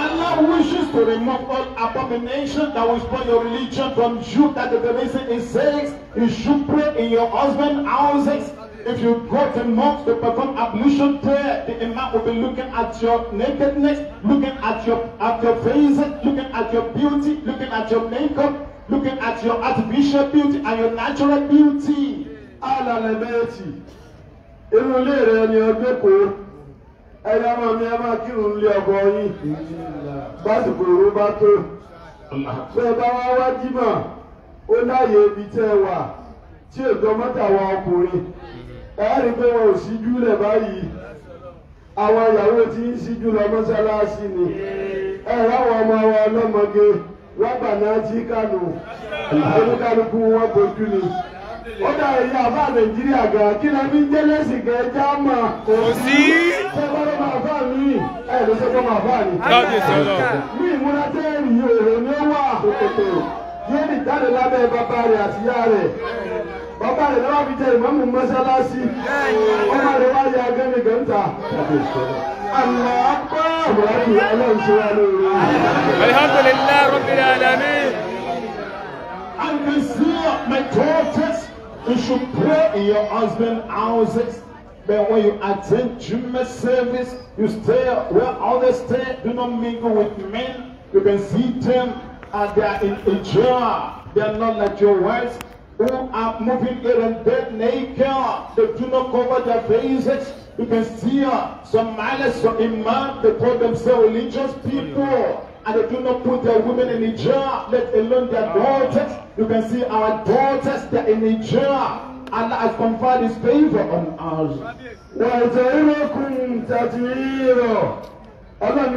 Allah wishes to remove all abomination that will spoil your religion from you. That the reason is says you should pray in your husband houses. If you go to mosque to perform ablution prayer, the imam will be looking at your nakedness, looking at your at your face, looking at your beauty, looking at your makeup, looking at your artificial beauty and your natural beauty. Allah bẹ́ẹ̀ tì, irun ilé rẹ̀ ni ọdún ẹyọ ọmọ mi ẹ máa kírun lé ọkọ yín básìkò òru bá tó bẹ́ẹ̀ bá wá wá jímọ̀ ó láàyè ibi tẹ́ ẹ wà tí ètò mọ́tàwá ọkùnrin ẹ rí i pé wọn ò síjú lẹ̀ báyìí àwọn ìyàwó tí ń síjú lọ mọ́sálásí ni ẹ ráwọn ọmọ wa ọlọ́mọge wọ́n gbà náà jí kánò oníkálukú wọn kojú ni ó dà ẹ̀yà àbá nàìjíríà gan kí lẹ́ fi ń jẹ́ lẹ́sìn gan ẹja mà kò sí. ṣé wọ́n ló máa bá mi ẹ̀ ló ṣe kó máa bá mi. káàdì sọ̀rọ̀. ní ìmúra tẹ́ẹ̀rì òòrùn ni ó wà òkòtò yóò jáde lábẹ́ bàbá rẹ̀ àtìyá rẹ̀ bàbá rẹ̀ lọ́wọ́ fi jẹ́ ìmọ̀mù mọ́sálásí ọmọ rẹ̀ wá ya gẹ́mi gẹ́ńtà. Àlọ́ àpá ìwádìí ọlọ́run ṣe wá lóore. my tortoise. You should pray in your husband's houses. But when you attend Juma service, you stay where others stay. Do not mingle with men. You can see them and they are in a jar. They are not like your wives who are moving here and there naked. They do not cover their faces. You can see uh, some malice, some imam. They call themselves religious people. and they do not put their women in a jar, let alone their daughters. You can see our daughters, they're in a jar. Allah has conferred His favor on us. Wàtàríwọ̀kùn tàtìrírọ̀.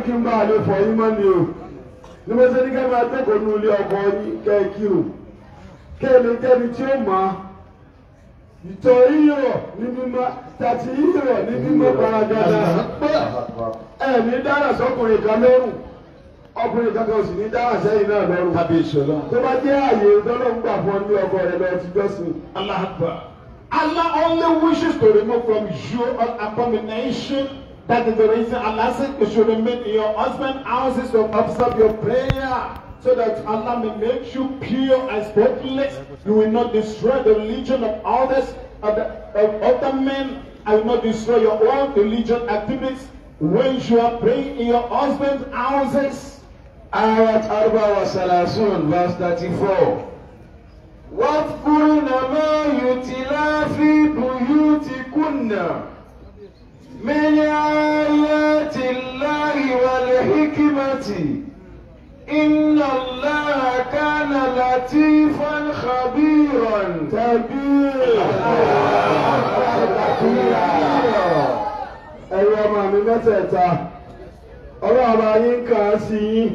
kí n bá àlè fọ yín mọ́ ni o. Ní mo ṣe ní kẹ́mi akẹ́kọ̀ọ́ ní ilé ọkọ yín kẹ́ẹ̀kì o. Kẹ́ẹ̀lì tí ó mọ̀ á. Ìtọ̀rírọ̀ ní mímọ́ tàtìrírọ̀ ní mímọ́ paragada. Ẹ̀mí dára sọkùnrin kan lọ́rùn ọkùnrin kankan sì ní dáhà sẹ́yìn náà lọ́rùn. tàbí ìṣòro. tó bá jẹ́ àyè ìdánlọ́run fún ọ ní ọkọ rẹ lọ ti jọ́sìn. aláàbà Allah only wishes to remove from you all abomination. That is the reason Allah said you should remain in your husband's houses to observe your prayer. So that Allah may make you pure and spotless. You will not destroy the religion of others, of, the, of other men. I will not destroy your own religion activities when you are praying in your husband's houses ayat arba wa salasun verse thirty-four. واذكرن ما يتلى في بيوتكن من آيات الله والحكمة إن الله كان لطيفا خبيرا كبيرا ẹ̀rọ ọmọ mi mẹ́tẹ̀ẹ̀ta ọlọ́ọ̀bá yín kà á sí yín.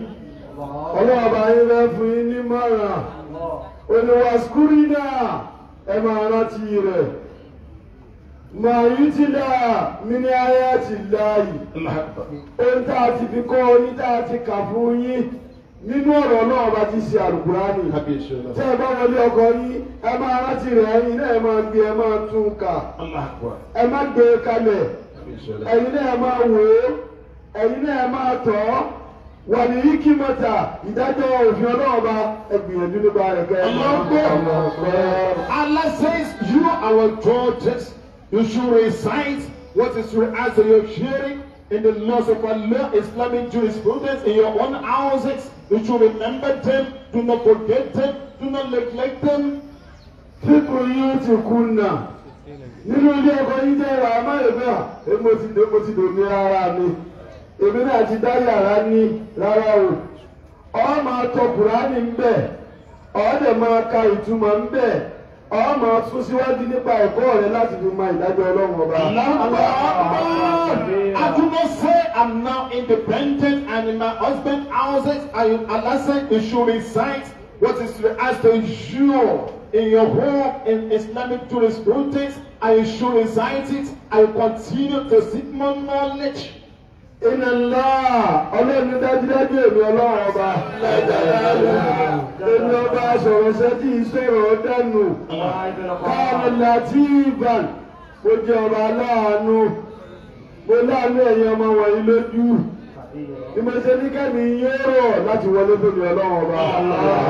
ọlọ́ọ̀bá yín fẹ́ fún yín nímọ̀ràn oníwàsíkúrì náà ẹ máa rántí màá ti rẹ. mí ní ayé àti láàyè ohun tá a ti fi kọ́ yín tá a ti kà fún yín nínú ọ̀rọ̀ náà bá ti ṣe àlùkùránì tí ẹ bá ọkọ yín ẹ máa rántí rẹ ẹ̀yin náà ẹ máa gbé ẹ máa tún ẹ má gbé e kalẹ̀ náà ẹ máa wò ó wà ní yíkí mọ́ta ìdájọ́ òfin ọlọ́ọ̀ba ẹgbìyànjú nípa rẹ̀ kẹ́ ẹ̀ lọ́gbẹ́. Allah says you our judges you should recite what is as your hearing in the laws of Allah Islamic jurisprudence in your own houses you should remember them do not forget them do not neglect them. kíkùn yóò ti kùnà nínú ilé ẹ̀kọ́ yìí jẹ́ ìwà àmọ́ ìgbà èmo ti dòmí ara mi èmi náà ti dá yàrá ní rárá o ọ máa tọ kùránì ń bẹ ọ dẹ̀ máa ka ìtumọ̀ ń bẹ ọ máa sún síwájú nípa ẹ̀kọ́ rẹ láti fi mọ ìdájọ́ ọlọ́run ọba. Àlọ́ Atunose am now independent and my husband houses and Allah said you should recite what is asked to you in your home in Islamic jurisprudence and you should recite it and continue to seek more knowledge iná ńlá ọlọ́run dájúdájú èmi ọlọ́run ọba èmi ọba sọ̀rọ̀ sẹ́tì sọ̀rọ̀ dànù káàmì látìbàn mo jẹ́ ọba aláàánú mo láàánú ẹ̀yin ọmọ wọ̀nyí lójú ìmọ̀ọ́sẹ̀ ní kẹ́mi yóò rọ̀ láti wọlé fèmí ọlọ́run ọba.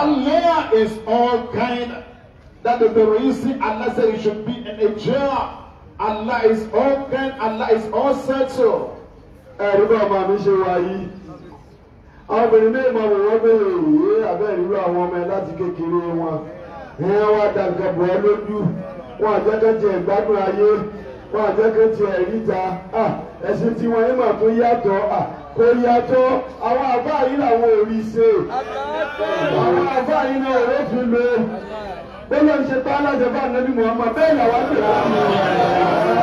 Allah is all kind that the reason Allah said he should be in a jail. Allah is open. Allah is all settled ẹ̀rí bá ọmọ mi ṣe wá yìí àwọn obìnrin náà máa wọ̀ wọ́n bẹ̀rẹ̀ òwe abẹ́rẹ́ irú àwọn ọmọ ẹ láti kékeré wọn ìyẹn wá dàgbàbọ̀ ẹ lójú wọn àjẹkẹ́jẹ ìgbádùn ayé wọn àjẹkẹ́jẹ ìríta ẹ̀sìn tí wọn yín máa tún yàtọ̀ kò yàtọ̀ àwọn àbá yìí làwọn ò rí ṣe àwọn àbá yìí náà ò lè fi lè ó lọ ṣe tán aláṣẹ ànábì Muhammad bẹ́ẹ̀ làwọn àti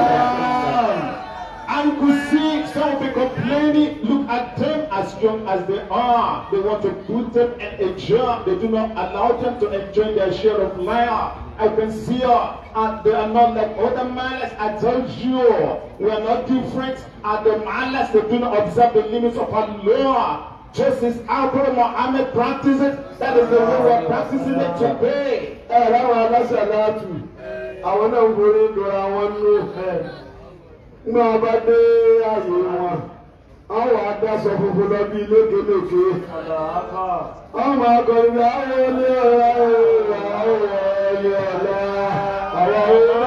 And you see some people complaining, look at them as young as they are. They want to put them in a jar. They do not allow them to enjoy their share of life. I can see her, and they are not like other malas. I tell you, we are not different. And the malas? they do not observe the limits of our law. Just as Abu Muhammad practiced it, that is the way we are practicing it today. Ẹ̀rọ àwọn aláṣàlátù, àwọn náà ń borí lọ́ra wọn ní ẹ̀. Ní ọba dé ààyè wọn, àwọn adáṣọ funfun lọ bí lókèlókè. Ọmọ akọ̀yìn àwọn ilé ọ̀rọ̀ àwọn ọ̀yọ̀ ọ̀la àwọn ọ̀la.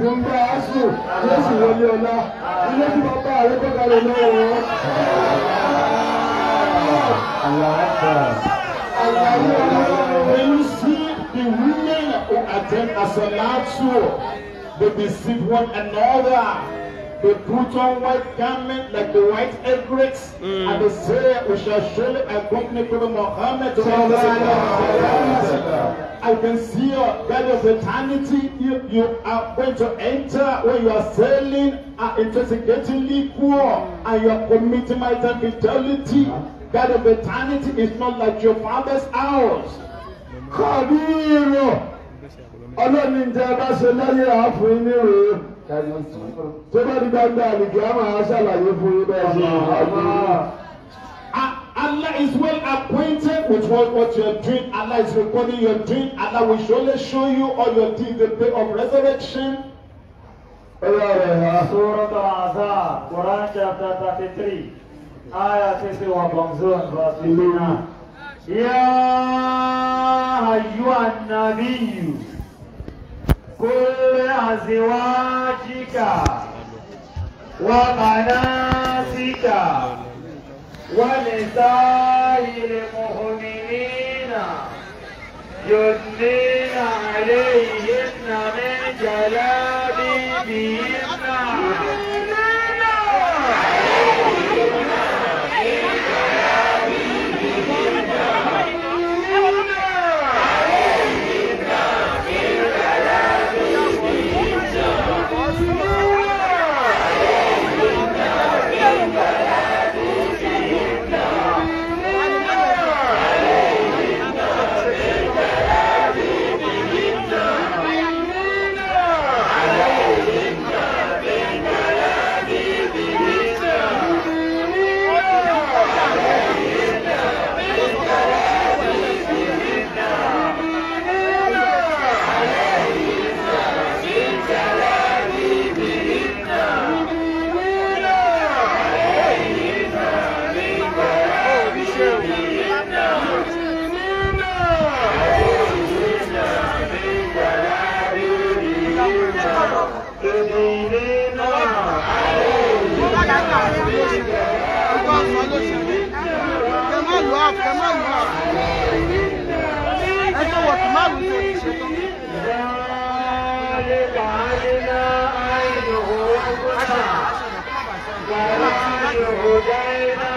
ti ń bá aṣọ lẹ́sìn wọlé ọlá ilé tí bàbá rẹ kọ́ka lè lọ́wọ́ wọn. When you see the women who attend as a natural, they deceive one another. They put on white garment like the white egrets, mm. and they say, We shall surely accompany Prophet Muhammad. I can see uh, that of eternity. You, you are going to enter where you are selling are intoxicating poor, and you are committing marital fidelity. God of eternity is not like your father's house. Kàbírò, ọlọ́ni ìjẹ́ bá ṣe láyé àáfin nírò tó bá di dáadáa ni kí a máa ṣàlàyé fún yín bẹ́ẹ̀ ṣe àgbẹ̀. Allah is well acquainted with what, what you are doing. Allah is recording your doing. Allah will surely show you all your deeds the day of resurrection. Surah al Azhar, Quran chapter 33, ayah 61 verse 59. Ya أيها النبي كل أزواجك وبناتك ولسائر المؤمنين يدنين عليهن من جلابيبهن हो जाएगा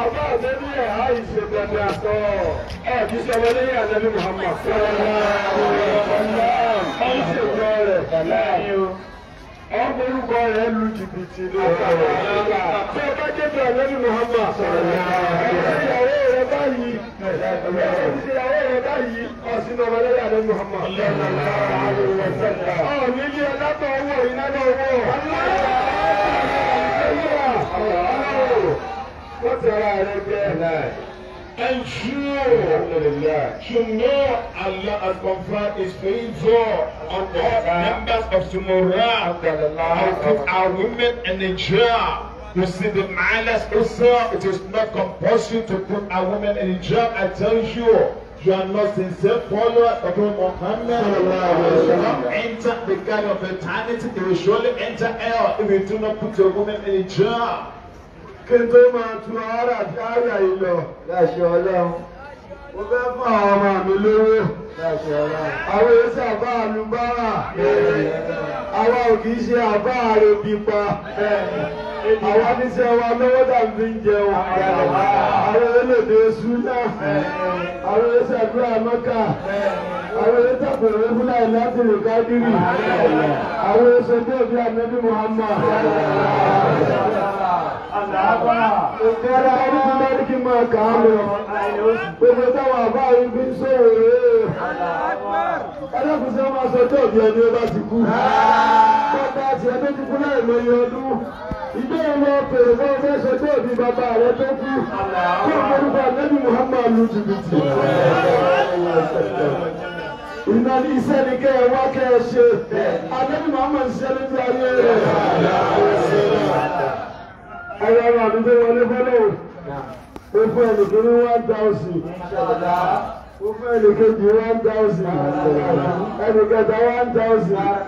ọba mi ní ẹ̀há ìṣègbèdè àtọ̀ ẹ̀jú sí ọmọ lẹ́yìn àjẹmí Muhammad ó ń ṣèjọ rẹ̀ lẹ́yìn o ọmọ orúkọ rẹ̀ lu jìbìtì ní ọ̀gá tí ọba jẹ́bi àjẹmí Muhammad ìyàwó rẹ̀ báyìí ìyàwó rẹ̀ báyìí ọ̀sìn ọmọ lẹ́yìn àjẹmí Muhammad ọ̀ nílé ọlọ́tọ̀ owó ìnáná owó ó tẹ̀ra rẹ jẹ́. Ensure to know Allah has conferred His favor on all members of Sumura and our women in Nigeria. You see, the malice also, it is not compulsory to put our women in hijab. I tell you, you are not sincere followers of Muhammad. You will not enter the garden of eternity. You will surely enter hell if you do not put your women in hijab kí n tó máa tu ara tí àyà yìí lọ. láṣẹ ọlọ́run. mo fẹ́ fún àwọn ọmọ mi lówó. láṣẹ ọlọ́run. àwọn èsì àbá àlùbárà. àwa ò kì í ṣe àbá àròbí pa. àwa níṣẹ́ wa lọ́wọ́ dàbí ń jẹun. àwọn elédè súnà. àwọn èsì àdúrà mọ́kà àwọn ilé tàbí ìwé fúláì láti rè kádìrì àwọn èso tó bí ànábì Muhammad. Ìkọ́ra orúkú mẹ́rìkì máa kà á lọ. Gbogbo táwọn àbá yìí fi ń sọ̀rọ̀ rẹ̀. Ẹlẹ́kùn sí ọmọ aṣọ tó òbí ẹni ọba ti kú. Ah. Bàbá àti ẹbí ti kú láì lóye ọdún. Ìjọ ìwọ pèrè fún ọmọ aṣọ tó òbí bàbá rẹ tó kú. Kí ọmọ orúkọ Ànábì Muhammad lu jìbìtì. Iná ní iṣẹ́ ni kẹ́ ẹ wá kẹ́ ẹ ṣe. Ànábì Muhammad ṣiṣẹ́ lójú ayé rẹ̀ ayọ̀rọ̀ àdúgbò wọlé fọlọ́wọ́ ó fún ẹnìkíní one thousand ó fún ẹnìkejì one thousand ẹnìkẹta one thousand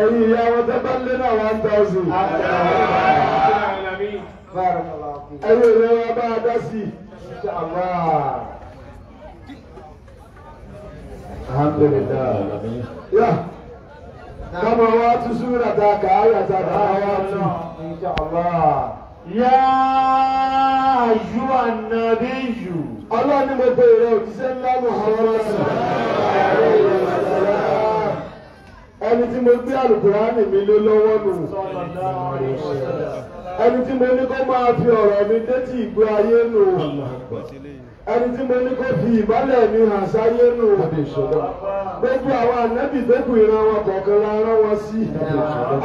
ẹ̀yin ìyá wọn tẹ́ bá lé náà one thousand ẹ̀yin ìyá wọn bá a dá sí i. Alhamdulillah. Ya. Kama watu sura ta ka aya ta ta watu. Insha Allah. Ya ayú ànábí yù. ọlọ́run ní mo pe ìrẹ́ òjíṣẹ́ ńlá Muhammad ẹni tí mo gbé àlùkùránì mi lé lọ́wọ́ nù ẹni tí mo ní kó máa fi ọ̀rọ̀ mi dé tí ìgbé ayé nù. ẹni tí mo ní kó fi ìmọ́lẹ̀ mi hàn sáyé nù gbogbo àwọn ànábì gbogbo ìran wọn kọ̀ọ̀kan la wọn sí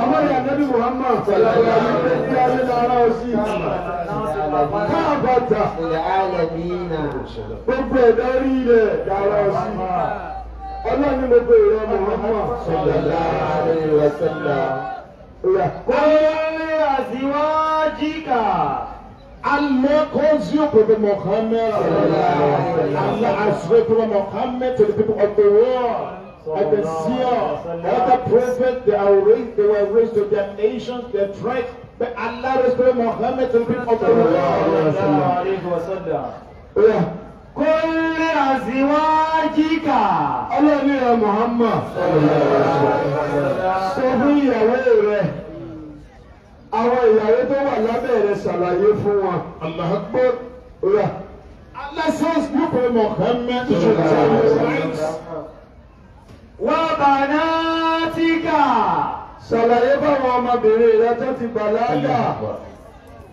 amóye ànábì Muhammad ṣàlàyé àyíké tí a lè la wọn sí káàbàtà gbogbo ẹ̀dá rí ilẹ̀ dára wọn sí ọlọ́run ní gbogbo ìran Muhammad ṣàlàyé àyíké tí a lè la wọn sí. Kọ́lé àtiwájíkà. Allah calls you Prophet Muhammad. Allah has read Prophet Muhammad to the people of the world. At the seer, other prophets, they, are raised, they were raised to their nations, their tribes, but Allah raised Prophet Muhammad to the people of the world. Yeah. كل أزواجك الله يا محمد صفية ويره àwọn ìyàwó tó wà lábẹ́ rẹ̀ ṣàlàyé fún wọn. Allahu Akbar. Lessons book of Muhammad wa banatika. Ṣàlàyé báwọn ọmọbìnrin rẹ ti bàlágà.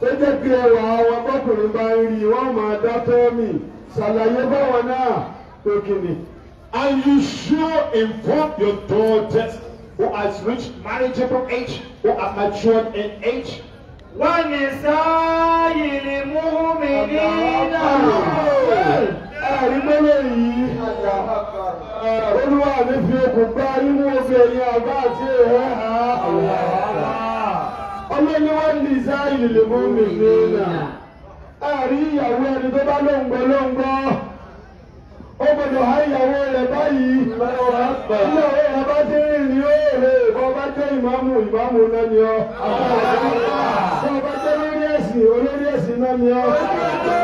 Tó jẹ́ pé ẹwà àwọn ọmọkùnrin bá ń rí wọ́n máa dá tẹ́ẹ̀mì. Ṣàlàyé báwọn náà pé kìnnì. And you sure inform your daughters who has reached marriageable age, who are matured in age. وَنِسَاءِ الْمُؤْمِنِينَ ẹ̀rí mọ́lẹ̀ yìí olúwa mi fi okùn bá inú oṣù ẹ̀yìn àbá àti ẹ̀rọ ha ọlọ́ni wọ́n ní sáà ìlèmọ́ mi nínú ẹ̀rí ìyàwó ẹni tó bá lóńgbọ́ lóńgbọ́ ó gbọ́dọ̀ há ìyàwó rẹ̀ báyìí ìyàwó rẹ̀ bá ti rìn òòrè bọ́ bá jẹ́ ìmáàmù ìmáàmù náà ọ́ bọ́ bá jẹ́ lórí ẹ̀sìn olórí ẹ̀sìn náà ni ọ́ lọ́dún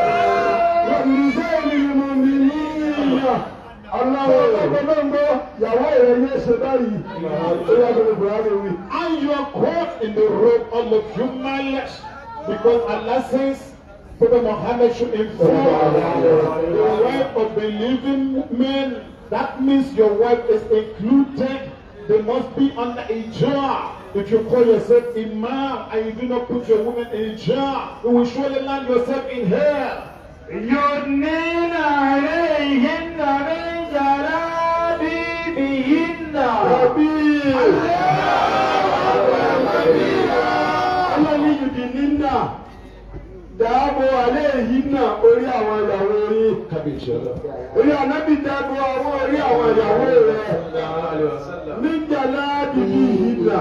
And you are caught in the rope of the human flesh because Allah says Prophet Muhammad should inform. The wife of believing men, that means your wife is included. They must be under a jar. If you call yourself imam and you do not put your woman in a jar, you will surely land yourself in hell. يدنين عليهن من جلابيبهن الله يدنين dáàbò alẹ́ yìí náà orí àwọn ìyàwó orí ànábì dáàbò àwọn orí àwọn ìyàwó rẹ̀. níjàlá dìbì yìí nà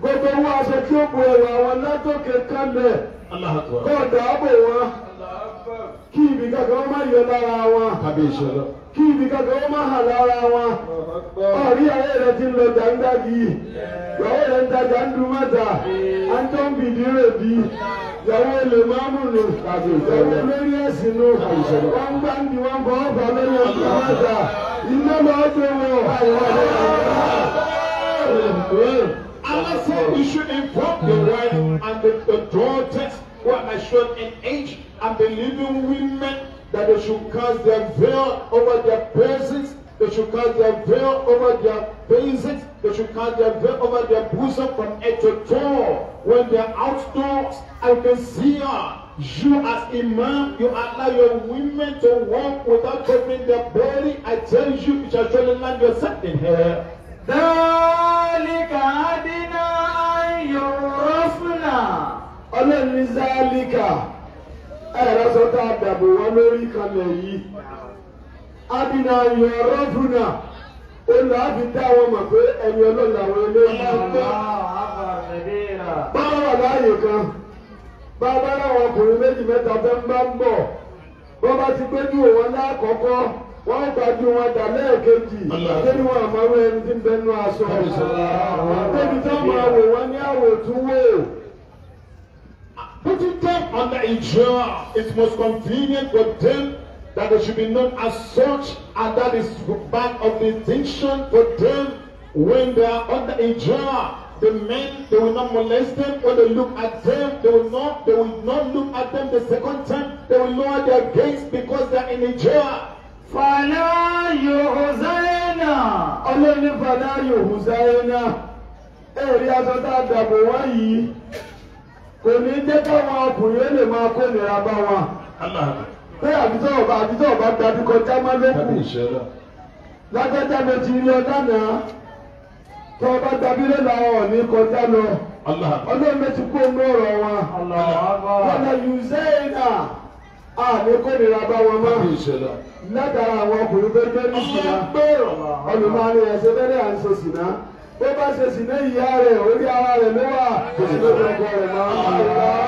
gbogbo owó aṣọ tí ó bu ẹwà àwọn látòkè kọ́ kí ibi kankan má yọ lára wọn kí ibi kankan má hàn lára wọn ọ̀rí ayé rẹ ti ń lọ jàǹdàgì ìyàwó rẹ ń tajà ń dun mẹ́ta à ń tó ń bìdí rè bí ìyàwó olè máa mú nù ìyàwó lórí ẹ̀sìn nù wọ́n gbá ń di wọn bọ́ ọ̀fà lórí ọ̀dún mẹ́ta iná máa tó wọ̀. Allah said we should inform the wife and the daughters where I showed in age and believing women that they should cast their veil over their persons, they should cast their veil over their faces, they should cast their veil over their bosom from head to toe. When they are outdoors, I can see her. You as imam, you allow your women to walk without covering their body. I tell you, you shall surely land yourself in hell. ذلك أدنى أن يعرفنا ọlọ́run ní záálíkà ẹ̀rọ sọ́tà àdàbò wọn lórí kanlẹ̀ yìí abina yọ rọ́fúnà olùwà fi wọn mọ̀ pé àwọn ẹlẹ́yìn ń gbọ́. báwa wà láàyè kan bàbá làwọn ọkùnrin méjì mẹ́ta fẹ́ ń bá ń bọ̀ bá ti lákọ̀ọ́kọ́ gbàdú wọn dà lẹ́ẹ̀kejì wọn àmọ́ ẹni tí ń aṣọ putting them under a jar It's most convenient for them that they should be known as such and that is bad of distinction for them when they are under a jar the men they will not molest them when they look at them they will not they will not look at them the second time they will lower their gaze because they are in a jar. Fala yòó zaina ọlọ́ni fàlà yòó zaina ẹ̀rí aṣọ tá kò ní jẹ́ ọkụ ọkùnrin ó lè máa kó bá wọn. pé àbísọ̀ ọba àbísọ̀ ọba kọjá má lókù. lágbájá ló ti rí ọjà náà tó ọba gbajú lé làwọn ò ní kọjá lọ. ọlọ́run ló ti kó ń wọn. wọ́n lọ sẹ́yìn náà kó bá wọn mọ́ àwọn ọkùnrin ní bó bá ṣe sì ní ìyá rẹ̀ orí ara rẹ̀ ló wà kò sì lóko ọkọ rẹ̀ mọ́.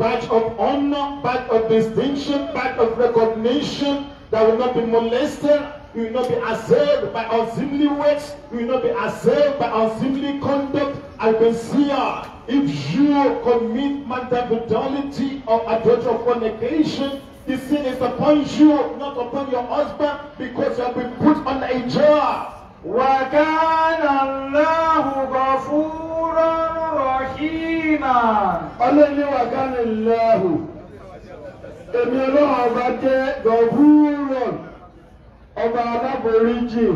badge of honor, badge of distinction, badge of recognition that will not be molested, you will not be assailed by unseemly words, you will not be assailed by unseemly conduct. I can see her. If you commit mental brutality or adultery of fornication, The sin is upon you, not upon your husband, because you have been put under a jar. وَكَانَ اللَّهُ غَفُورًا رَحِيمًا Ọlọ́ni وَكَانَ اللَّهُ Èmi ọlọ́run ọba jẹ́ gọ̀fúrọ̀ ọba aláboríjì.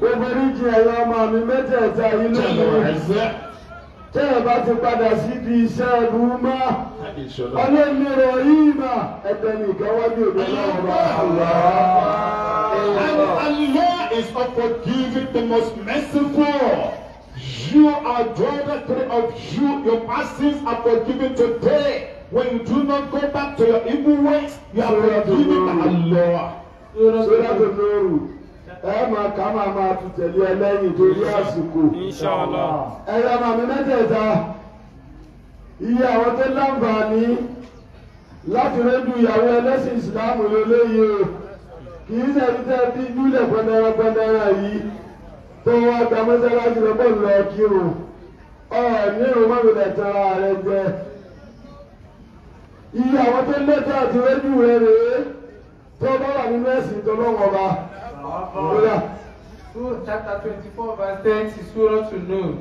Gbogbo oríjì ẹ̀yọ́ ọmọ mi mẹ́tẹ̀ẹ̀ta yìí lónìí tẹ́yà bá ti padà síbi iṣẹ́ ẹ̀rù mọ́ ọlọ́mọrọ̀ yìí mà ẹ̀dẹ̀ nìkan wá ní òde náà wà. And Allah is a forgiving the most merciful. You are daughter of you. Your past sins are forgiven today. When you do not go back to your evil ways, you are forgiven by Allah ẹ máa ká máa máa tún tẹ̀lé ẹ lẹ́yìn torí àsìkò. Inshallah. ẹ̀rọ màmí mẹ́tẹ̀ẹ̀ta iye àwọn tó láǹfààní láti rẹ́dù ìyàwó ẹlẹ́sìn ìsìláàmù lélẹ́yìí o kì í ṣe ẹ̀ríṣẹ́ bí júlẹ̀ pẹ́ndẹ́rẹ́ pẹ́ndẹ́rẹ́ yìí tó wá gba mọ́sálásí rẹ̀ bọ́ọ̀lù lọ kírun ọ̀ọ́nì ìrùmọ́bìnrin tara rẹ̀ jẹ. iye àwọn tó lẹ́tọ̀ àti rẹ́dù rẹ̀ rèé tó bá wà nínú ẹ̀sìn tó lọ́wọ́ bá. Surah chapter twenty-four verse thirty Surah to know.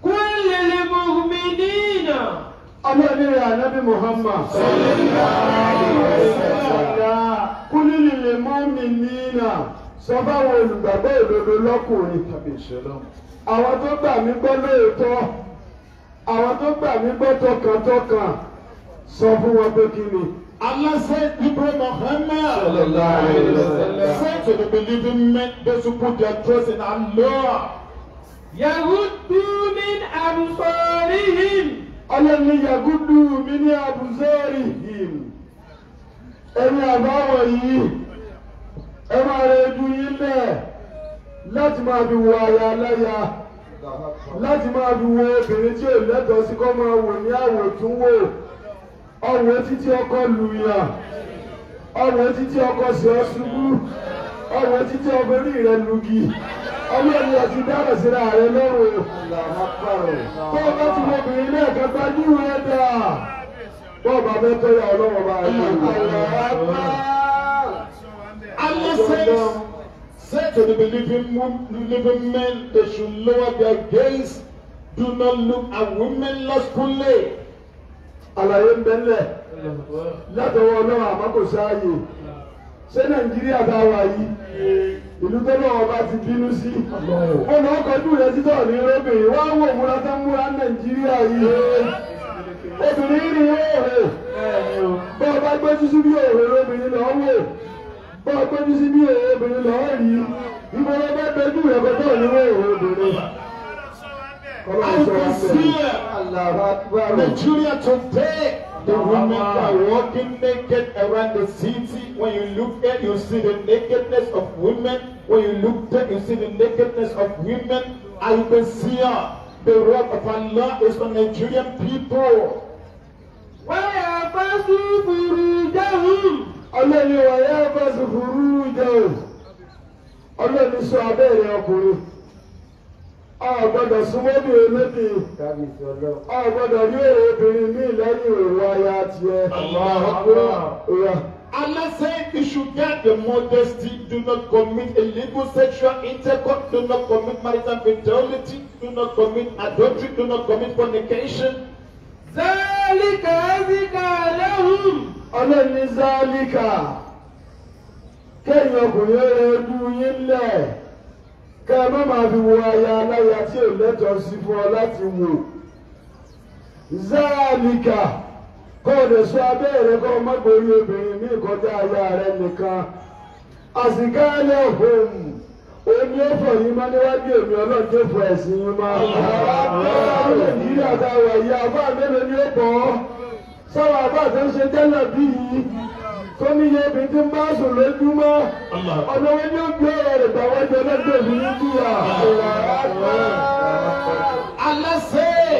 Kúnlẹ̀ lè mú mi nínà. Ọlọ́ọ̀ni Muhammad. Kúnlẹ̀ lè mú mi nínà. Sọ fáwọn olùgbàgbọ́ òdodo lọ́kùnrin. Àwọn tó gbà mí gbọ́ lóòótọ́. Àwọn tó gbà mí gbọ́ tọkàntọkàn. Sọ fún wọn pé kí ni. Allah said, Hebrew Muhammad said to the believing men, those who put their trust in Allah. Yahudu min abusarihim. Allah ni Yahudu min abusarihim. Ẹni àbáwọ̀ yìí, ẹ máa rẹ ojú yín lẹ̀ láti máa fi wo aya aláya, láti máa fi wo obìnrin tí ò lẹ́tọ̀ọ́ sí kọ́ máa wò ní àwòtúnwò ọwọ́ títí ọkọ lùyà ọwọ́ títí ọkọ sí ọ ṣubú ọwọ́ títí ọkọ orí rẹ lugi ọlọ́run ọ̀sìn dáhùn síra rẹ lọ́rùn tó o bá ti mọ obìnrin náà kẹta yíwò ẹ dà bọ́ọ̀ bá fẹ́ tẹ́lẹ̀ ọlọ́run bá rẹ lọ́rùn. Allah says, say to the believing, living men, they should lower their gaze. Do not look at women lustfully. àlàyé ń bẹ ńlẹ̀ látọwọ́ ọlọ́run àmọ́ kò sáàyè ṣé nàìjíríà bá wà yìí ìlú tó lọ́wọ́ bá ti bínú sí mo lọ́ kọjú rẹ títọ̀ ní rẹ́bìnrin wá wò múra tó múra nàìjíríà yìí obìnrin bá a bá gbẹ́jú sí bí òòrè lóbìnrin lọ́ wò bá a gbẹ́jú sí bí obìnrin rí bá ní obìnrin. I can see Nigeria today. The women are walking naked around the city. When you look at, you see the nakedness of women. When you look at, you see the nakedness of women. I can see her. The work of Allah is on Nigerian people. ọ̀gbọ́dọ̀ súnmọ́ bí elébi ọ̀gbọ́dọ̀ ní èrè obìnrin ní lẹ́yìn èrò aya tiẹ̀. Allah said you should get the modesty, do not commit illegal sexual intercourse, do not commit marital fidelity, do not commit adultery, do not commit fornication. Zálíkà Ẹ́zíkà lẹ́hùn. Ọlọ́ni Zálíkà, kéèyàn ọkùnrin rẹ̀ dùn kẹ ẹ má máa fi wo aya aláya tí ò lẹ́tọ̀ọ́ sí fún ọ láti wò záàlìkà kó o lè sọ abẹ́ rẹ kó o má gbórí obìnrin ní ìkọjá aya rẹ nìkan àsìkáàlẹ̀ òhùn omi ó fọ̀ yín má níwájú èmi ọlọ́run tó ẹ̀sìn yín má. ọlọ́run nàìjíríà ta wà yìí àbá mélòó ni ó bọ̀ ọ́ sọ́wọ́ àbá tó ń bí yìí tó níye ibi tí ń bá sùn lójúmọ́ ọ̀nà wọn yóò gbé ọ̀rọ̀ rẹ̀ gbà wájú ọlọ́dún òbí ní jìyà. Allah say,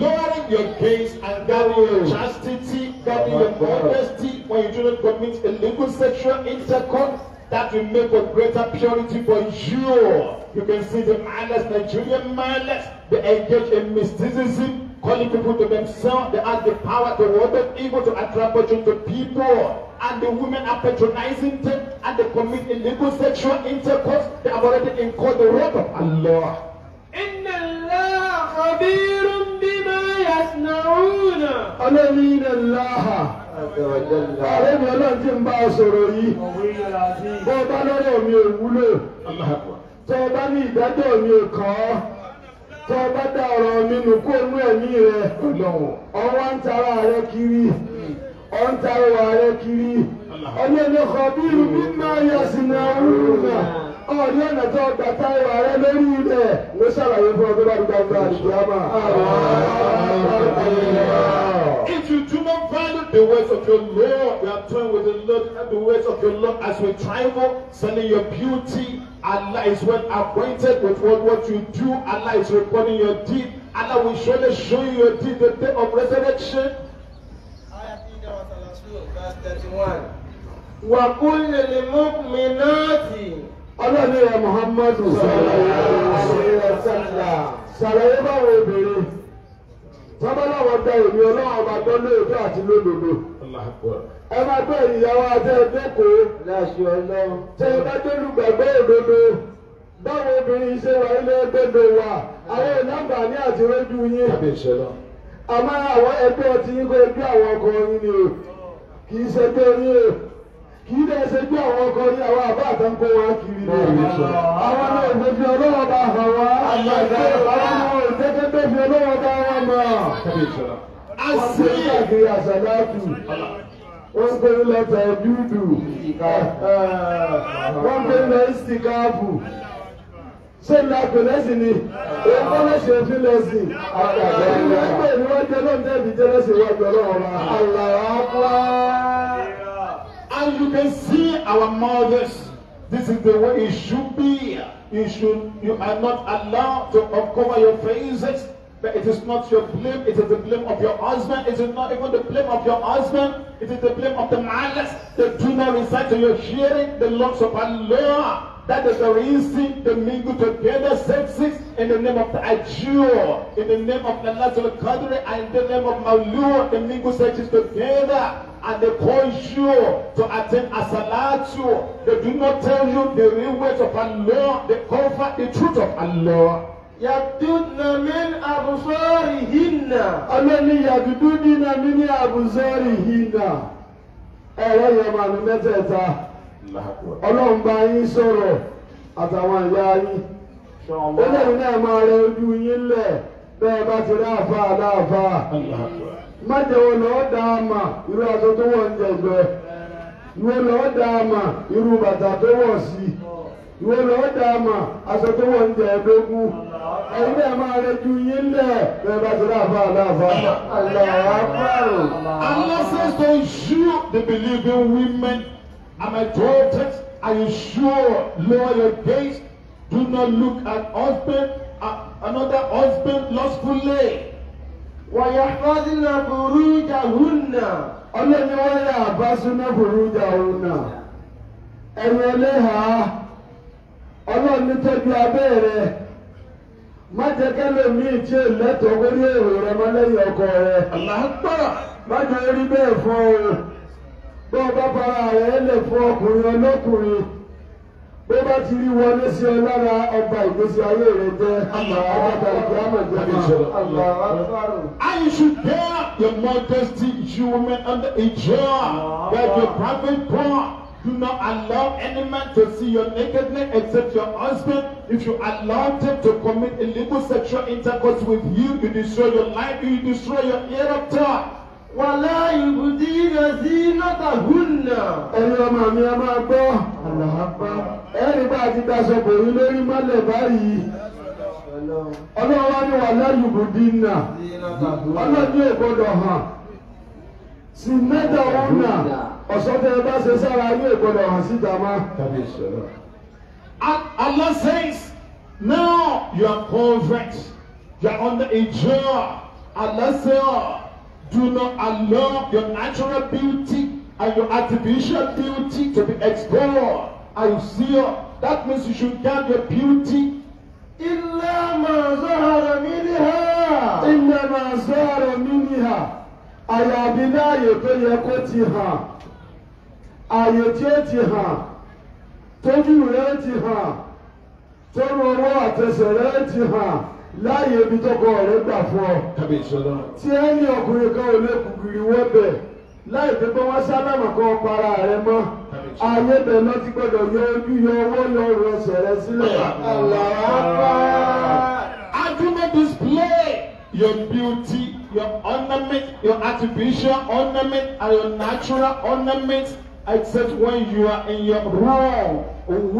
lowering your gaze and guarding your chastity, guarding your modesty when you do not commit illegal sexual intercourse that will make for greater purity for you. You can see the mindless Nigerian mindless, they engage in mysticism, calling people to themselves, they have the power to work evil to attract fortune to people. And the women are patronizing them and they commit illegal sexual intercourse. They have already incurred the wrath of Allah. خبير بما يصنعون. أنا من الله ààrẹ mi ọlọ́run ti ń bá ọ sọ̀rọ̀ yìí bó o bá lọ́rọ̀ mi ò wúlò tó o bá ní ìdájọ́ mi ò kàn ọ́ tó o bá dá ọ̀rọ̀ mi nù kó inú ẹ̀mí rẹ ọwọ́ ń tara rẹ kiri ọ̀ ń tara rẹ kiri ọlọ́run kọ̀ bí irú bí máa yà sí náà rúrú náà ọ̀rí ah, ọ̀nà tó ọgbà táwọn ààrẹ lórí ilẹ̀ ló ṣàlàyé fún ọdún bàbá gbàgbà àdìgbàmà. Ah, ah, If you do not value the words of your Lord, you are toying with the Lord and the words of your Lord as we tremble, sending your beauty. and is When appointed with what, what you do. and is recording your deed. Allah will surely show you your deed the day of resurrection. Ayah 31, verse 31. وَقُلْ لِلْمُؤْمِنَاتِ ọlọ́ni rẹ̀ Muhammadu ṣàlàyé obìnrin tọ́ba láwọn èmi ọlọ́run ọba gbọ́ lóòótọ́ àti lódodo ẹ máa gbé ìyàwó ajá ẹgbẹ́kọ̀ọ́ tẹ ẹ bá délù gbàgbọ́ òdodo báwo obìnrin ṣe wà ilé ẹgbẹ́dọ̀ wà àwọn ìlànà ní àtirójú yín àmọ́ àwọn ẹgbẹ́ ọtí yín kó ẹgbẹ́ àwọn ọkọ yín ni o kì í ṣe ẹgbẹ́ yín o kì í dẹ̀ ṣe bí àwọn ọkọ ní àwọn àbá àtàǹkó wa kiri ní ọ̀rọ̀ àwọn náà ìdẹ́fi ọlọ́wọ́ bá hàn wá àwọn náà ìdẹ́fi ọlọ́wọ́ bá wà mọ́ àṣeyẹ àṣàlátù wọ́n pè ní lẹ́tà ẹ̀dúdù wọ́n pè ní lẹ́sì káàbù ṣé ní àpèlẹ́sì ni èèkọ́ lẹ́sì èfi lẹ́sì àgbàdo ẹgbẹ́ ni wọ́n jẹ́ lọ́dún ẹ̀bí jẹ́ lẹ́sì wọ́n jẹ́ lọ́wọ́ bá àlàáfíà. And you can see our mothers. This is the way it should be. You should you are not allowed to uncover your faces. But it is not your blame, it is the blame of your husband, it is not even the blame of your husband, it is the blame of the malas that do not recite to your hearing the laws of Allah. That is the reason they mingle together sexes in the name of the Ajur, in the name of the Latul Qadri, and in the name of Mawlur, they mingle sexes together. and they cause you to attend asalatu. They do not tell you the real words of Allah. They cover the truth of Allah. Yabdudna min abusarihinna. Ọlọ́ni yabdudna min abusarihinna. Ẹ̀rọ Yamanu mẹ́tẹ̀ẹ̀ta. Ọlọ́run bá yín sọ̀rọ̀ àtàwọn ìyá yín. Ó lẹ́yìn náà máa rẹ ojú yín lẹ̀ bẹ́ẹ̀ bá ti rí àfa májẹ wo lọ́ọ́ dá a mà irú aṣọ tó wọ̀ ń jẹ̀gbẹ́ ìwọ lọ́ọ́ dá a mà irú bàtà tó wọ̀ sí ìwọ lọ́ọ́ dá a mà aṣọ tó wọ̀ ń jẹ̀ ẹ̀dógún ẹ̀yin náà máa rẹjú yín lẹ̀ bẹ́ẹ̀ bá Allah says to you the believing women am I daughters are you sure lower your gaze do not look at husband uh, another husband lustfully. wàyàfàdínà burújà húnà ọlọ́ni wọ́n yà àbásúná burújà húnà ẹ̀rù ẹlẹ́hà ọlọ́ni tọ́jú abẹ́rẹ́ má mi tí ì lẹ́tọ̀ọ́ lórí èrò lẹ́yìn ọkọ rẹ̀ bó bá ti rí wọlé sí ọ lára ọba ìgbésí ayé rẹ jẹ àbàbà ìgbàmọ̀ jẹ And you should bear your modesty, you women, under a chair, where your private part. Do not allow any man to see your nakedness except your husband. If you allow them to commit illegal sexual intercourse with you, you destroy your life, you destroy your hereafter wàlá ìbùdí rẹ̀ sí nọ́tàhùnà. ẹni ọmọ mi a máa gbọ́ àlàáfà ẹni bá ti daṣọ bòrí lórí mọ́lẹ̀ báyìí ọlọ́wọ́ ni wàlá ìbùdí nà ọlọ́ni ègbọ́dọ̀ hàn sí nọ́tàhùnà ọ̀sọ́fẹ́ bá ṣe sára ayé ègbọ́dọ̀ hàn síta má. Allah says, now you are convert, you are under a jar. Allah says, Do not allow your natural beauty and your artificial beauty to be explored and used. That means you should guard your beauty. إلا ما ظهر منها. إلا ما ظهر منها. àyàbí láàyè tó yẹ kó ti hàn àyè tí ó ti hàn tójú rẹ̀ ti hàn tóró ọwọ́ àtẹsẹ̀ rẹ̀ ti hàn láàyè ibi tọkọ rẹ gbà fún ọ. tí ẹni ọkùnrin kan ò lè kùkìrì wọ bẹ̀ láì pé pé wọ́n sálámà kan para rẹ mọ́ ayé bẹ̀ lọ ti gbọ́dọ̀ yọ ojú yọ ọwọ́ yọ ọrùn ẹsẹ̀ rẹ sílẹ̀. àlàáfà. argument display your beauty your ornament your artificial ornament and your natural ornament except when you are in your room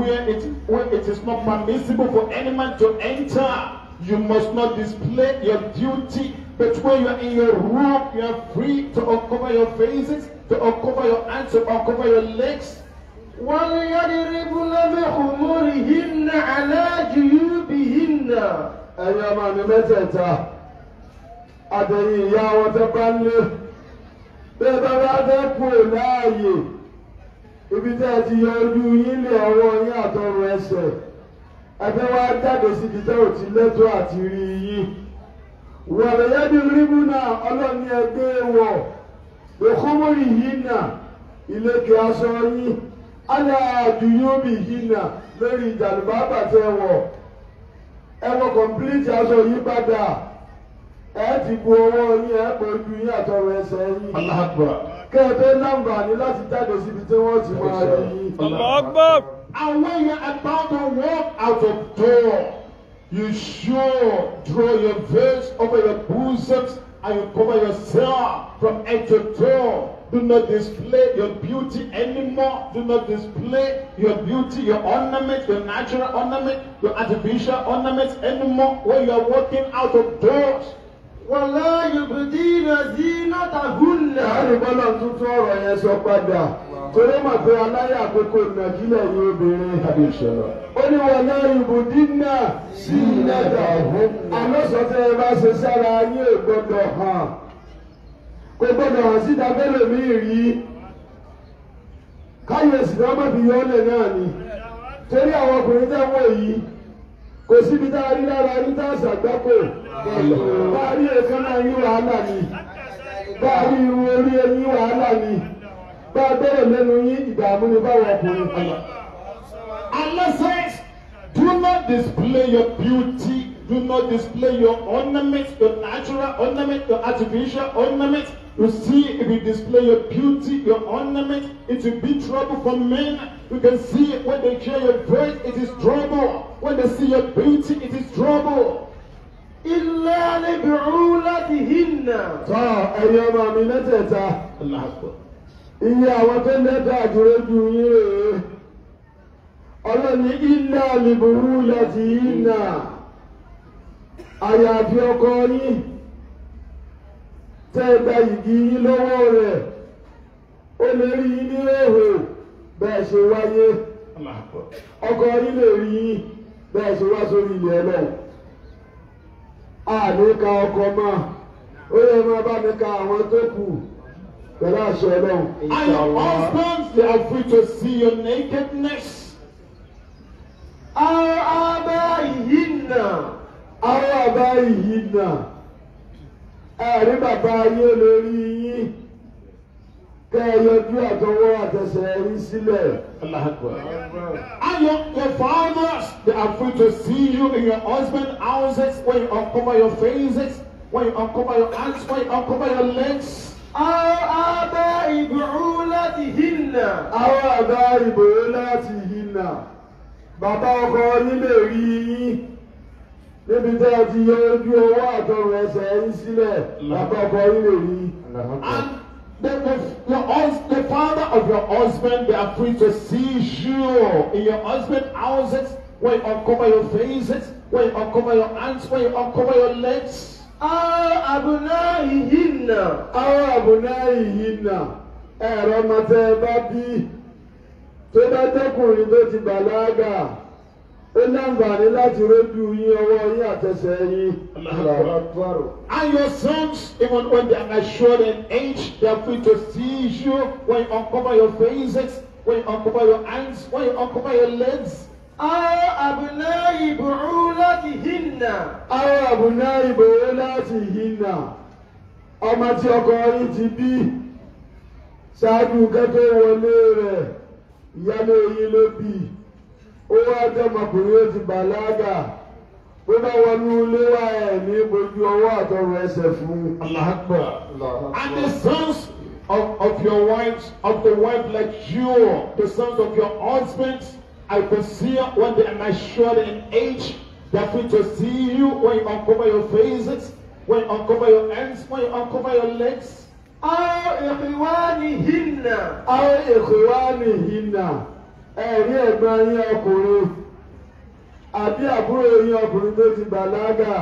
where it where it is not permissible for any man to enter. You must not display your duty, but when you are in your room, you are free to uncover your faces, to uncover your hands, to uncover your legs. وَلْيَضْرِبْنَ بِخُمُرِهِنَّ عَلَى جُيُوبِهِنَّ ẹ̀yin ọmọ mi mẹ́tẹ̀ẹ̀ta àtẹ̀yìn ìyá wọn tẹ́ bá lé bẹ́ẹ̀ bá ẹgbẹ́ wa jáde síbi tẹ́ ò ti lẹ́tọ́ àti rí yín wọ̀rọ̀ yẹ́bi rímú náà ọlọ́ni ẹgbẹ́ wọ̀ òkúmọ̀rì yìí náà ìlẹ́kẹ̀ aṣọ yín aláàdúyómi yìí náà lórí ìjàlùbá bàtẹ wọ̀ ẹwọ kọ̀mpilíìtì aṣọ yìí padà ẹ ti bu ọwọ́ yín ẹ pọ̀ ju yín àtọwọ́ ẹsẹ̀ yín kẹ́ẹ̀tẹ́ láǹbà ní láti jáde síbi tí wọ́n ti máa rí yín. And when you're about to walk out of door, you sure draw your veils over your bosoms and you cover yourself from head to toe. Do not display your beauty anymore. Do not display your beauty, your ornament, your natural ornament, your artificial ornaments anymore when you are walking out of doors. Wàlá Yorùbá dínà sí náà tàgùn náà. Àrùbọ́lá tuntun ọ̀rọ̀ yẹn sọ padà. torí mà pé aláyà àkókò nàìjíríà ni obìnrin àdìsọ̀rọ̀. ó ní wọn náà ìbùdínà sí iná dàrú. àlọ́sọ̀tẹ́ ẹ bá ṣe sára ayé hàn kò gbọ́dọ̀ hàn mi rí káyọ̀sì má fi ni torí àwọn ọkùnrin tẹ́ wọ̀ yìí kò síbi tá a rí lára rí tá a bá a rí wàhálà ni bá tá a bẹ̀rẹ̀ lẹ́nu yín ìdààmú ni báwọn ọkùnrin kan lọ. Allah says, do not display your beauty, do not display your ornament, your natural ornament, your artificial ornament. You see, if you display your beauty, your ornament, it will be trouble for men. You can see when they hear your voice, it is trouble. When they see your beauty, it is trouble. Ìlànà ìbẹ̀rù láti hinna. Tọ́ ẹ̀yọ́ máa mi mẹ́tẹ̀ẹ̀ta. Aláàbọ̀. iye àwọn tó lẹ́dà àdúró ju yín rèé ọlọ́ni iná lìbùrú yàtì iná àyàfi ọkọ yín tẹ́ ẹ gba ìdí yín lọ́wọ́ rẹ̀ ó lè rí yín ní òhò bẹ́ẹ̀ ṣe wáyé ọkọ yín lè rí yín bẹ́ẹ̀ ṣe wá sórí ọkọ máa ó yẹ máa bá mi ka àwọn tó kù. Pẹ̀lú àṣẹ And your husbands they are free to see your nakedness. Àwọn abẹ́ yìí nà. lórí And your, your fathers they are free to see you in your husband's houses when you uncover your faces, when you uncover your hands, when you uncover your legs. أو àbá ìbùrú láti hìnà. àwọn àbá ìbùrú láti hìnà. bàbá ọkọ yín lè rí yín níbi tí a ti yọ ojú owó àtọrọ ẹsẹ̀ yín sílẹ̀ bàbá ọkọ yín lè rí. The, the, your, the father of your husband, they are free to see you in your husband houses, when you uncover your faces, when you uncover your hands, when you uncover your legs àbùnà ìyínà. àwọn àbùnà ìyínà bá bí tó bá dẹ́kùnrin tó ti bàlágà ó láǹfààní láti rójú yín ọwọ́ yín àtẹsẹ̀ yín. And your sons, even when they are assured in age, they are free to seize you when you uncover your faces, when you uncover your eyes, when you uncover your legs. Àwọn àbùná ìbòrú láti hìnà. Àwọn àbùná ìbòrú láti hìnà. Ọmọ tí ọkọ yín ti bí ṣáájú kẹ́tọ́ wọlé rẹ̀ ìyálé yín ló bí. Ó wá dẹ́mọkùnrin ó ti bàlágà. Ó bá wọnú ilé wá ẹ̀ ní ojú ọwọ́ àtọrọ ẹsẹ̀ fún. Allahu Akbar. And the sons of, of your wives, of the wife like you, the sons of your husbands. I could see when they are matured in age. Therefore, to see you when you uncover your faces, when you uncover your hands, when you uncover your legs. أو إخوانهن أو إخوانهن ẹ̀rí ẹ̀gbọ́n yín ọkùnrin àbí àbúrò yín ọkùnrin tó ti bàlágà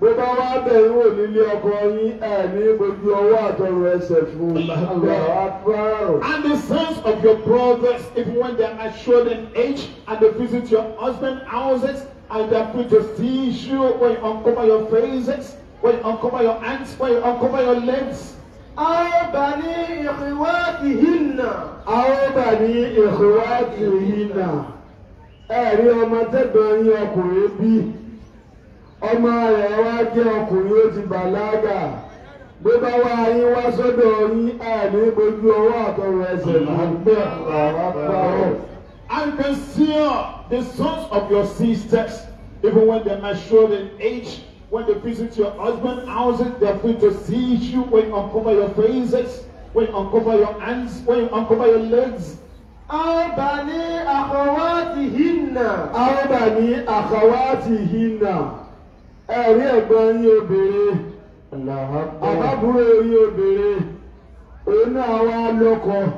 bó bá wá bẹ̀rù wò ọkọ yín ẹ̀ gbogbo ọwọ́ àtọrun ẹsẹ̀ fún un. And the sons of your brothers, even when they are assured in age and they visit your husband houses and they put a tissue when you uncover your faces, when you uncover your hands, when you uncover your legs. أو بني إخواتهن أو بني إخواتهن ẹ̀rí ọmọ tẹ́gbọ̀n yín ọkùnrin bíi ọmọ rẹ̀ wá jẹ́ ọkùnrin ó ti bàlágà bó bá wá yín wá sọ́dọ̀ yín àmì ojú ọwọ́ àtọwọ́ ẹsẹ̀ là ń gbé àwọn And conceal uh, the sons of your sisters, even when they're matured in age, when they visit your husband's they are free to see you when you uncover your faces, when you uncover your hands, when you uncover your legs. أو بني أخواتهن أو بني أخواتهن e ri igbon obere ababuro ori obere oyi na wa alokan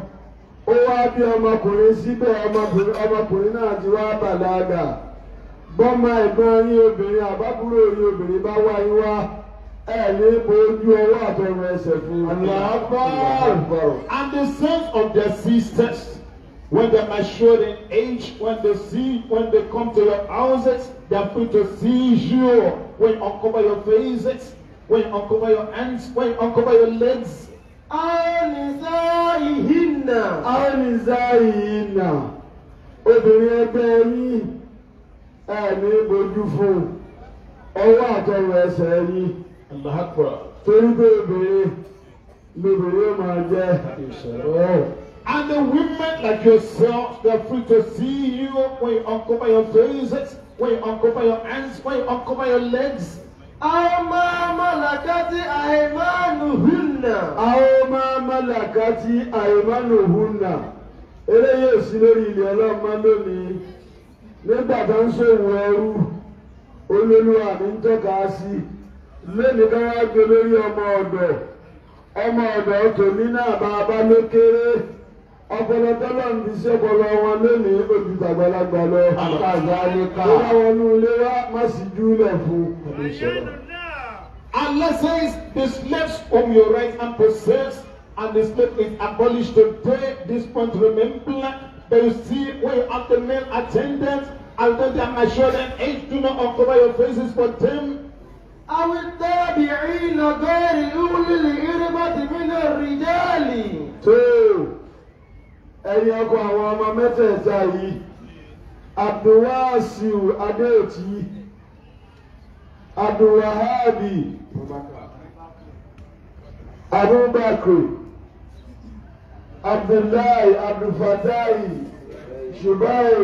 o wa bi omakunre si be omakunre naijiwa ba daada but ma igbon obere ababuro ori obere ba wayiwa e le po oi bi oiwa afo irin ese fi rile na hapun and the source of dia three steps When they're matured in age, when they see, when they come to your houses, they're free to seize you. When you uncover your faces, when you uncover your hands, when you uncover your legs. Àníṣáìhìnà. Àníṣáìhìnà. Obìnrin ẹgbẹ́ yín ẹ̀mí bojú fún ọwọ́ àtọwọ́ ẹsẹ̀ yín. Torí pé obìnrin lobìnrin máa jẹ́ ìṣòro. And the women like yourself, they're free to see you when you uncover your faces, when you uncover your hands, when you uncover your legs. أو ما ملكت أيمانهن أو ما ملكت أيمانهن eléyìí èsì lórí ilẹ̀ ọlọ́mọ lónìí nígbà tó ń ṣòwò ẹrú olólùwà ní ń tọ́ka sí lónìí ká wá gbé lórí ọmọ ọ̀dọ̀ ọmọ ọ̀dọ̀ tòmí náà ló kéré ọpọlọ tọ́lọ̀ ń fi ṣẹ́pọlọ wọn lónìí òbí lọ. àkàzàlíkà. ó wá wọnú ilé wá má sì júlẹ̀ fún. Allah says the slaves whom you right and possess and the slave is abolished today this point remember that you see when you have the male attendants and then they are mature and age do not uncover your faces for them. أو التابعين غير أولي الإربة من الرجال. Two ẹ̀yin ọkọ àwọn ọmọ mẹ́tẹ̀ẹ̀ta yìí abdulwasiu adeoti abdulwahabi abubakar abdullahi abdulfatahi shubair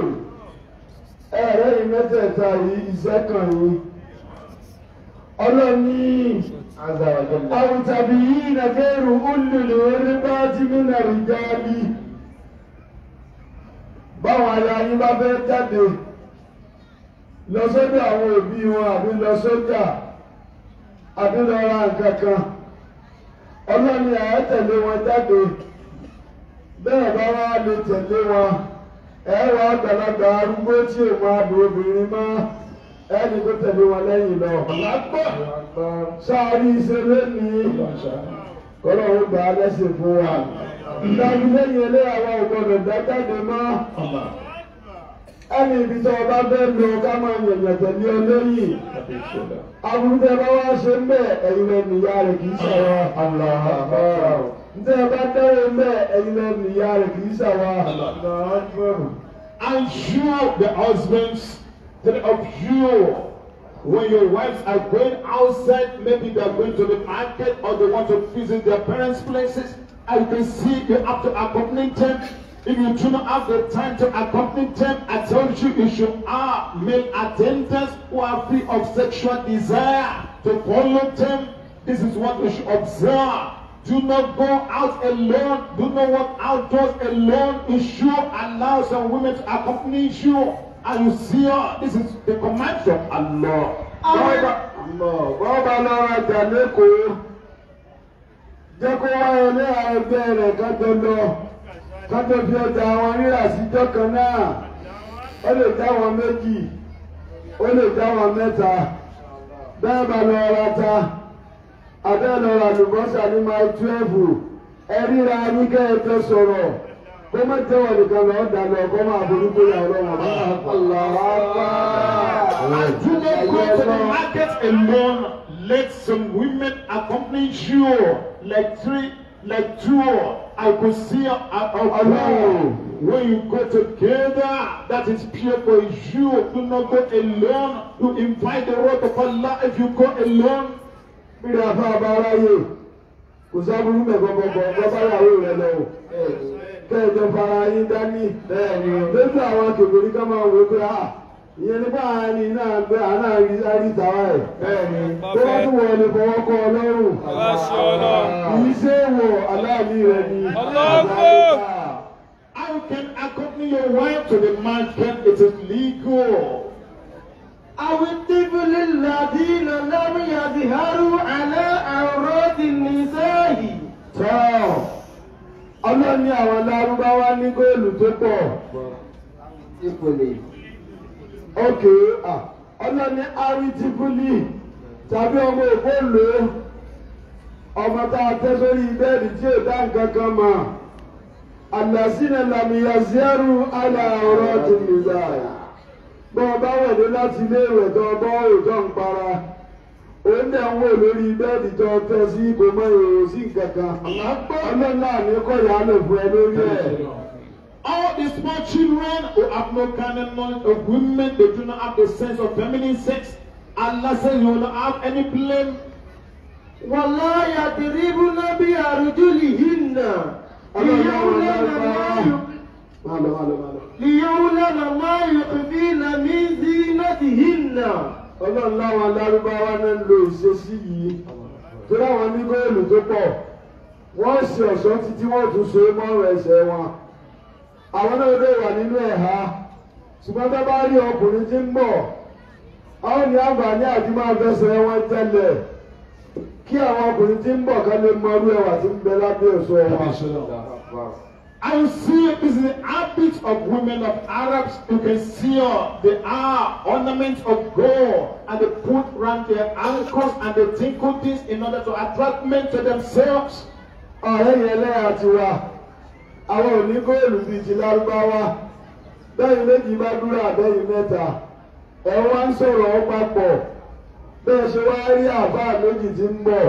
ẹ̀rẹ́ yìí mẹ́tẹ̀ẹ̀ta yìí iṣẹ́ kan yìí ọlọ́ni àwùtàbí yìí nàgẹ́rù olùlẹ̀ orí bá ti mí nà jáde báwọn aya yín bá fẹ́ jáde lọ sódì àwọn òbí wọn àbí lọ sójà àbí lọ ra nǹkan kan ọlọ́ni àá tẹ̀lé wọn jáde bẹ́ẹ̀ bá wá lè tẹ̀lé wọn ẹ wà àgbàlagbà arúgbó tí ò máa bò obìnrin mọ́ ẹni tó tẹ̀lé wọn lẹ́yìn lọ. lápá sáà rí iṣẹ́ lẹ́nu gbà á lẹ́sìn fún wa ìdánilẹ́yìn eléyàwó ògbọ́dọ̀ dájáde mọ́ ẹni ibi tí ọba bẹ́ẹ̀ lọ ká máa yẹ̀yẹ̀ tẹ̀lé ọ lẹ́yìn àbúrúdẹ bá wá ṣe ń bẹ̀ ẹ̀yin lẹ́ nìyá rẹ̀ kì í ṣàwà ntẹ́ ẹ bá dáwọ́ ń bẹ̀ ẹ̀yin lẹ́ nìyá rẹ̀ kì í ṣàwà. And you, the husbands, three of you, when your wives are going outside, maybe they are going to the market or they want to visit their parents' places. I can see you have to accompany them. If you do not have the time to accompany them, I tell you, you should have male attendants who are free of sexual desire to follow them. This is what we should observe. Do not go out alone. Do not walk outdoors alone. You should allow some women to accompany you. And you see her. This is the command from Allah. Allah. Allah. Allah. Allah. Allah. Allah. Allah. jẹ́ kó wá ẹgbẹ́ rẹ̀ kájọ lọ kájọ fi ọjà àwọn rírà síjọ́ kan náà ó lè jáwọn méjì ó lè jáwọn mẹ́ta bẹ́ẹ̀ bá lọ ra ta abẹ́ lọ ra ní máa tú ẹ̀bù ẹ ríra kó má tẹ́wọ̀ nìkan lọ ọ́ dàlọ́ kó má forúkọ yà ọlọ́run ọba àlọ́wà. Do not go alone. Let some women accompany you like three like two. I could see a, a, a wow. When you go together, that is pure for you. Do not go alone. You invite the wrath of Allah if you go alone. Bí ra fún abáwáyé, kò sábà ń bẹ̀ gbọ́gbọ́gbọ́, gbọ́gbọ́ yàrá rẹ̀ lọ kẹjọ fara yín dání lẹ́sìn àwọn kòkòrò ká máa wò pé ah ìyẹn nípa àárín náà gbé àná àrí ẹ̀ tó bá tún wọ ní fọwọ́ kọ ọlọ́run kì ṣe wọ aláàbí rẹ ni àbáyé ká. How can accompany your wife to the market? It is legal. أو الطفل الذين لم يظهروا على عورات النساء. ọlọ́run ní àwọn lárúbáwá ní góòlù tó pọ̀. ókè ọlọ́run ní arítibúlì tàbí ọmọ ògbóòlù ọmọ tá a tẹ́ sórí bẹ́ẹ̀dì tí ò dá nǹkan kan mọ̀ àlàsínà làmìyàsíẹ́rù aláàárọ̀ tó nìyà bọ́ọ̀ bá wọ̀dé láti ilé ìwẹ̀ tó ọbọ̀ òótọ́ ń para. òun náà ń wò bẹ́ẹ̀dì tó tẹ́ sí kò èrò sí kankan ọlọ́lá mi kọ́ ìyá lè fún ẹ lórí ẹ̀. All the small children who have no carnal knowledge of women, they do not have the sense of feminine sex. Allah says you will not have any blame. Wàlá yàtìrìbù nábì àrùjúlì hìnnà. Ìyàwó lẹ́nu máa yọ. Ìyàwó lẹ́nu máa yọ ìfìlà mí zínà ti hìnnà. ọlọ́run láwọn lárúbáwá náà ń lo ìṣesí yìí tó láwọn ní góòlù tó pọ̀ wọ́n ṣe ọ̀ṣọ́ títí wọ́n tún so mọ́rùn ẹsẹ̀ wọn àwọn náà lè wà nínú ẹ̀ha ṣùgbọ́n tó bá rí ọkùnrin tí ń bọ̀ àwọn ní àǹfààní àti máa fẹsẹ̀ wọn tẹ́lẹ̀ kí àwọn ọkùnrin tí ń bọ̀ ká lè mọ I see this is the habit of women of Arabs You can see her. They are ornaments of gold and they put round their ankles and they tinkle this in order to attract men to themselves. àwọn òní góòlù bíi ti lárúbáwá, bẹ́ẹ̀ méjì bá dúró àbẹ́yìn mẹ́ta, ẹ̀ wá ń sọ̀rọ̀ ọ́ papọ̀, bẹ́ẹ̀ ṣe wá rí àbá méjì tí ń bọ̀,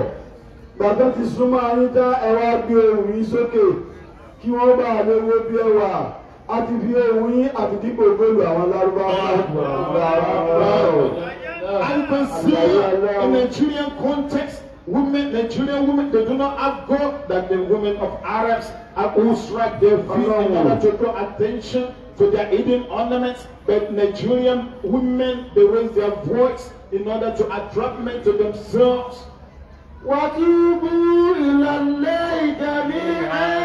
gbàtọ́ ti súnmọ́ ayé dá ẹ wá gbé ohùn yín sókè kí wọ́n bá lè wo bí ẹ wà á ti fi ohun yín àti dípò góòlù àwọn lárúbáwá lárúbáwá. And consider in Nigerian context, women, Nigerian women, they do not have God that the women of Arabs have. who strike their feet in order to draw attention to their hidden ornaments. But Nigerian women, they raise their voice in order to attract men to themselves. وتوبوا إلى الله جميعا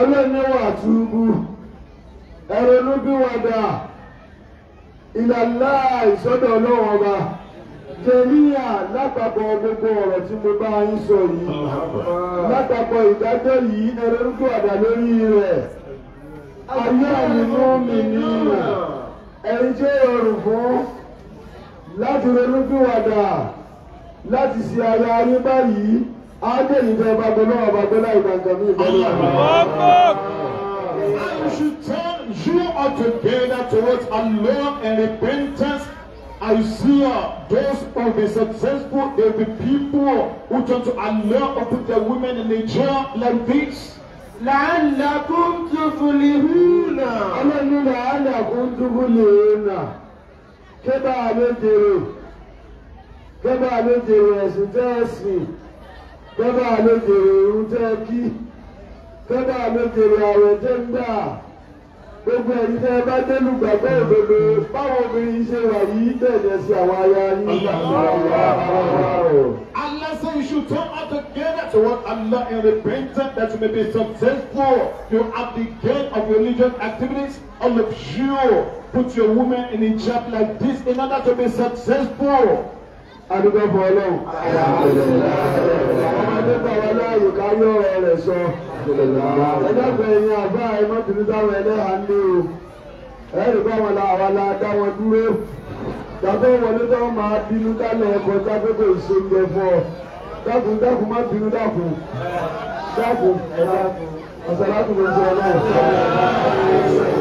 ọlọ́ni wà túbú ẹ̀rọ̀nú bí wọ́n dà ìlàlá ìsọ́dọ̀ ọlọ́run ọba jẹ̀míyà lápapọ̀ gbogbo ọ̀rọ̀ tí mo bá ń sọ yìí lápapọ̀ ìdájọ́ yìí ẹ̀rọ̀nú bí wọ́n dà lórí rẹ̀ ayé àmínú mi ní ẹ̀rí tí ó rọrùn fún láti ronú bí wọ́n dà láti ṣe ara ayé báyìí á dé ìjọba ìbàgbọ́ náà ìbàgbọ́ náà ìbàgbọ́ mi ìbàgbọ́ náà. You should turn you are together towards Allah and repentance. I see uh, those of the successful, they will be people who turn to Allah or put their women in a chair like this. لعلكم تفلحون أنا لعلكم تفلحون كبار الدروب bẹ́bà ló jèrè ẹ̀sìn tẹ́ ẹ sìn bẹ́bà ló jèrè irun tẹ́ ẹ kí bẹ́bà ló jèrè àwẹ̀ tẹ́ ń gbà gbogbo ẹni tẹ́ ẹ bá délù gbàgbọ́ òdodo báwọn obìnrin ṣe wà yìí bẹ̀rẹ̀ sí àwọn aya yìí. Allah says you should turn out again to what Allah in repentance that you may be successful. You abdicate of religious activities, all of you put your women in a job like this in order to be successful. adúgbò fọlọ́ ọmọdé bàbá láàyè ká yọ sọ àbá táwọn o bá wọn la àwa la dá wọn dúró tàbí wọlé tó máa bínú kálẹ̀ ẹ̀kọ́ tàbí kò so jẹ fọ